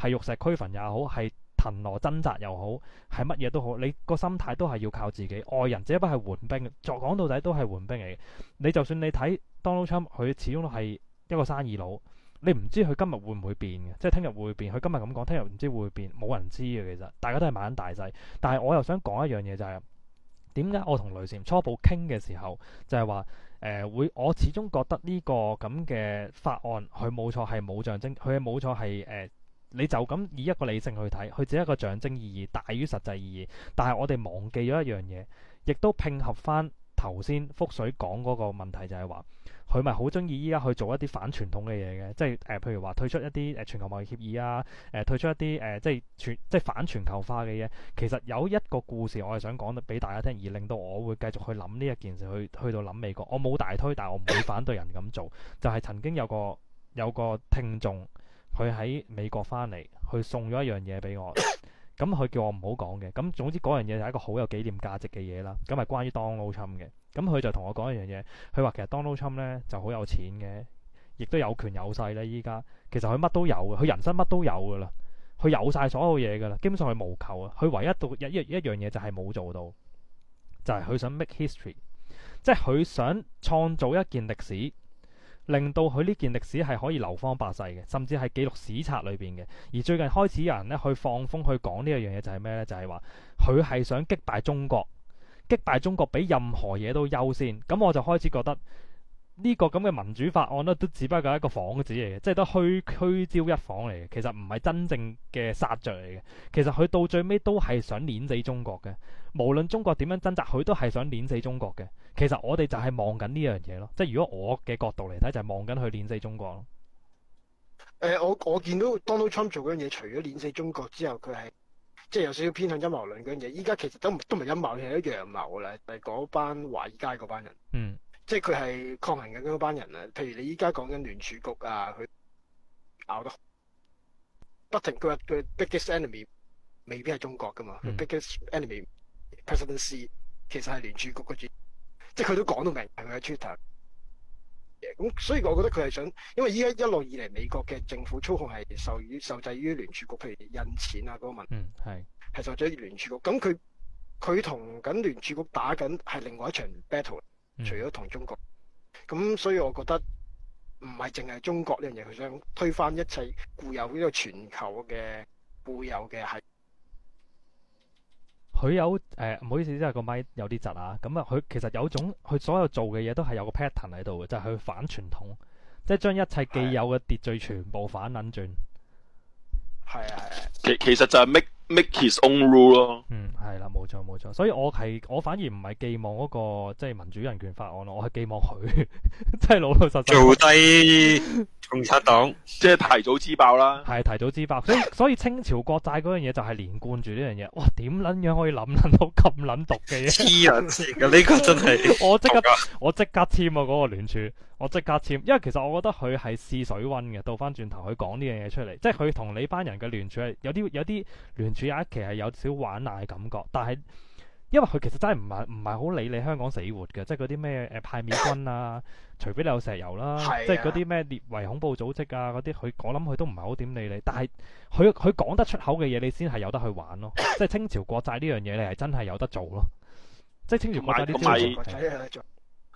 係玉石俱焚也好，係藤羅掙扎又好，係乜嘢都好，你個心態都係要靠自己。外人只不過係援兵，作講到底都係援兵嚟嘅。你就算你睇 Donald Trump，佢始終都係一個生意佬，你唔知佢今日會唔會變嘅，即係聽日會變。佢今日咁講，聽日唔知會變，冇人知嘅。其實大家都係買緊大細，但係我又想講一樣嘢就係點解我同雷 Sir 初步傾嘅時候就係話誒會，我始終覺得呢個咁嘅法案佢冇錯係冇象徵，佢嘅冇錯係誒。呃你就咁以一個理性去睇，佢只係一個象徵意義大於實際意義，但係我哋忘記咗一樣嘢，亦都拼合翻頭先福水講嗰個問題就，就係話佢咪好中意依家去做一啲反傳統嘅嘢嘅，即係誒譬如話退出一啲誒全球貿易協議啊，誒退出一啲誒即係全即係反全球化嘅嘢。其實有一個故事我係想講得俾大家聽，而令到我會繼續去諗呢一件事，去去到諗美國。我冇大推，但係我唔會反對人咁做。就係曾經有個有個聽眾。佢喺美國翻嚟，佢送咗一樣嘢俾我。咁佢叫我唔好講嘅。咁總之嗰樣嘢就係一個好有紀念價值嘅嘢啦。咁係關於 Donald Trump 嘅。咁佢就同我講一樣嘢。佢話其實 Donald Trump 呢就好有錢嘅，亦都有權有勢咧。依家其實佢乜都有嘅，佢人生乜都有噶啦。佢有晒所有嘢噶啦，基本上佢無求啊。佢唯一到一一,一,一一樣嘢就係冇做到，就係佢想 make history，即係佢想創造一件歷史。令到佢呢件歷史係可以流芳百世嘅，甚至係記錄史冊裏邊嘅。而最近開始有人咧去放風去講呢一樣嘢，就係咩呢？就係話，佢係想擊敗中國，擊敗中國比任何嘢都優先。咁我就開始覺得，呢個咁嘅民主法案咧，都只不過係一個幌子嚟嘅，即係得虛虛招一幌嚟嘅。其實唔係真正嘅殺著嚟嘅。其實，佢到最尾都係想碾死中國嘅，無論中國點樣掙扎，佢都係想碾死中國嘅。其實我哋就係望緊呢樣嘢咯，即係如果我嘅角度嚟睇，就係、是、望緊佢碾死中國咯。誒、呃，我我見到 Donald Trump 做嗰樣嘢，除咗碾死中國之後，佢係即係有少少偏向陰謀論嗰樣嘢。依家其實都都唔係陰謀，係陽謀啦，係嗰班華爾街嗰班人。嗯，即係佢係抗衡緊嗰班人啊。譬如你依家講緊聯儲局啊，佢拗得不停。佢話佢 biggest enemy 未必係中國噶嘛、嗯、佢 biggest enemy presidency 其實係聯儲局嗰。即係佢都講到明，係佢嘅 Twitter。咁所以我覺得佢係想，因為依家一路以嚟美國嘅政府操控係受於受制於聯儲局，譬如印錢啊嗰個問題，係係、嗯、受制於聯儲局。咁佢佢同緊聯儲局打緊係另外一場 battle，、嗯、除咗同中國。咁所以我覺得唔係淨係中國呢樣嘢，佢想推翻一切固有呢個全球嘅固有嘅係。佢有誒，唔好意思，即係個咪有啲窒啊！咁啊，佢其實有種，佢所有做嘅嘢都係有個 pattern 喺度嘅，就係佢反傳統，即係將一切既有嘅秩序全部反捻轉。係啊，係啊，其其實就係 make。Make his own rule 咯，嗯，嗯，係啦，冇錯冇錯，所以我係我反而唔係寄望嗰、嗰個即係民主人權法案咯，我係寄望佢即係老老實實做低共產黨，即係提早支爆啦，係提早支爆，所以所以清朝國債嗰樣嘢，就係連貫住呢樣嘢。哇點捻樣可以諗諗到咁捻毒嘅，黐人線嘅呢個真係， 我即刻樣我即刻簽啊嗰個聯署，我即刻簽，因為其實我覺得佢係試水温嘅，倒翻轉頭佢講呢樣嘢出嚟，即係佢同你班人嘅聯署係有啲有啲聯。其實有一期係有少玩鬧嘅感覺，但係因為佢其實真係唔係唔係好理你香港死活嘅，即係嗰啲咩誒派緬軍啊，除非你有石油啦、啊， 即係嗰啲咩列為恐怖組織啊嗰啲，佢我諗佢都唔係好點理你。但係佢佢講得出口嘅嘢，你先係有得去玩咯， 即係清朝國債呢樣嘢，你係真係有得做咯，即係清朝國債呢招。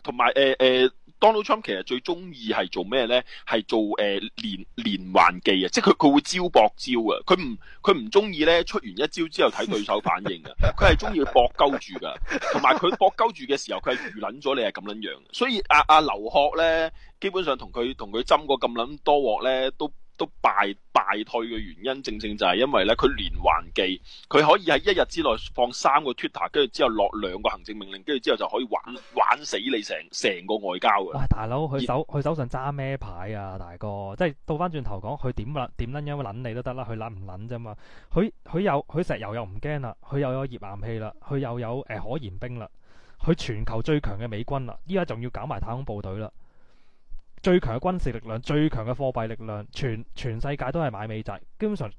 同埋誒誒。Donald Trump 其實最中意係做咩咧？係做誒、呃、連連環技啊！即係佢佢會招搏招啊！佢唔佢唔中意咧，出完一招之後睇對手反應啊！佢係中意搏鳩住噶，同埋佢搏鳩住嘅時候，佢係預撚咗你係咁撚樣。所以阿、啊、阿、啊、劉鶴咧，基本上同佢同佢斟過咁撚多鑊咧都。都敗敗退嘅原因，正正就係因為咧，佢連環記，佢可以喺一日之內放三個 Twitter，跟住之後落兩個行政命令，跟住之後就可以玩玩死你成成個外交嘅。哇、哎！大佬佢手佢熱手，手上揸咩牌啊？大哥，即係倒翻轉頭講，佢點撚點撚樣撚你都得啦，佢撚唔撚啫嘛？佢佢有佢石油又唔驚啦，佢又有頁岩氣啦，佢又有誒、呃、可燃冰啦，佢全球最強嘅美軍啦，依家仲要搞埋太空部隊啦。最強嘅軍事力量，最強嘅貨幣力量，全全世界都係買美債，基本上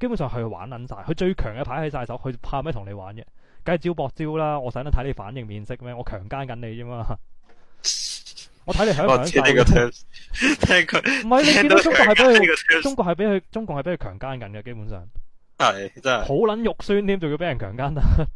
基本上佢玩捻晒，佢最強嘅牌喺晒手，佢怕咩同你玩嘅？梗係招博招啦，我得睇你反應面色咩？我強姦緊你啫嘛，我睇你響唔響晒？唔係、哦、你見 是到中國係俾佢，中國係俾佢，中國係俾佢強姦緊嘅，基本上係真係好捻肉酸添，仲要俾人強姦啊！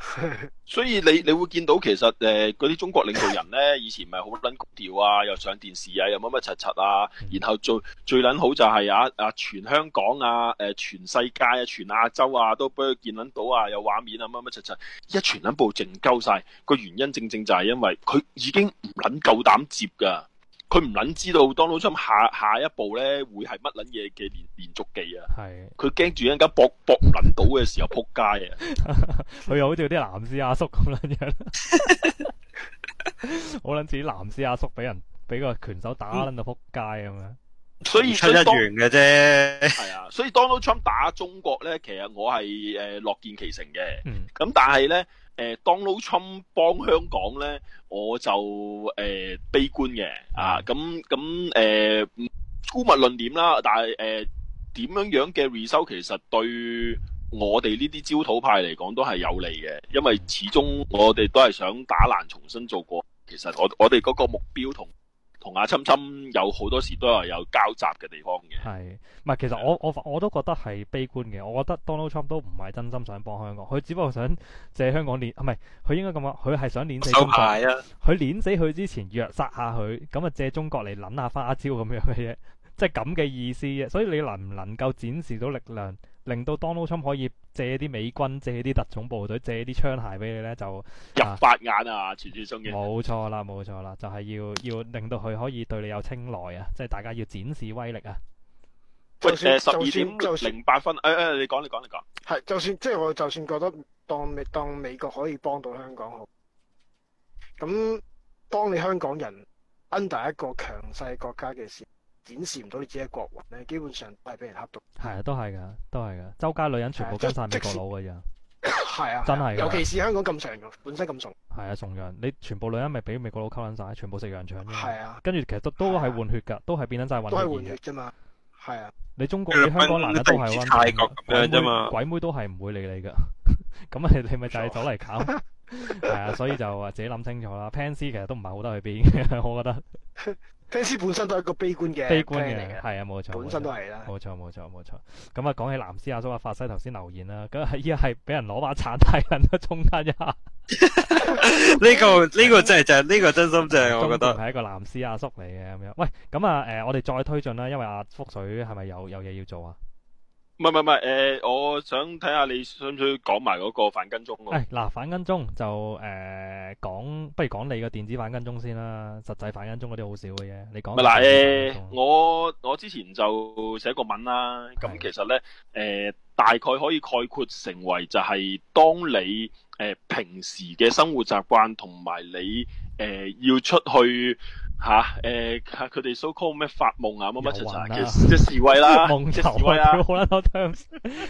所以你你會見到其實誒嗰啲中國領導人呢，以前咪好捻高調啊，又上電視啊，又乜乜柒柒啊，然後最最捻好就係啊啊全香港啊誒全世界啊全亞洲啊都俾佢見捻到啊，有畫面啊乜乜柒柒一全捻部靜鳩晒個原因正正就係因為佢已經唔捻夠膽接㗎。佢唔撚知道 Donald Trump 下下一步咧會係乜撚嘢嘅連連續技啊！係的，佢驚住一陣間搏搏撚到嘅時候撲 街啊！佢 又好似啲藍絲阿叔咁撚樣， 我撚似啲藍絲阿叔俾人俾個拳手打撚到撲街咁樣。所以出得完嘅啫。係啊，所以 Donald Trump 打， 打中國咧，其實我係誒、呃、樂見其成嘅。嗯，咁但係咧。誒、呃、Donald Trump 幫香港呢，我就誒、呃、悲觀嘅啊！咁咁誒，孤物論點啦。但係誒點樣樣嘅 result，其實對我哋呢啲焦土派嚟講都係有利嘅，因為始終我哋都係想打爛重新做過。其實我我哋嗰個目標同。同阿侵侵有好多時都係有交集嘅地方嘅。係，唔係其實我我我都覺得係悲觀嘅。我覺得 Donald Trump 都唔係真心想幫香港，佢只不過想借香港攣，唔係，佢應該咁講，佢係想攣死中國。啊！佢攣死佢之前虐，弱殺下佢，咁啊借中國嚟攬下花招咁樣嘅嘢，即係咁嘅意思嘅。所以你能唔能夠展示到力量？令到 Donald Trump 可以借啲美軍、借啲特種部隊、借啲槍械俾你咧，就入法眼啊！傳紙信冇錯啦，冇錯啦，就係、是、要要令到佢可以對你有青睞啊！即、就、係、是、大家要展示威力啊！就算十二、呃、點零八算分，誒誒算、哎哎，你講你講你講，係就算即係、就是、我，就算覺得當美當美國可以幫到香港好，咁當你香港人 under 一個強勢國家嘅時，展示唔到你自己嘅國運咧，基本上都係俾人恰到。係啊，都係噶，都係噶，周街女人全部跟晒美國佬嘅啫。係啊，真係噶，尤其是香港咁長嘅，本身咁崇。係啊，崇洋，你全部女人咪俾美國佬溝撚晒，全部食洋腸。係啊。跟住其實都都係換血㗎，都係變緊曬混血。都係換血啫嘛。係啊。你中國、你香港男人都係混血，鬼妹都係唔會理你噶。咁啊，你咪就係走嚟搞？係啊，所以就話自己諗清楚啦。Pan 師其實都唔係好得去邊，我覺得。f a 本身都係一個悲觀嘅悲觀嘅嚟嘅，係的啊，冇錯，本身都係啦，冇錯冇錯冇錯。咁啊、嗯，講起藍絲阿叔阿發西頭先留言啦，咁係依家係俾人攞把殘牌，人都衝得一嚇。呢個呢、呢個真係就係呢個真心，就係我覺得係一個藍絲阿叔嚟嘅咁樣。喂，咁啊誒、呃，我哋再推進啦，因為阿、啊、福水係咪有有嘢要做啊？唔係唔係，誒、呃，我想睇下你想唔想要講埋嗰個反跟蹤喎。嗱、哎，反跟蹤就誒、呃、講，不如講你個電子反跟蹤先啦。實際反跟蹤嗰啲好少嘅嘢，你講。嗱誒、呃，嗯、我我之前就寫過文啦。咁的其實咧，誒、呃、大概可以概括成為就係，當你誒、呃、平時嘅生活習慣同埋你誒、呃、要出去。吓，誒，佢哋 so call 咩發夢啊，乜乜柒柒即示威啦，夢嘅示威啦，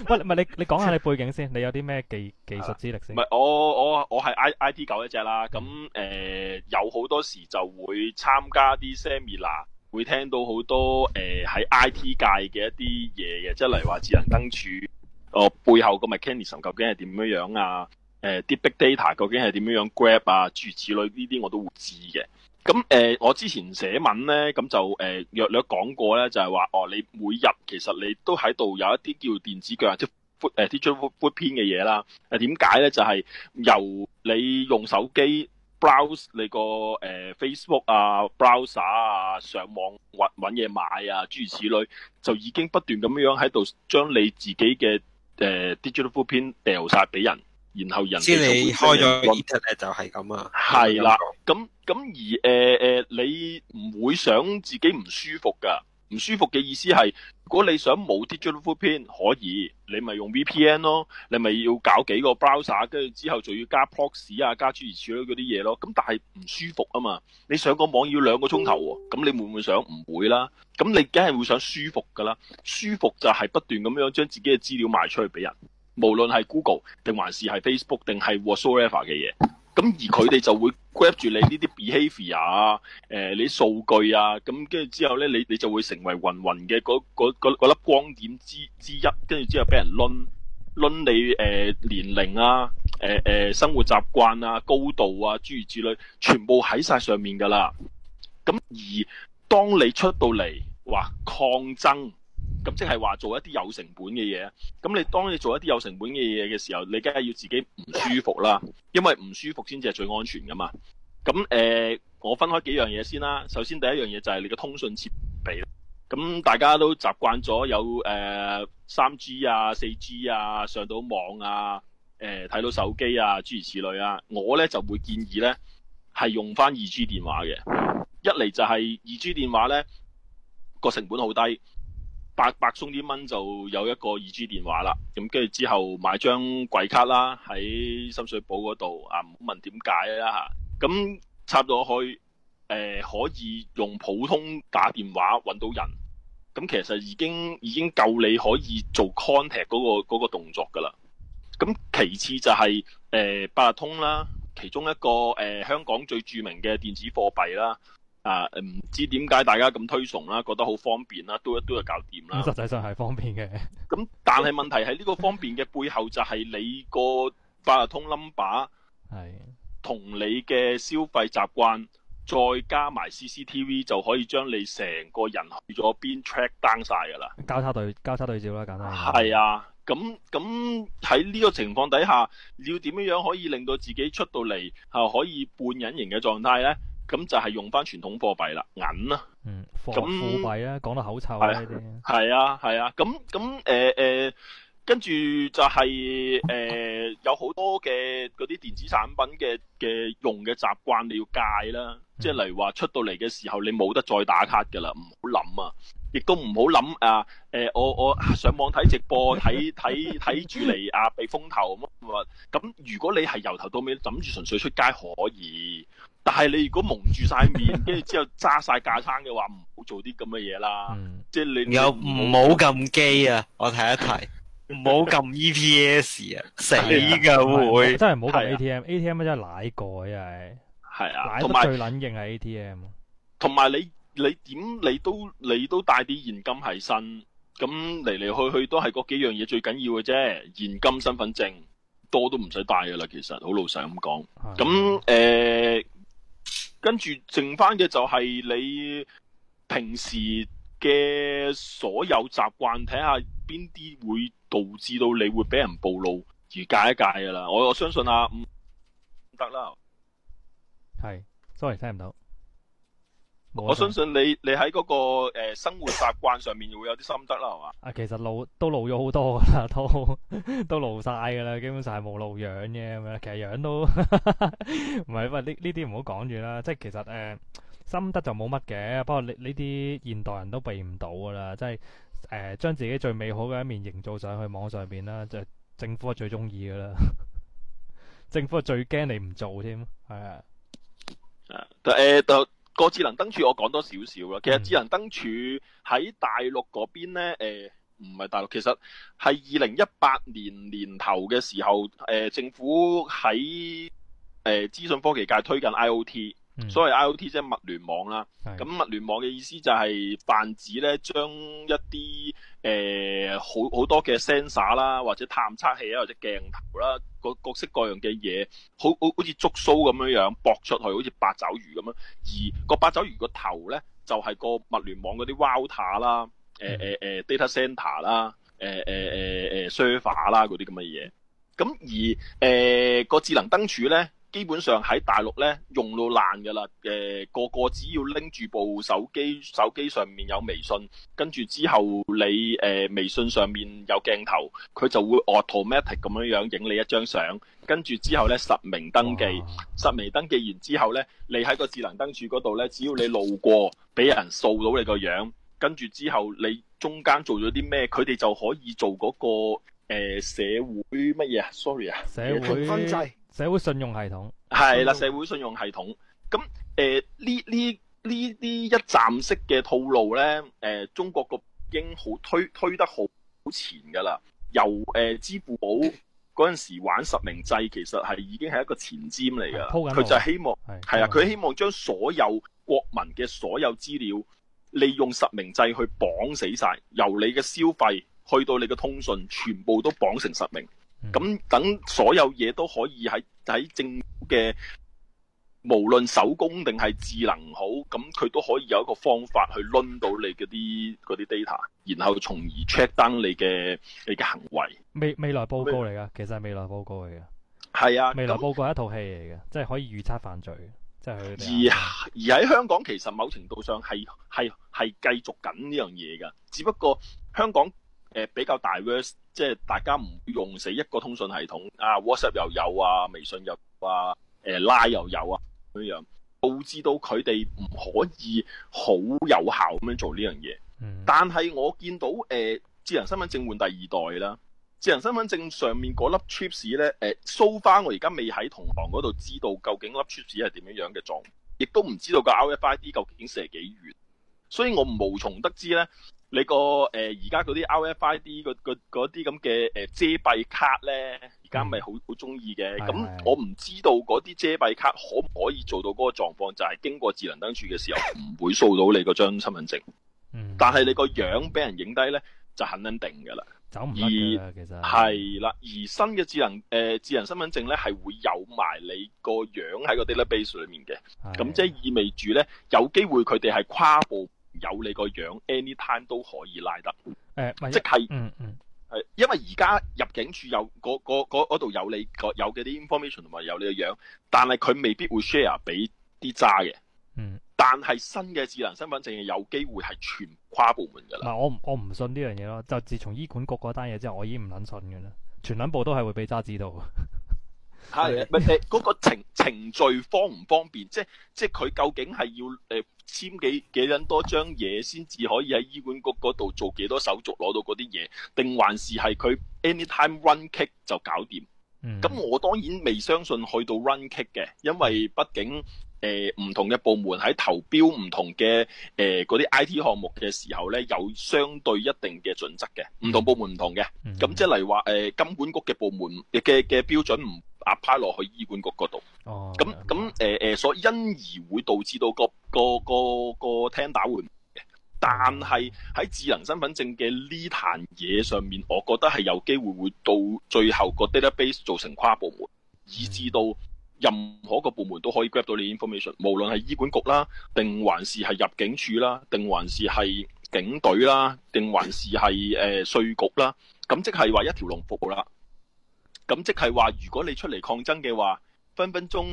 喂，唔係你，你講下你背景先，你有啲咩技技術之力先？唔係、啊，我我我係 I T 狗一隻啦，咁誒、嗯呃，有好多時就會參加啲 seminar 會聽到好多誒喺、呃、I T 界嘅一啲嘢嘅，即係例如話智能燈柱，哦、呃，背後個 machine learning 究竟係點樣樣啊？誒、呃、big data 究竟係點樣樣 grab 啊？諸如此類呢啲我都會知嘅。咁誒、嗯呃、我之前寫文咧，咁就誒略略講過咧，就係話、呃就是、哦，你每日其實你都喺度有一啲叫電子腳啊，即係誒、呃、digital footprint 嘅嘢啦。誒點解咧？就係、是、由你用手機 browse 你個誒、呃、Facebook 啊、browser 啊，上網揾揾嘢買啊，諸如此類就已經不斷咁樣喺度將你自己嘅誒、呃、digital footprint 掉曬俾人。然後人哋就開咗個就係咁啊，係啦的，咁咁樣而誒誒、呃呃，你唔會想自己唔舒服噶，唔舒服嘅意思係，如果你想冇 digital footprint 可以，你咪用 VPN 咯，你咪要搞幾個 browser，跟住之後就要加 proxy 啊，加諸如此類嗰啲嘢咯，咁但係唔舒服啊嘛，你上個網要兩個鐘頭，啊，咁、嗯、你會唔會想？唔、嗯、會啦，咁你梗係會想舒服噶啦，舒服就係不斷咁樣將自己嘅資料賣出去俾人。無論係 Google 定還是係 Facebook 定係 WhatsApp 嘅嘢，咁而佢哋就會 grab 住你呢啲 behavior 啊，誒、呃、你數據啊，咁跟住之後咧，你你就會成為雲雲嘅嗰粒光點之之一，跟住之後俾人攤攤你誒、呃、年齡啊，誒、呃、誒生活習慣啊，高度啊諸如此類，全部喺曬上面噶啦。咁、嗯、而當你出到嚟話抗爭。咁即係話做一啲有成本嘅嘢，咁你當你做一啲有成本嘅嘢嘅時候，你梗係要自己唔舒服啦，因為唔舒服先至係最安全噶嘛。咁誒、呃，我分開幾樣嘢先啦。首先第一樣嘢就係你嘅通訊設備，咁大家都習慣咗有誒呃、三 G 啊、四 G 啊，上到網啊、誒、呃、睇到手機啊諸如此類啊。我呢就會建議呢係用翻二 G 電話嘅，一嚟就係二 G 電話呢個成本好低。八百送啲蚊就有一個二 G 電話啦，咁跟住之後買張鬼卡啦，喺深水埗嗰度啊，唔好問點解啦嚇。咁、啊、插咗去，誒、呃、可以用普通打電話揾到人，咁、啊、其實已經已經夠你可以做 contact 嗰、那個嗰、那個、動作㗎啦。咁、啊、其次就係誒八達通啦，其中一個誒、呃、香港最著名嘅電子貨幣啦。啊，唔知點解大家咁推崇啦，覺得好方便啦，都一都係搞掂啦。實際上係方便嘅。咁但係問題係呢個方便嘅背後就係你個八達通 number，係同你嘅消費習慣再加埋 CCTV 就可以將你成個人去咗邊 track down 晒噶啦。交叉對交叉對照啦，簡單。係啊，咁咁喺呢個情況底下，你要點樣樣可以令到自己出到嚟係可以半隱形嘅狀態呢？咁就係用翻傳統貨幣啦，銀啦，嗯，貨貨、嗯、幣咧、啊，講到口臭嗰啲，係啊，係啊，咁咁誒誒，跟住就係、是、誒、呃、 有好多嘅嗰啲電子產品嘅嘅用嘅習慣你要戒啦，即係例如話出到嚟嘅時候你冇得再打卡噶啦，唔好諗啊！亦都唔好諗啊！誒，我我上網睇直播，睇睇睇住嚟啊，避風頭咁。咁如果你係由頭到尾諗住純粹出街可以，但係你如果蒙住晒面，跟住之後揸晒架撐嘅話，唔好做啲咁嘅嘢啦。即係你有，唔好撳機啊！我睇一睇。唔好撳 EPS 啊！死噶會真係唔好撳 ATM，ATM 真係奶蓋係，係啊，奶埋。最撚型啊 ATM，同埋你，你點你都你都帶啲現金喺身，咁嚟嚟去去都係幾樣嘢最緊要嘅啫，現金、身份證，多都唔使帶噶啦。其實好老實咁講，咁誒、嗯，跟住、呃、剩返嘅就係你平時嘅所有習慣，睇下邊啲會導致到你會俾人暴露而戒一戒噶啦。我我相信啊，唔得啦，係，sorry，聽唔到。我相信你，你喺嗰、個誒、呃、生活習慣上面會有啲心得啦，係嘛？啊，其實老都老咗好多噶啦，都都老晒噶啦，基本上係冇老樣嘅咁樣。其實樣都唔係，因為呢呢啲唔好講住啦。即係其實誒、呃，心得就冇乜嘅。不過你呢啲現代人都避唔到噶啦，即係誒，將、呃、自己最美好嘅一面營造上去網上邊啦，就政府係最中意噶啦。 政府係最驚你唔做添，係啊，誒、呃個智能燈柱我講多少少啦，其實智能燈柱喺大陸嗰邊咧，誒，唔係大陸，其實係二零一八年年頭嘅時候，誒、呃、政府喺誒資訊科技界推緊 IOT。所謂 IOT 即係物聯網啦，咁的物聯網嘅意思就係泛指咧，將一啲誒、呃、好好多嘅 sensor 啦，或者探測器啊，或者鏡頭啦，各各式各樣嘅嘢，好好好似竹鬚咁樣樣駁出去，好似八爪魚咁樣。而個八爪魚個頭咧，就係、是、個物聯網嗰啲 router 啦、誒誒誒 data center 啦、呃、誒誒誒誒 server 啦嗰啲咁嘅嘢。咁、呃呃呃呃、而誒個、呃、智能燈柱咧。基本上喺大陸咧用到爛嘅啦，誒、呃、個個只要拎住部手機，手機上面有微信，跟住之後你誒、呃、微信上面有鏡頭，佢就會 automatic 咁樣樣影你一張相，跟住之後咧實名登記，哇實名登記完之後咧，你喺個智能燈柱嗰度咧，只要你路過俾人掃到你個樣，跟住之後你中間做咗啲咩，佢哋就可以做嗰、那個誒社會乜嘢啊？Sorry 啊，社會分制。Sorry, 會社會信用系統係啦，社會信用系統咁誒呢呢呢啲一站式嘅套路呢，誒、呃、中國個已經好推推得好前㗎啦。由誒支付寶嗰陣時玩實名制，其實係已經係一個前瞻嚟㗎，佢就希望係啊，佢希望將所有國民嘅所有資料利用實名制去綁死晒，由你嘅消費去到你嘅通訊，全部都綁成實名。咁、嗯、等所有嘢都可以喺喺政府嘅，無論手工定係智能好，咁佢都可以有一個方法去輪到你嗰啲嗰啲 data，然後從而 check down 你嘅你嘅行為。未未來報告嚟噶，其實係未來報告嚟嘅，係啊，未來報告係一套戲嚟嘅，嗯、即係可以預測犯罪，即係而而喺香港，其實某程度上係係係繼續緊呢樣嘢噶，只不過香港。誒、呃，比較大 diverse 即係大家唔會用死一個通訊系統，啊，WhatsApp 又有啊，微信又有啊，誒、呃、Line 又有啊，咁樣，導致到佢哋唔可以好有效咁樣做呢樣嘢。嗯、但係我見到誒、呃，智能身份證換第二代啦，智能身份證上面嗰粒 chip 市咧，誒，show 翻我而家未喺同行嗰度知道究竟粒 chips 係點樣樣嘅狀，亦都唔知道個 RFID 究竟射幾遠，所以我無從得知呢。你個誒而家嗰啲 RFID 嗰啲咁嘅誒遮蔽卡咧，而家咪好好中意嘅。咁、嗯、我唔知道嗰啲遮蔽卡可唔可以做到嗰個狀況，嗯、就係經過智能燈柱嘅時候唔會掃到你嗰張身份證。嗯。但係你個樣俾人影低咧，就肯定定㗎啦。走唔甩㗎其實。係啦，而新嘅智能誒、呃、智能身份證咧，係會有埋你樣個樣喺個 database 裏面嘅。係、嗯。咁即係意味住咧，有機會佢哋係跨步。有你個樣，anytime 都可以拉得，誒、欸，即係是、嗯，嗯嗯，係，因為而家入境處有嗰度有你個有嘅啲 information 同埋有你個樣，但係佢未必會 share 俾啲渣嘅，嗯，但係新嘅智能身份證係有機會係全跨部門噶啦，唔係、嗯、我我唔信呢樣嘢咯，就自從醫管局嗰單嘢之後，我已經唔捻信噶啦，全捻部都係會俾渣知道。 係，誒嗰、 嗰個程程序，方唔方便？即係即係佢究竟係要誒簽、呃、幾幾多張嘢先至可以喺醫管局嗰度做幾多手續攞到嗰啲嘢？定還是係佢 anytime run kick 就搞掂？咁 我當然未相信去到 run kick 嘅，因為畢竟。誒，唔、呃、同嘅部門喺投標唔同嘅誒嗰啲 I T 項目嘅時候咧，有相對一定嘅準則嘅，唔同部門唔同嘅，咁、mm hmm. 即係例如話誒金管局嘅部門嘅嘅標準唔 apply 落去醫管局嗰度，哦、oh, 那，咁咁誒誒，所因而會導致到個個個個，個聽打亂，但係喺智能身份證嘅呢壇嘢上面，我覺得係有機會會到最後個 database 做成跨部門，mm hmm. 以至到。任何一個部門都可以 grab 到你 information，無論係醫管局啦，定還是係入境處啦，定還是係警隊啦，定還是係誒稅局啦，咁即係話一條龍服務啦。咁即係話，如果你出嚟抗爭嘅話，分分鐘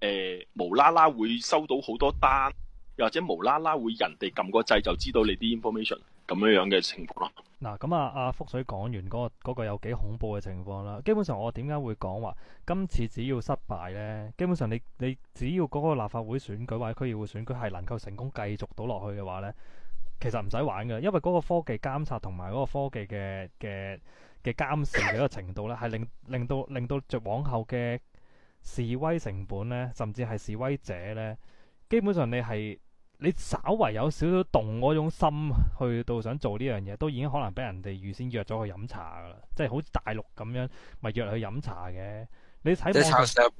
誒無啦啦會收到好多單，又或者無啦啦會人哋撳個掣就知道你啲 information。咁樣樣嘅情況啦。嗱，咁啊，阿福水講完嗰個嗰個有幾恐怖嘅情況啦。基本上我點解會講話今次只要失敗呢，基本上你你只要嗰個立法會選舉或者區議會選舉係能夠成功繼續到落去嘅話呢，其實唔使玩噶。因為嗰個科技監察同埋嗰個科技嘅嘅嘅監視嘅一個程度呢，係令令到令到往後嘅示威成本呢，甚至係示威者呢，基本上你係。你稍為有少少動嗰種心去到想做呢樣嘢，都已經可能俾人哋預先約咗去飲茶噶啦，即係好似大陸咁樣，咪約去飲茶嘅。你睇冇錯，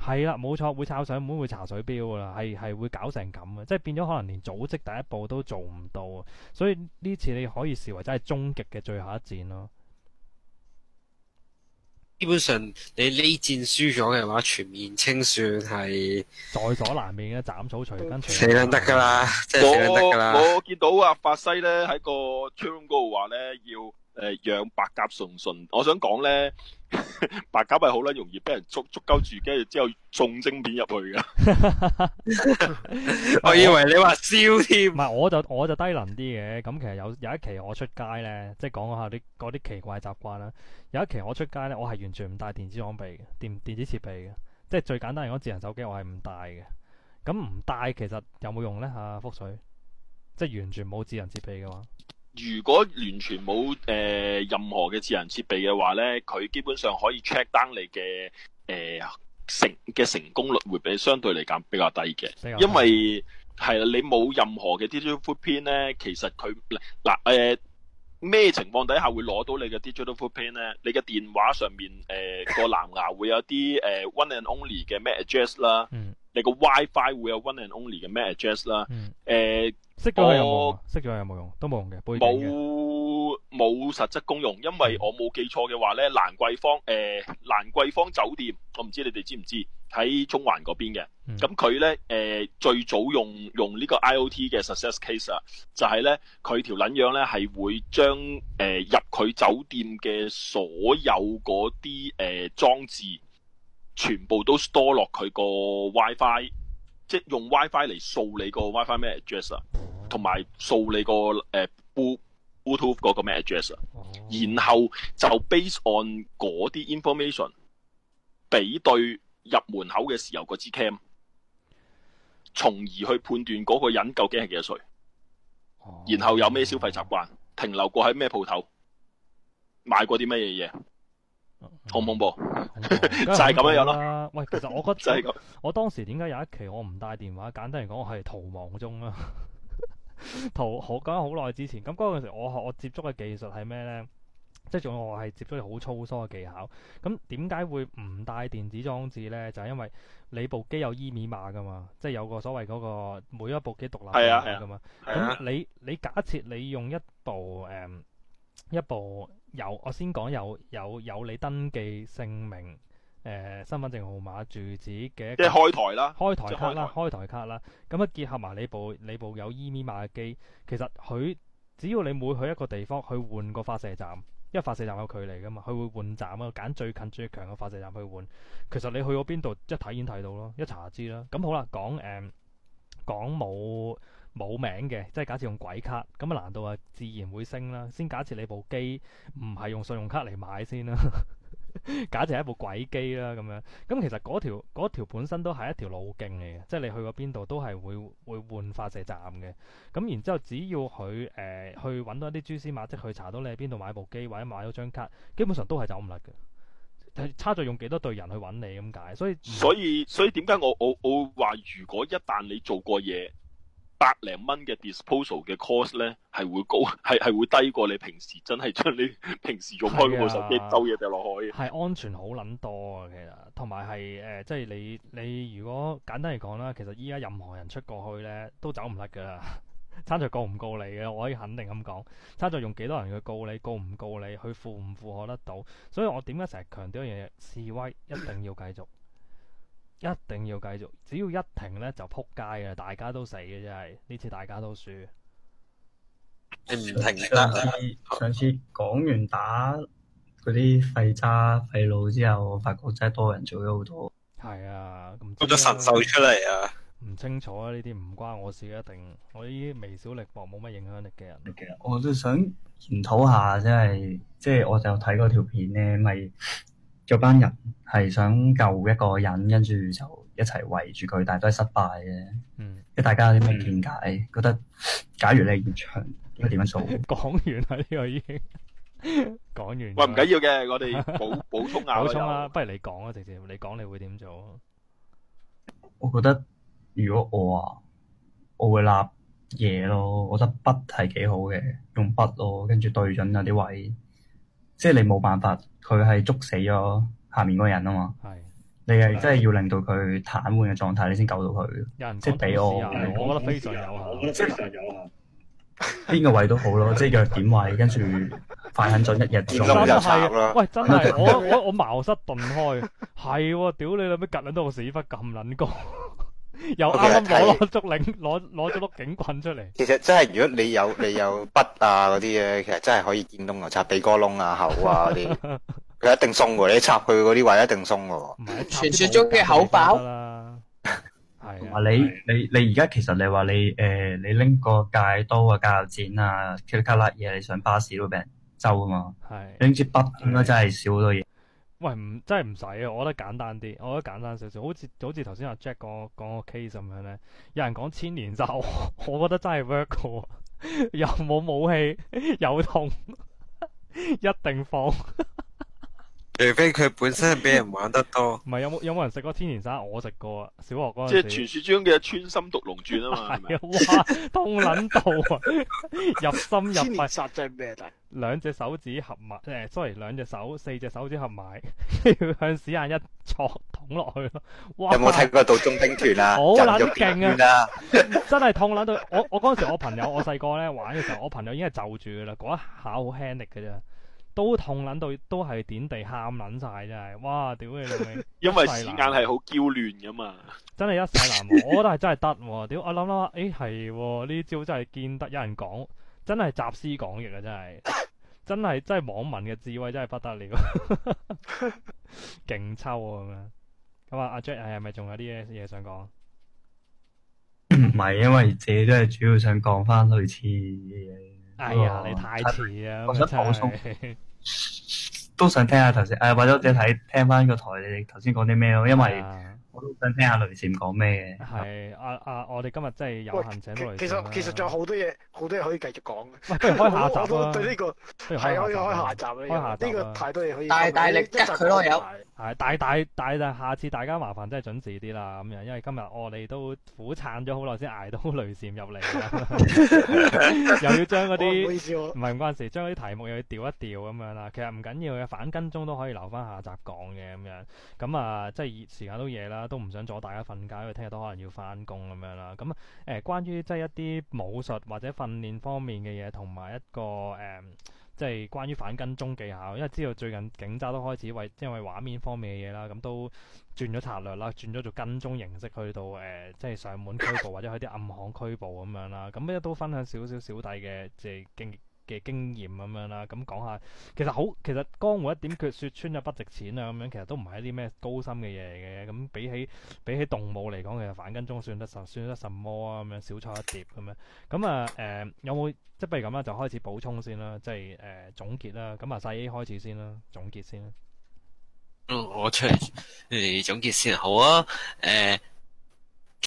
係啦，冇錯會炒上門，會查水表噶啦，係係會搞成咁嘅，即係變咗可能連組織第一步都做唔到，所以呢次你可以視為真係終極嘅最後一戰咯。基本上你呢戰輸咗嘅話，全面清算係在所難免嘅，斬草除根除死啦得噶啦，真係死得噶啦。 便便便便我我見到阿法西咧喺個 channel 度話咧要誒養、呃、白鴿純純，我想講咧。白 搞咪好啦，容易俾人捉捉鳩住機，跟住之後送晶片入去噶。 我以為你話燒添，唔係 我就我就低能啲嘅。咁其實有有一期我出街咧，即係講下啲嗰啲奇怪習慣啦。有一期我出街咧，我係完全唔帶電子裝備、電電子設備嘅，即係最簡單嚟講，智能手機我係唔帶嘅。咁唔帶其實有冇用咧？吓、啊，福水，即係完全冇智能設備嘅話。如果完全冇誒、呃、任何嘅智能設備嘅話咧，佢基本上可以 check down 你嘅誒、呃、成嘅成功率會比相對嚟講比較低嘅， 因為係啦，你冇任何嘅 digital footprint 咧，其實佢嗱誒咩情況底下會攞到你嘅 digital footprint 咧？你嘅電話上面誒個、呃、 藍牙會有啲誒、呃、one and only 嘅咩 address 啦。嗯你個 WiFi 會有 one and only 嘅 MAC address、嗯、s 啦、呃，誒，識咗係有冇？識咗有冇用？都冇用嘅，冇冇實質功用，因為我冇記錯嘅話咧，蘭桂坊誒蘭桂坊酒店，我唔知你哋知唔知喺中環嗰邊嘅，咁佢咧誒最早用用個 case, 呢個 IoT 嘅 success case 啊，就係咧佢條撚樣咧係會將誒、呃、入佢酒店嘅所有嗰啲誒裝置。全部都 store 落佢個 WiFi，即係用 WiFi 嚟掃你個 WiFi 咩 address 啊，同埋掃你個誒 W Bluetooth 個咩 address 啊，然後就 base on 嗰啲 information 比對入門口嘅時候嗰支 cam，從而去判斷嗰個人究竟係幾多歲，然後有咩消費習慣，停留過喺咩鋪頭，買過啲乜嘢嘢。好、嗯、恐怖，就係咁樣樣啦。 喂，其實我覺得就係咁。我當時點解有一期我唔帶電話？簡單嚟講，我係逃亡中啦、啊。逃 好，講咗好耐之前。咁嗰陣時我學，我我接觸嘅技術係咩呢？即係仲要我係接觸嘅好粗疏嘅技巧。咁點解會唔帶電子裝置呢？就係、是、因為你部機有 e 密碼噶嘛，即係有個所謂嗰個每一部機獨立嘅密碼噶嘛。咁、啊啊、你你假設你用一部誒、嗯、一部。有，我先講有有有你登記姓名、誒、呃、身份證號碼、住址嘅即係開台啦，開台,開台卡啦，開台卡啦。咁、嗯、啊結合埋你部你部有 EMI 碼嘅機，其實佢只要你每去一個地方去換個發射站，因為發射站有距離㗎嘛，佢會換站啊，揀最近最強嘅發射站去換。其實你去到邊度，一睇已經睇到咯，一查就知啦。咁、嗯、好啦，講誒、um, 講冇。冇名嘅，即係假設用鬼卡咁啊，難度啊自然會升啦。先假設你部機唔係用信用卡嚟買先啦、啊， 假設係一部鬼機啦、啊，咁樣，咁其實嗰條嗰條本身都係一條路徑嚟嘅，即係你去過邊度都係會會換發射站嘅。咁然之後只要佢誒、呃、去搵到一啲蛛絲馬跡，即去查到你喺邊度買部機或者買咗張卡，基本上都係走唔甩嘅。差咗用幾多對人去搵你咁解，所以所以所以點解我我我話如果一旦你做過嘢？百零蚊嘅 disposal 嘅 cost 咧，係會高，係係會低過你平時真係將你平時用開嗰部手機兜嘢掉落去。係安全好撚多啊、呃，其實同埋係誒，即係你你如果簡單嚟講啦，其實依家任何人出過去咧，都走唔甩噶啦。差在告唔告你嘅，我可以肯定咁講，差在用幾多人去告你，告唔告你，去負唔負荷得到？所以我點解成日強調一樣嘢，示威一定要繼續。 一定要繼續，只要一停咧就扑街嘅，大家都死嘅真係，呢次大家都輸。你唔停力啦！上次講 完打嗰啲廢渣廢佬之後，我發覺真係多人做咗好多。係啊，咁多咗神獸出嚟啊！唔清楚啊，呢啲唔關我事嘅，一定我呢啲微小力薄冇乜影響力嘅人。其實我都想研討下，真係，即係我就睇嗰條片咧，咪。做班人係想救一個人，跟住就一齊圍住佢，但係都係失敗嘅。嗯，即大家有啲咩見解？嗯、覺得假如你現場應該點樣做？講完啦，呢、呢個已經講完。喂，唔緊要嘅， 我哋補補充下。補充啊，後不如你講啊，直接你講，你，講你會點做？我覺得如果我啊，我會立嘢咯。我覺得筆係幾好嘅，用筆咯，跟住對準嗰啲位。即係你冇辦法，佢係捉死咗下面嗰人啊嘛。係的，你係真係要令到佢癱瘓嘅狀態，你先救到佢。有人可以死。我的你說 我覺得非常有效。我覺得非常有效。邊 個位都好咯，即係弱點位，跟住快狠準一日。 真係又慘喂，真係我我我茅塞頓開，係喎， 屌你老味，趌撚到我屎忽咁撚高。又啱啱攞咗竹領，攞攞咗碌警棍出嚟。其實真係，如果你有你有筆啊嗰啲嘢，其實真係可以見到啊，插鼻哥窿啊口啊嗰啲，佢一定送嘅。你插佢嗰啲話一定送嘅。唔係，傳說中嘅口爆。係同埋你你你而家其實你話你誒，你拎個戒刀啊、鉸剪啊、卡卡啦嘢，上巴士都俾人收啊嘛。係拎支筆，應該真係少好多嘢。喂，唔真係唔使啊！我覺得簡單啲，我覺得簡單少少，好似好似頭先阿 Jack 講講個 case 咁樣咧，有人講千年咒， 我覺得真係 work 過，又冇武器，又 有痛 一定放。 除非佢本身係俾人玩得多，唔係，有冇有冇人食過千年殺？我食過啊，小學嗰陣時即係傳說中嘅穿心毒龍轉啊嘛，係咪？ 哇，痛撚到啊！ 入心入肺，千年殺係咩？大兩隻手指合埋，誒，sorry，兩隻手四隻手指合埋，向屎眼一戳捅落去咯。哇！有冇睇過《道中兵團》啊？好撚啦勁啊！ 真係痛撚到，我我嗰陣時我朋友我細個咧玩嘅時候，我朋友已經係就住噶啦，嗰一下好輕力噶咋。都痛捻到，都係點地喊捻晒，真係哇！屌你，因為時間係好焦亂噶嘛，真係一世難忘。 我覺得係真係得、啊，屌 我諗諗下，誒，係呢招真係見得有人講，真係集思廣益啊，真係真係真係網民嘅智慧真係不得了，勁 抽啊咁樣。咁啊，阿 Jack 係咪仲有啲嘢嘢想講？唔係，因為自己都係主要想講翻類似嘅嘢。哎呀，你太遲啊！我想補充， 都想聽下頭先。誒，或者我睇聽翻個台，你頭先講啲咩咯？因為我都想聽下雷禪講咩嘅。係啊啊！我哋今日真係有幸請到嚟。其實其實仲有好多嘢，好多嘢可以繼續講。喂，開下集啦、啊！對呢、這個係可以開下集呢、啊這個太多嘢可以，大力吉佢咯有。係、啊，大，大，但係下次大家麻煩真係準時啲啦，咁樣，因為今日我哋都苦撐咗好耐先捱到雷閃入嚟， 又要將嗰啲唔係唔關事，將嗰啲題目又要調一調咁樣啦。其實唔緊要嘅，反跟蹤都可以留翻下集講嘅咁樣。咁啊，即係時間都夜啦，都唔想阻大家瞓覺，因為聽日都可能要翻工咁樣啦。咁誒、呃，關於即係一啲武術或者訓練方面嘅嘢，同埋一個誒。嗯即係關於反跟蹤技巧，因為知道最近警察都開始為，因為畫面方面嘅嘢啦，咁都轉咗策略啦，轉咗做跟蹤形式去到誒、呃，即係上門拘捕或者去啲暗巷拘捕咁樣啦。咁一都分享少少小，小，小弟嘅即係經驗。嘅經驗咁樣啦，咁講下其實好，其實江湖一點訣說穿就不值錢啦，咁樣其實都唔係一啲咩高深嘅嘢嘅，咁比起比起動武嚟講，其實反跟蹤算得什算得什麼啊？咁樣少錯一碟咁樣，咁啊誒有冇即係不如咁啦，就開始補充先啦，即係誒總結啦，咁啊曬呢啲開始先啦，總結先啦。嗯，我出嚟誒總結先好啊，誒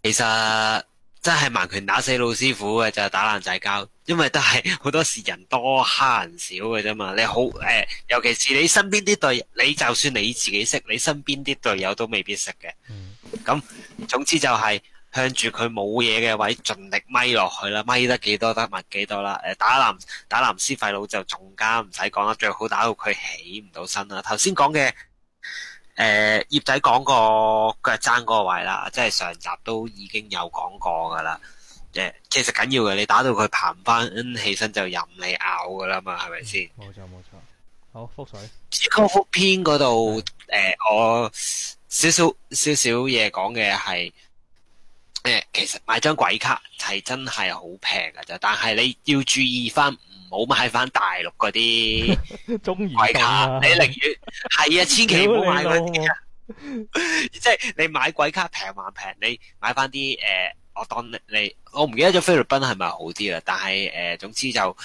其實。真係盲拳打死老師傅嘅，就係、是，打爛仔交，因為都係好多時人多蝦人少嘅啫嘛。你好，誒、呃，尤其是你身邊啲隊，你就算你自己識，你身邊啲隊友都未必識嘅。咁、嗯、總之就係向住佢冇嘢嘅位盡力咪落去啦，咪得幾多得咪幾多啦。誒、呃，打男打男死肥佬就仲加唔使講啦，最好打到佢起唔到身啦。頭先講嘅。誒、呃、葉仔講個腳踭嗰個位啦，即係上集都已經有講過噶啦。誒、yeah, 其實緊要嘅，你打到佢爬唔翻起身就任你咬噶啦嘛，係咪先？冇錯，冇錯。好覆水。呢個覆篇嗰度誒，我少少少少嘢講嘅係誒，其實買張鬼卡係真係好平噶啫，但係你要注意翻。冇買翻大陸嗰啲中移卡， 啊、你寧願係啊，千祈唔好買 即係你買鬼卡平還平，你買翻啲誒，我當你，你我唔記得咗菲律賓係咪好啲啦？但係誒、呃，總之就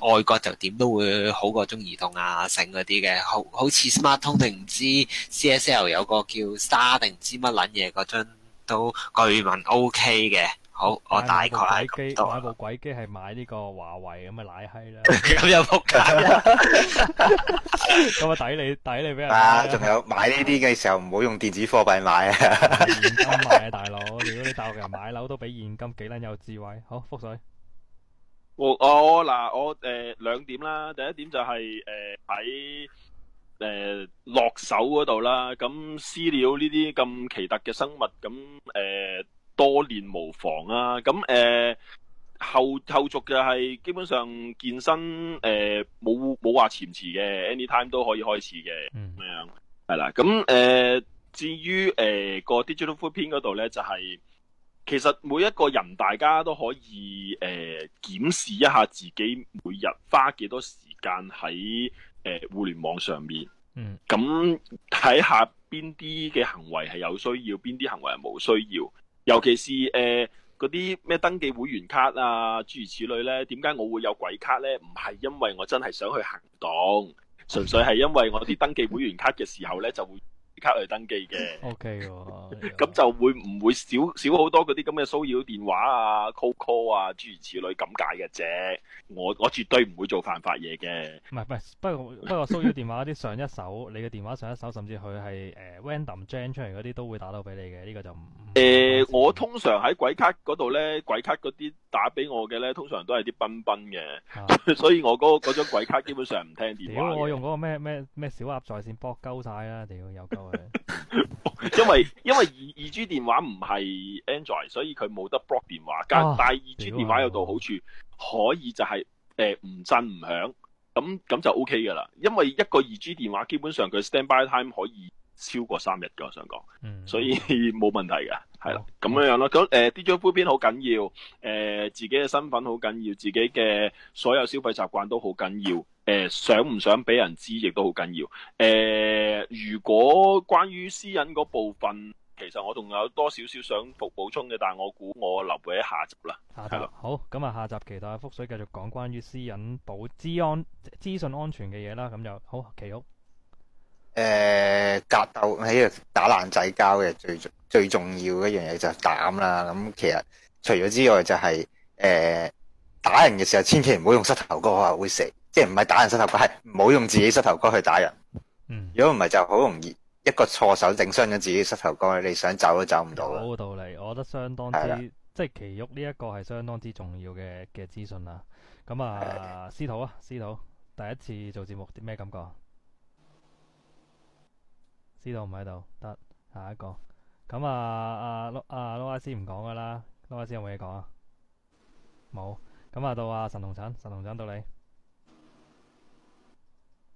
外國就點都會好過中移動啊、成嗰啲嘅，好好似 smart 通定唔知 C S L 有個叫 Star 定唔知乜撚嘢嗰張都據聞 O K 嘅。好，我買鬼機，買部鬼機係買呢個華為咁咪奶閪啦，咁有福㗎，咁啊抵你抵你俾人啊！仲有買呢啲嘅時候唔好用電子貨幣買啊，現金買啊，大佬，如果你大陸人買樓都俾現金幾捻有智慧，好覆水。我我嗱我誒兩點啦，第一點就係誒喺誒落手嗰度啦，咁私了呢啲咁奇特嘅生物，咁誒。多練無妨啊！咁誒、呃、後後續就係基本上健身誒冇冇話潛遲嘅，anytime 都可以開始嘅咁樣係啦。咁誒、呃、至於誒、呃、個 digital footprint 嗰度咧，就係、是、其實每一個人大家都可以誒檢、呃、視一下自己每日花幾多時間喺誒互聯網上面，咁睇、mm. 下邊啲嘅行為係有需要，邊啲行為係冇需要。尤其是誒嗰啲咩登記會員卡啊，諸如此類咧，點解我會有鬼卡咧？唔係因為我真係想去行動，純粹係因為我哋登記會員卡嘅時候咧就會，卡去登記嘅，OK 喎，咁就會唔會少少好多嗰啲咁嘅騷擾電話啊、call call 啊諸如此類咁解嘅啫。我我絕對唔會做犯法嘢嘅。唔係唔係，不過不過騷擾電話啲上一手，你嘅電話上一手，甚至佢係誒 random gen 出嚟嗰啲都會打到俾你嘅。呢、這個就唔誒、呃，我通常喺鬼卡嗰度咧，鬼卡嗰啲打俾我嘅咧，通常都係啲賓賓嘅，啊、 所以我嗰、那個、張鬼卡基本上唔聽電話。屌， 我用嗰個咩咩咩小鴨在線搏鳩晒啦！屌，有鳩 因為因為二二 G 電話唔係 Android，所以佢冇得 block 電話。但但係二 G 電話有度好處，可以就係誒唔震唔響，咁咁就 OK 噶啦因為一個二 G 電話基本上佢 stand by time 可以超過三日噶，我想講，所以冇問題噶，係啦，咁樣樣咯。咁誒，DJ 杯邊好緊要，誒、呃、自己嘅身份好緊要，自己嘅所有消費習慣都好緊要。誒，想唔想俾人知，亦都好緊要。誒、呃，如果關於私隱嗰部分，其實我仲有多少少想補補充嘅，但係我估我留喺下集啦。下集啦吧，好咁啊，下集期待福水繼續講關於私隱保資安資訊安全嘅嘢啦。咁就好，奇屋。誒，格鬥喺度打爛仔交嘅最最重要一樣嘢就係膽啦。咁、嗯、其實除咗之外、就是，就係誒打人嘅時候，千祈唔好用膝頭哥啊，會死。即係唔係打人膝頭哥，係唔好用自己膝頭哥去打人。如果唔係，就好容易一個錯手整傷咗自己膝頭哥，你想走都走唔到啦。好道理，我覺得相當之，的即係奇喐呢一個係相當之重要嘅嘅資訊啦。咁啊，的司徒啊，司徒第一次做節目啲咩感覺？司徒唔喺度，得下一個。咁啊阿阿阿阿司唔講噶啦，阿司有冇嘢講啊？冇。咁啊到阿神童診，神童診到你。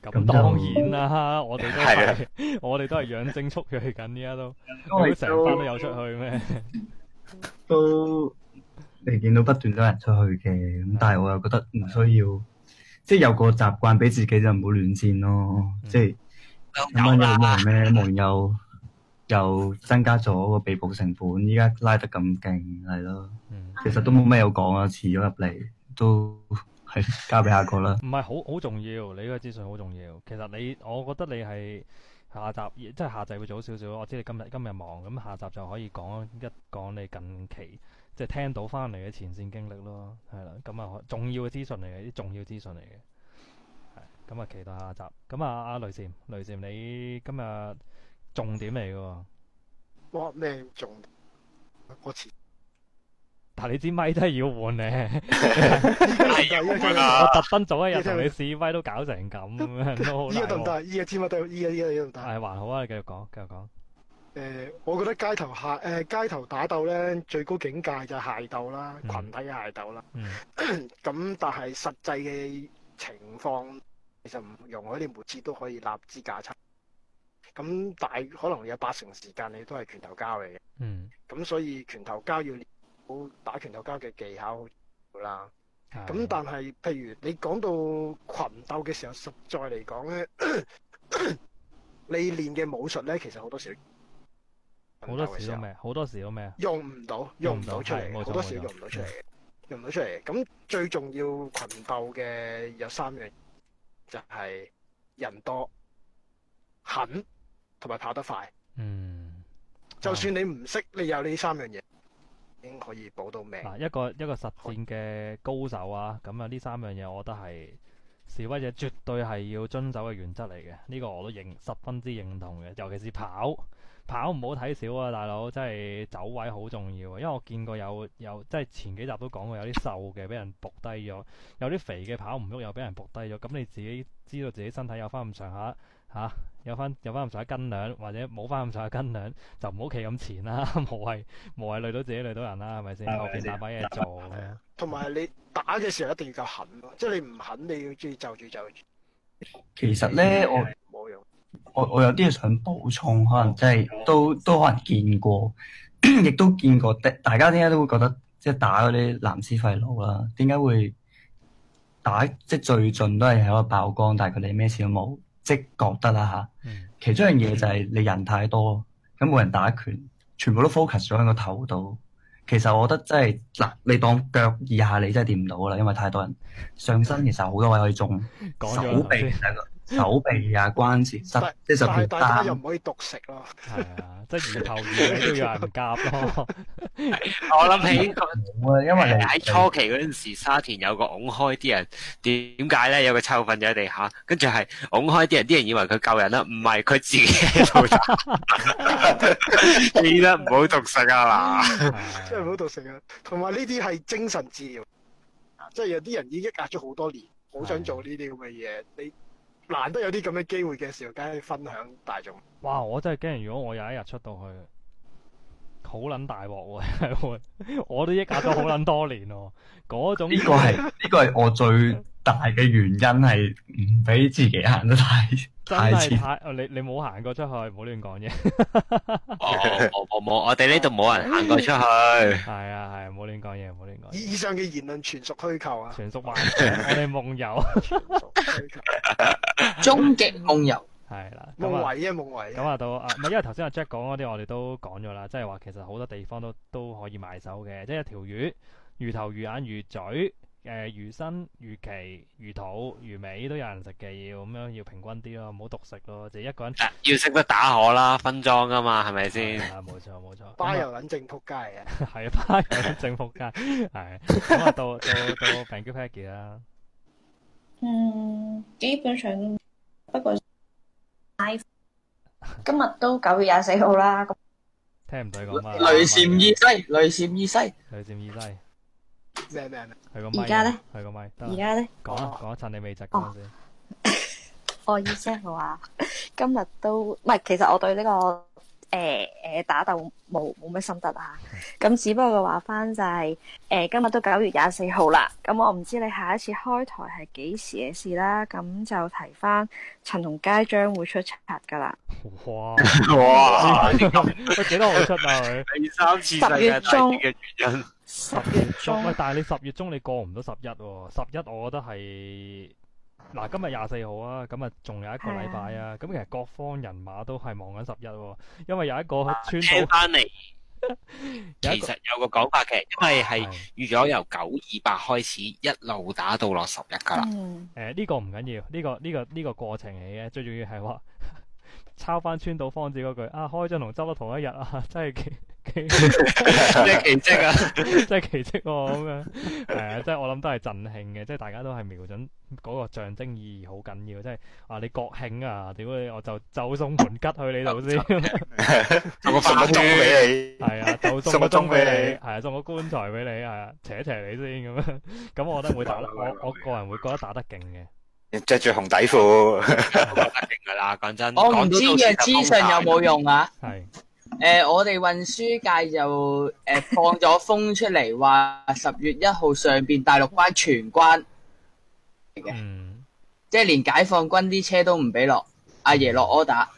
咁當然啦，嗯、我哋都係，的 我哋都係養精蓄銳緊，依家都，都成是班都有出去咩？都你見到不斷有人出去嘅，咁但係我又覺得唔需要，的即係有個習慣俾自己就唔好亂戰咯。嗯、即咁一蚊一蚊咩？冇人又又增加咗個被捕成本，依家、嗯、拉得咁勁，係咯。嗯、其實都冇咩有講啊，遲咗入嚟都。係，交俾阿哥啦。唔係好好重要，你個資訊好重要。其實你，我覺得你係下集，即係下集會早少少。我知你今日今日忙，咁下集就可以講一講你近期即係聽到翻嚟嘅前線經歷咯。係啦，咁啊重要嘅資訊嚟嘅，啲重要資訊嚟嘅。係，咁啊期待下集。咁啊，阿雷善，雷善，你今日重點嚟嘅。哇，咩重？我前嗱，你支咪都係要換咧，我特登早一日同你試咪都搞成咁，依個都唔得，依個支咪都依個依個依個都係還好啊！繼續講，繼續講。誒，我覺得街頭鞋誒街頭打鬥咧，最高境界就係械鬥啦，群體嘅械鬥啦。咁但係實際嘅情況，其實唔容許你每次都可以立支架撐。咁但係可能有八成時間你都係拳頭膠嚟嘅，嗯咁，所以拳頭膠要。好打拳頭交嘅技巧啦，咁的但係譬如你講到群鬥嘅時候，實在嚟講咧，你練嘅武術咧，其實好多時好多時都咩?好多時都咩啊？用唔到，用唔到，到，對到出嚟。好錯多時用唔到出嚟，錯嗯、用唔到出嚟。咁最重要群鬥嘅有三樣，就係，是，人多，狠同埋跑得快。嗯。就算你唔識，你有呢三樣嘢，已經可以保到命、啊、一個一個實戰嘅高手啊，咁啊呢三樣嘢，我覺得係示威者絕對係要遵守嘅原則嚟嘅。呢個我都認十分之認同嘅。尤其是跑跑唔好睇少啊，大佬真係走位好重要啊！因為我見過有有即係前幾集都講過有啲瘦嘅俾人仆低咗，有啲肥嘅跑唔喐又俾人仆低咗。咁你自己知道自己身體有翻咁上下。吓、啊、有翻有翻咁多斤兩，或者冇翻咁多一斤兩，就唔好企咁前啦，無謂無謂累到自己累到人啦，係咪先？後邊大把嘢做。係啊，同埋你打嘅時候一定要夠狠咯，即係你唔狠，你要注意就住就住。就住其實咧，我冇用。我我有啲嘢想補充，可能即係都都可能見過，亦 都見過的。大家點解都會覺得即係打嗰啲男士廢佬啦？點解會打？即係最盡都係喺度爆光，但係佢哋咩事都冇。即覺得啦吓，嗯、其中一樣嘢就係你人太多，咁冇人打拳，全部都 focus 咗喺個頭度。其實我覺得真係嗱，你當腳以下你真係掂唔到㗎喇，因為太多人上身其實好多位可以中、嗯、手臂。手臂啊，關節身，即係就，但係大家又唔可以獨食咯，係啊， 即係前後都有人夾咯。我諗起，因為你喺初期嗰陣時，沙田有個拱開啲人，點解咧？有個臭糞仔喺地下，跟住係拱開啲人，啲人以為佢救人啦，唔係佢自己做錯。記得唔好獨食啊嘛，即係唔好獨食啊！同埋呢啲係精神治療，即係有啲人已經壓抑咗好多年，好想做呢啲咁嘅嘢，你。 難得有啲咁嘅機會嘅時候，梗係分享大眾。哇！我真係驚，如果我有一日出到去，好捻大鑊喎！ 我都壓抑咗好捻多年喎，嗰 種呢個係呢個係我最。 大嘅原因係唔俾自己行得太太前，你你冇行過出去，冇亂講嘢。我我我我哋呢度冇人行過出去，係啊係，冇亂講嘢，冇亂講。以上嘅言論純屬虛構啊！純屬幻覺，我哋夢遊，終極夢遊。係啦，夢遺啊，夢遺啊。咁啊到，唔係因為頭先阿 Jack 講嗰啲，我哋都講咗啦，即係話其實好多地方都都可以買手嘅，即係一條魚，魚頭、魚眼、魚嘴。誒、呃，魚身、魚鰭、魚肚、魚尾都有人食嘅，要咁樣要平均啲咯，唔好獨食咯，就係一個人。要識得打荷啦，分裝㗎嘛，係咪先？啊， 冇錯冇錯。巴油捻正仆街嘅，係啊，巴油捻正仆街，係咁啊，到到到 p a c k 啦。嗯，基本上，不過今日都九月廿四號啦，咁聽唔使講啦。雷閃耳西，雷閃耳西，雷閃耳西。而家咧，而家咧，講一講一陣你未直講先。我意思係話，今日都唔係，其實我對呢個誒誒打鬥冇冇咩心得吓。咁只不過話返就係誒今日都九月廿四號啦。咁我唔知你下一次開台係幾時嘅事啦。咁就提返陳同佳將會出冊㗎喇。哇哇，幾多號出啊佢？第三次十月中嘅原因。十月中 但係你十月中你過唔到十一喎。十一我覺得係嗱、啊，今日廿四號啊，咁啊，仲有一個禮拜啊。咁其實各方人馬都係望緊十一，因為有一個川島翻嚟，啊、 個其實有個講法，其實因為係預咗由九二八開始一路打到落十一噶啦。誒、嗯，呢、呃這個唔緊要，呢、這個呢、這個呢、這個過程嚟嘅，最重要係話 抄翻川島芳子嗰句啊，開張同執到同一日啊，真係。即係奇迹啊！即係奇迹咁樣，係啊！即係我諗都係振興嘅，即係大家都係瞄準嗰個象徵意義好緊要，即係話你國慶啊，屌你，我就就送盆吉去你度先，送個花樽俾你，係啊，送個鐘俾你，係啊，送個棺材俾你，係啊，斜一斜你先咁樣，咁我都會打，我我個人會覺得打得勁嘅，着住紅底褲得勁噶啦，講真。我唔知嘅資訊有冇用啊？係。誒、呃，我哋運輸界就誒、呃、放咗風出嚟話十月一號上邊大陸關全關嘅， 嗯、即係連解放軍啲車都唔俾落，阿爺落 order。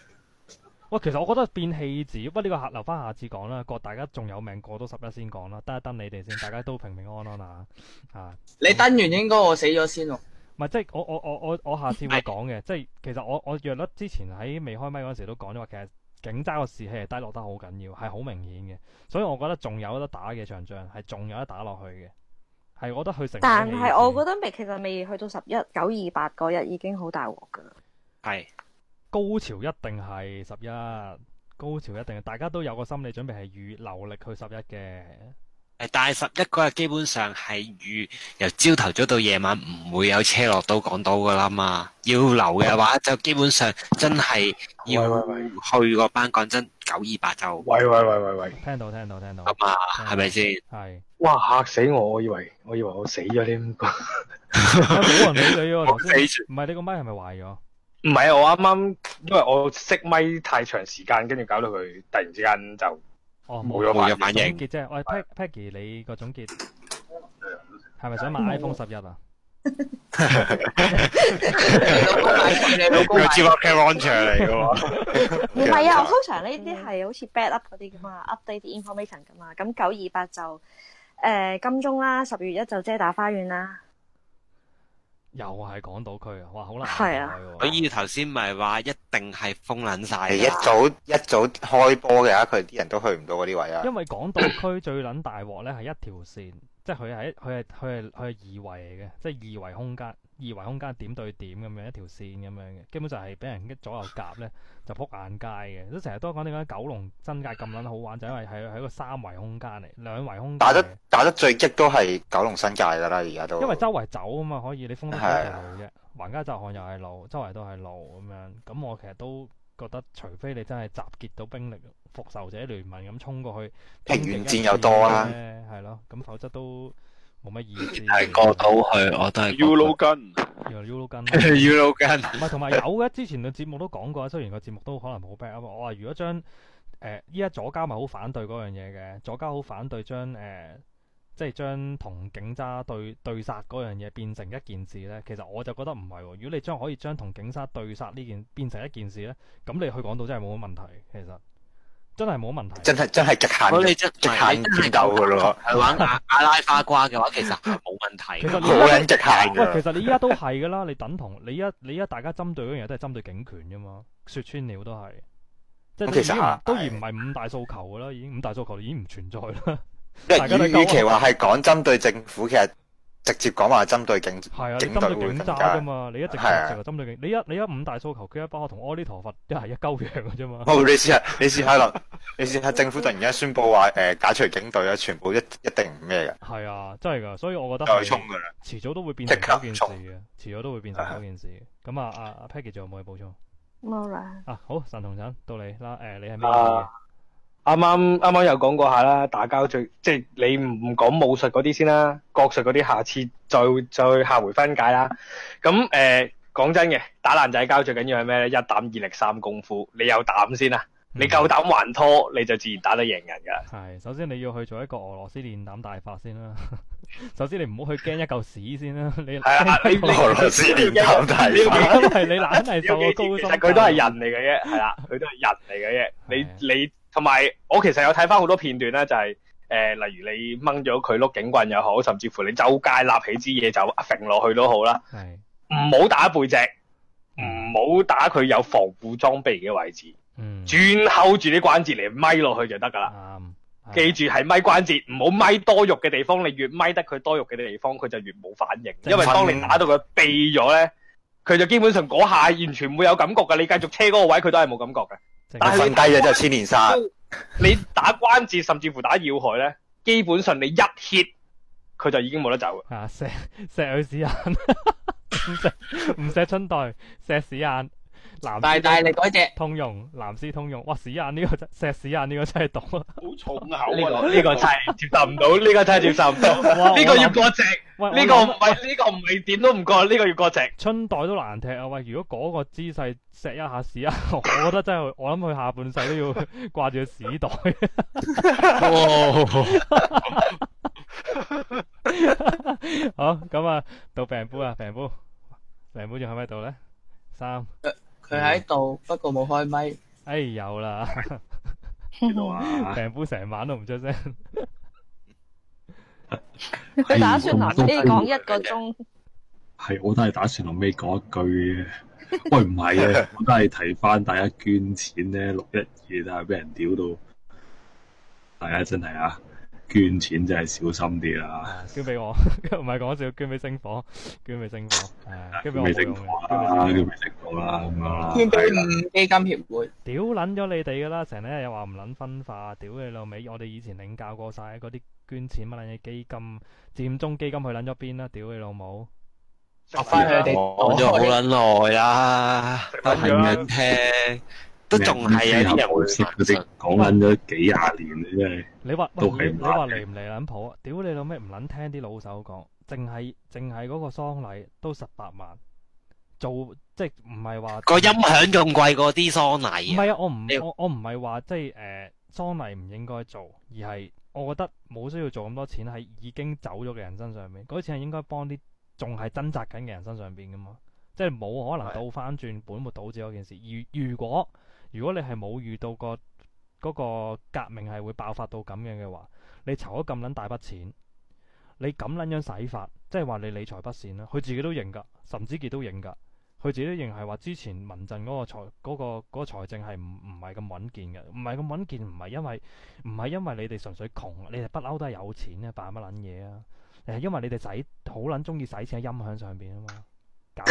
喂，其實我覺得變棄子，不過呢個客留翻下次講啦，過大家仲有命過到十一先講啦，得一登你哋先，大家都平平安安啊！ 啊，你登完應該我死咗先咯。唔係，即係我我我我我下次會講嘅， 即係其實我我約咗之前喺未開麥嗰時都講咗話，其實。警察嘅士氣係低落得好緊要，係好明顯嘅，所以我覺得仲有得打嘅場仗係仲有得打落去嘅，係我覺得佢成。但係我覺得未，其實未去到十一九二八嗰日已經好大鑊㗎。係高潮一定係十一，高潮一定, 11，潮一定，大家都有個心理準備係預留力去十一嘅。係大十一嗰日，個基本上係雨，由朝頭早到夜晚唔會有車落到港島噶啦嘛。要留嘅話，就基本上真係要去個班講真九二八就喂喂喂喂喂，聽到聽到聽到，咁啊，係咪先？係，哇吓死我，我以為我以為我死咗添，冇人理你喎，唔係你個麥係咪壞咗？唔係啊，我啱啱因為我熄咪太長時間，跟住搞到佢突然之間就。哦，冇咗幻影。即係，我係 Peggy，你個總結係咪想買 iPhone 十一啊？又接 up calendar 嚟嘅喎。唔係啊，通常呢啲係好似 back up 嗰啲噶嘛，update 啲 information 噶嘛。咁九二八就誒金鐘啦，十月一就遮打花園啦。又係港島區啊！哇，好難去喎。佢依頭先咪話一定係封捻晒，一早一早開波嘅話，佢啲人都去唔到嗰啲位啊。因為港島區最捻大鑊咧，係一條線， 即係佢係佢係佢係佢係二維嚟嘅，即係二維空間。二維空間點對點咁樣一條線咁樣嘅，基本上係俾人一左右夾咧就撲眼界嘅。都成日都講點解九龍新界咁撚好玩，就是、因為係係一個三維空間嚟，兩維空間。打得打得最激都係九龍新界㗎喇，而家都。因為周圍走啊嘛，可以你風梯又係路啫，啊、橫街窄巷又係路，周圍都係路咁樣。咁我其實都覺得，除非你真係集結到兵力，復仇者聯盟咁衝過去，平原戰又多啦、啊，係咯，咁否則都。冇乜意思，係過到去我都係。Ulogan，又 Ulogan，Ulogan，唔係同埋有嘅。之前嘅節目都講過啊，雖然個節目都可能冇 back，我話如果將誒依家左家咪好反對嗰樣嘢嘅，左家好反對將誒、呃、即係將同警察對對殺嗰樣嘢變成一件事咧。其實我就覺得唔係，如果你將可以將同警察對殺呢件變成一件事咧，咁你去講到真係冇乜問題，其實。真係冇問題真，真係真係極限，你真係極限真係夠噶咯。係玩阿拉花瓜嘅話，其實冇問題，好穩極限嘅。 其實你依家都係噶啦，你等同你一你一大家針對嗰樣嘢都係針對警權啫嘛，雪就是、說穿了都係。即係其實，當然唔係五大訴求噶啦，已經五大訴求已經唔存在啦。即係與其話係講針對政府，其實。直接講話針對警係啊，針對警察噶嘛？你一直成日針對警，啊、你一你一五大訴求，佢一幫我同阿彌陀佛一係一鳩樣噶啫嘛。你試下，你試下， 你試下政府突然間宣佈話誒解除警隊啊，全部一一定唔咩嘅係啊，真係噶，所以我覺得再衝噶啦，遲早都會變成嗰件事嘅，遲早都會變成嗰件事嘅。咁啊阿啊，啊 Peggy 仲有冇嘢補充？啊好，神同神到你啦。誒、呃，你係咩啱啱啱啱有講過下啦，打交最即係你唔講武術嗰啲先啦，國術嗰啲下次再再下回分解啦。咁、嗯、誒，講真嘅，打爛仔交最緊要係咩咧？一膽二力三功夫，你有膽先啦，你夠膽還拖，你就自然打得贏人噶。係，首先你要去做一個俄羅斯練膽大法先啦。首先你唔好去驚一嚿屎先啦。你係啊，你俄羅斯練膽大法，你係你懶係受咗高薪， 其實佢都係人嚟嘅啫，係啦、啊，佢都係人嚟嘅啫。你你。同埋，我其實有睇返好多片段咧，就係、是、誒、呃，例如你掹咗佢碌警棍又好，甚至乎你周街立起支嘢就揈落去都好啦。係唔好打背脊，唔好打佢有防護裝備嘅位置。嗯，轉後住啲關節嚟咪落去就得噶啦。嗯，記住係咪關節，唔好咪多肉嘅地方。你越咪得佢多肉嘅地方，佢就越冇反應。是因為當你打到佢痹咗咧，佢就基本上嗰下完全唔會有感覺噶。你繼續車嗰個位，佢都係冇感覺嘅。打瞓低咗之後千年殺，你打關節甚至乎打要害咧，基本上你一 hit 佢就已經冇得走。啊，錫錫佢屎眼，唔錫唔錫春袋，錫屎眼。大大力嗰隻，通用藍獅通用，哇屎眼呢個真，石屎眼呢個真係毒啊！好重口啊，呢個呢個真係接受唔到，呢個真係接受唔到，呢個要過值，呢個唔係，呢個唔係點都唔過，呢個要過值。春袋都難踢啊！喂，如果嗰個姿勢石一下屎啊，我覺得真係，我諗佢下半世都要掛住屎袋。好，咁啊，到病夫啊，病夫，病夫仲喺唔喺度咧？三。佢喺度，不過冇開咪，哎，有啦，病夫成晚都唔出聲。佢、哎、打算同你講一個鐘？係，我都係打算同你講一句嘅。喂、哎，唔係啊，我都係睇翻大家捐錢咧，六一二都係俾人屌到，大家真係啊！捐錢真係小心啲啦！捐俾我，唔係講笑，捐俾星火，捐俾星火，捐俾我，捐俾星火啦，捐俾星火啦，捐俾基金協會。屌捻咗你哋噶啦，成日又話唔捻分化，屌你老味。我哋以前領教過晒嗰啲捐錢乜撚嘢基金，佔中基金去捻咗邊啦？屌你老母！學翻佢哋講咗好捻耐啦，得閒聽。都仲係啲人嗰啲講緊咗幾廿年，你話你話離唔離捻譜啊？屌你老咩唔捻聽啲老手講，淨係淨係嗰個喪禮都十八萬做，即係唔係話個音響仲貴過啲喪禮啊？唔係啊，我唔你我唔係話即係誒喪禮唔應該做，而係我覺得冇需要做咁多錢喺已經走咗嘅人身上邊，嗰啲錢係應該幫啲仲係掙扎緊嘅人身上邊噶嘛？即係冇可能倒翻轉本末倒置嗰件事。而如果如果你係冇遇到過、嗰個革命係會爆發到咁樣嘅話，你籌咗咁撚大筆錢，你咁撚樣使法，即係話你理財不善啦。佢自己都認噶，岑子傑都認噶，佢自己都認係話之前民陣嗰個財嗰、嗰個、嗰個、財政係唔唔係咁穩健嘅，唔係咁穩健唔係因為唔係因為你哋純粹窮，你哋不嬲都係有錢嘅，扮乜撚嘢啊？係因為你哋使好撚中意使錢喺音響上邊啊嘛～狗，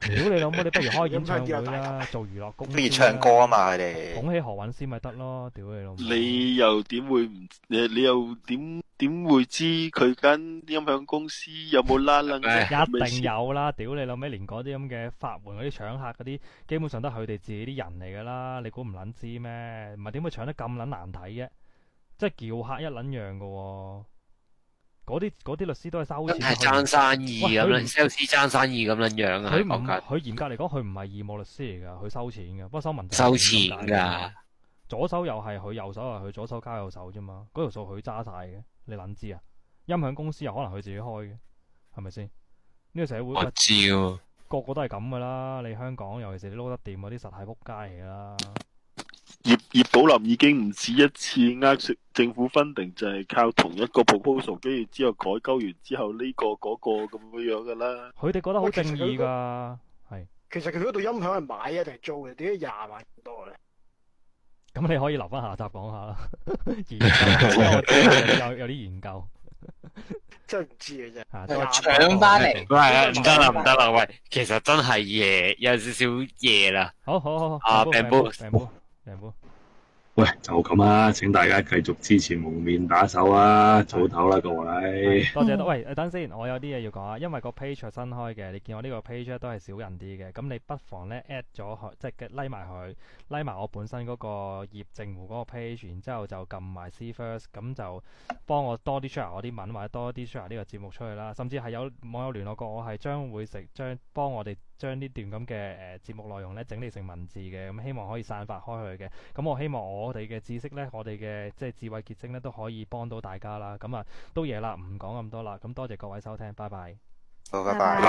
屌你老母！你不如開音響啦，做娛樂公司，中意唱歌啊嘛佢哋，捧起何韻詩咪得咯？屌你老母！你又點會唔知？你又點點會知佢間音響公司有冇拉楞？一定有啦！屌你老味，連嗰啲咁嘅法門嗰啲搶客嗰啲，基本上都係佢哋自己啲人嚟噶啦！你估唔撚知咩？唔係點會搶得咁撚難睇嘅？即係撬客一撚樣噶喎！嗰啲嗰啲律師都係收錢，係爭生意咁啦，sales 爭生意咁樣樣啊。佢唔佢嚴格嚟講，佢唔係義務律師嚟噶，佢收錢嘅，不過收文收錢噶。左手又係佢，右手又係佢，左手交右手啫嘛。嗰條數佢揸晒嘅，你諗知啊？音響公司又可能佢自己開嘅，係咪先？呢個社會我知個個都係咁噶啦。你香港尤其是你撈得掂嗰啲，實係仆街嚟啦。葉葉寶林已經唔止一次呃食政府 funding，就係靠同一個 proposal，跟住之後改鳩完之後呢個嗰個咁樣噶啦。佢哋覺得好正義噶，係。其實佢嗰度音響係買啊定係租嘅？點解廿萬多咧？咁你可以留翻下集講下啦，有有啲研究真係唔知嘅啫。搶翻嚟，唔得啦，唔得啦，喂，其實真係夜有少少夜啦。好好好，啊，病波病波。政喂，就咁啦，請大家繼續支持蒙面打手啊，早唞啦，各位。多謝、嗯、喂，等先，我有啲嘢要講啊，因為個 page 新開嘅，你見我呢個 page 都係少人啲嘅，咁你不妨咧 at 咗佢，即係拉埋佢，拉埋我本身嗰個業證戶嗰個 page，然之後就撳埋 see first，咁就幫我多啲 share 我啲文或者多啲 share 呢個節目出去啦，甚至係有網友聯絡過我，係將會食將幫我哋。將呢段咁嘅誒節目內容咧整理成文字嘅，咁、嗯、希望可以散發開去嘅。咁、嗯、我希望我哋嘅知識咧，我哋嘅即係智慧結晶咧都可以幫到大家啦。咁、嗯、啊，都夜啦，唔講咁多啦。咁、嗯、多謝各位收聽，拜拜。好，拜拜。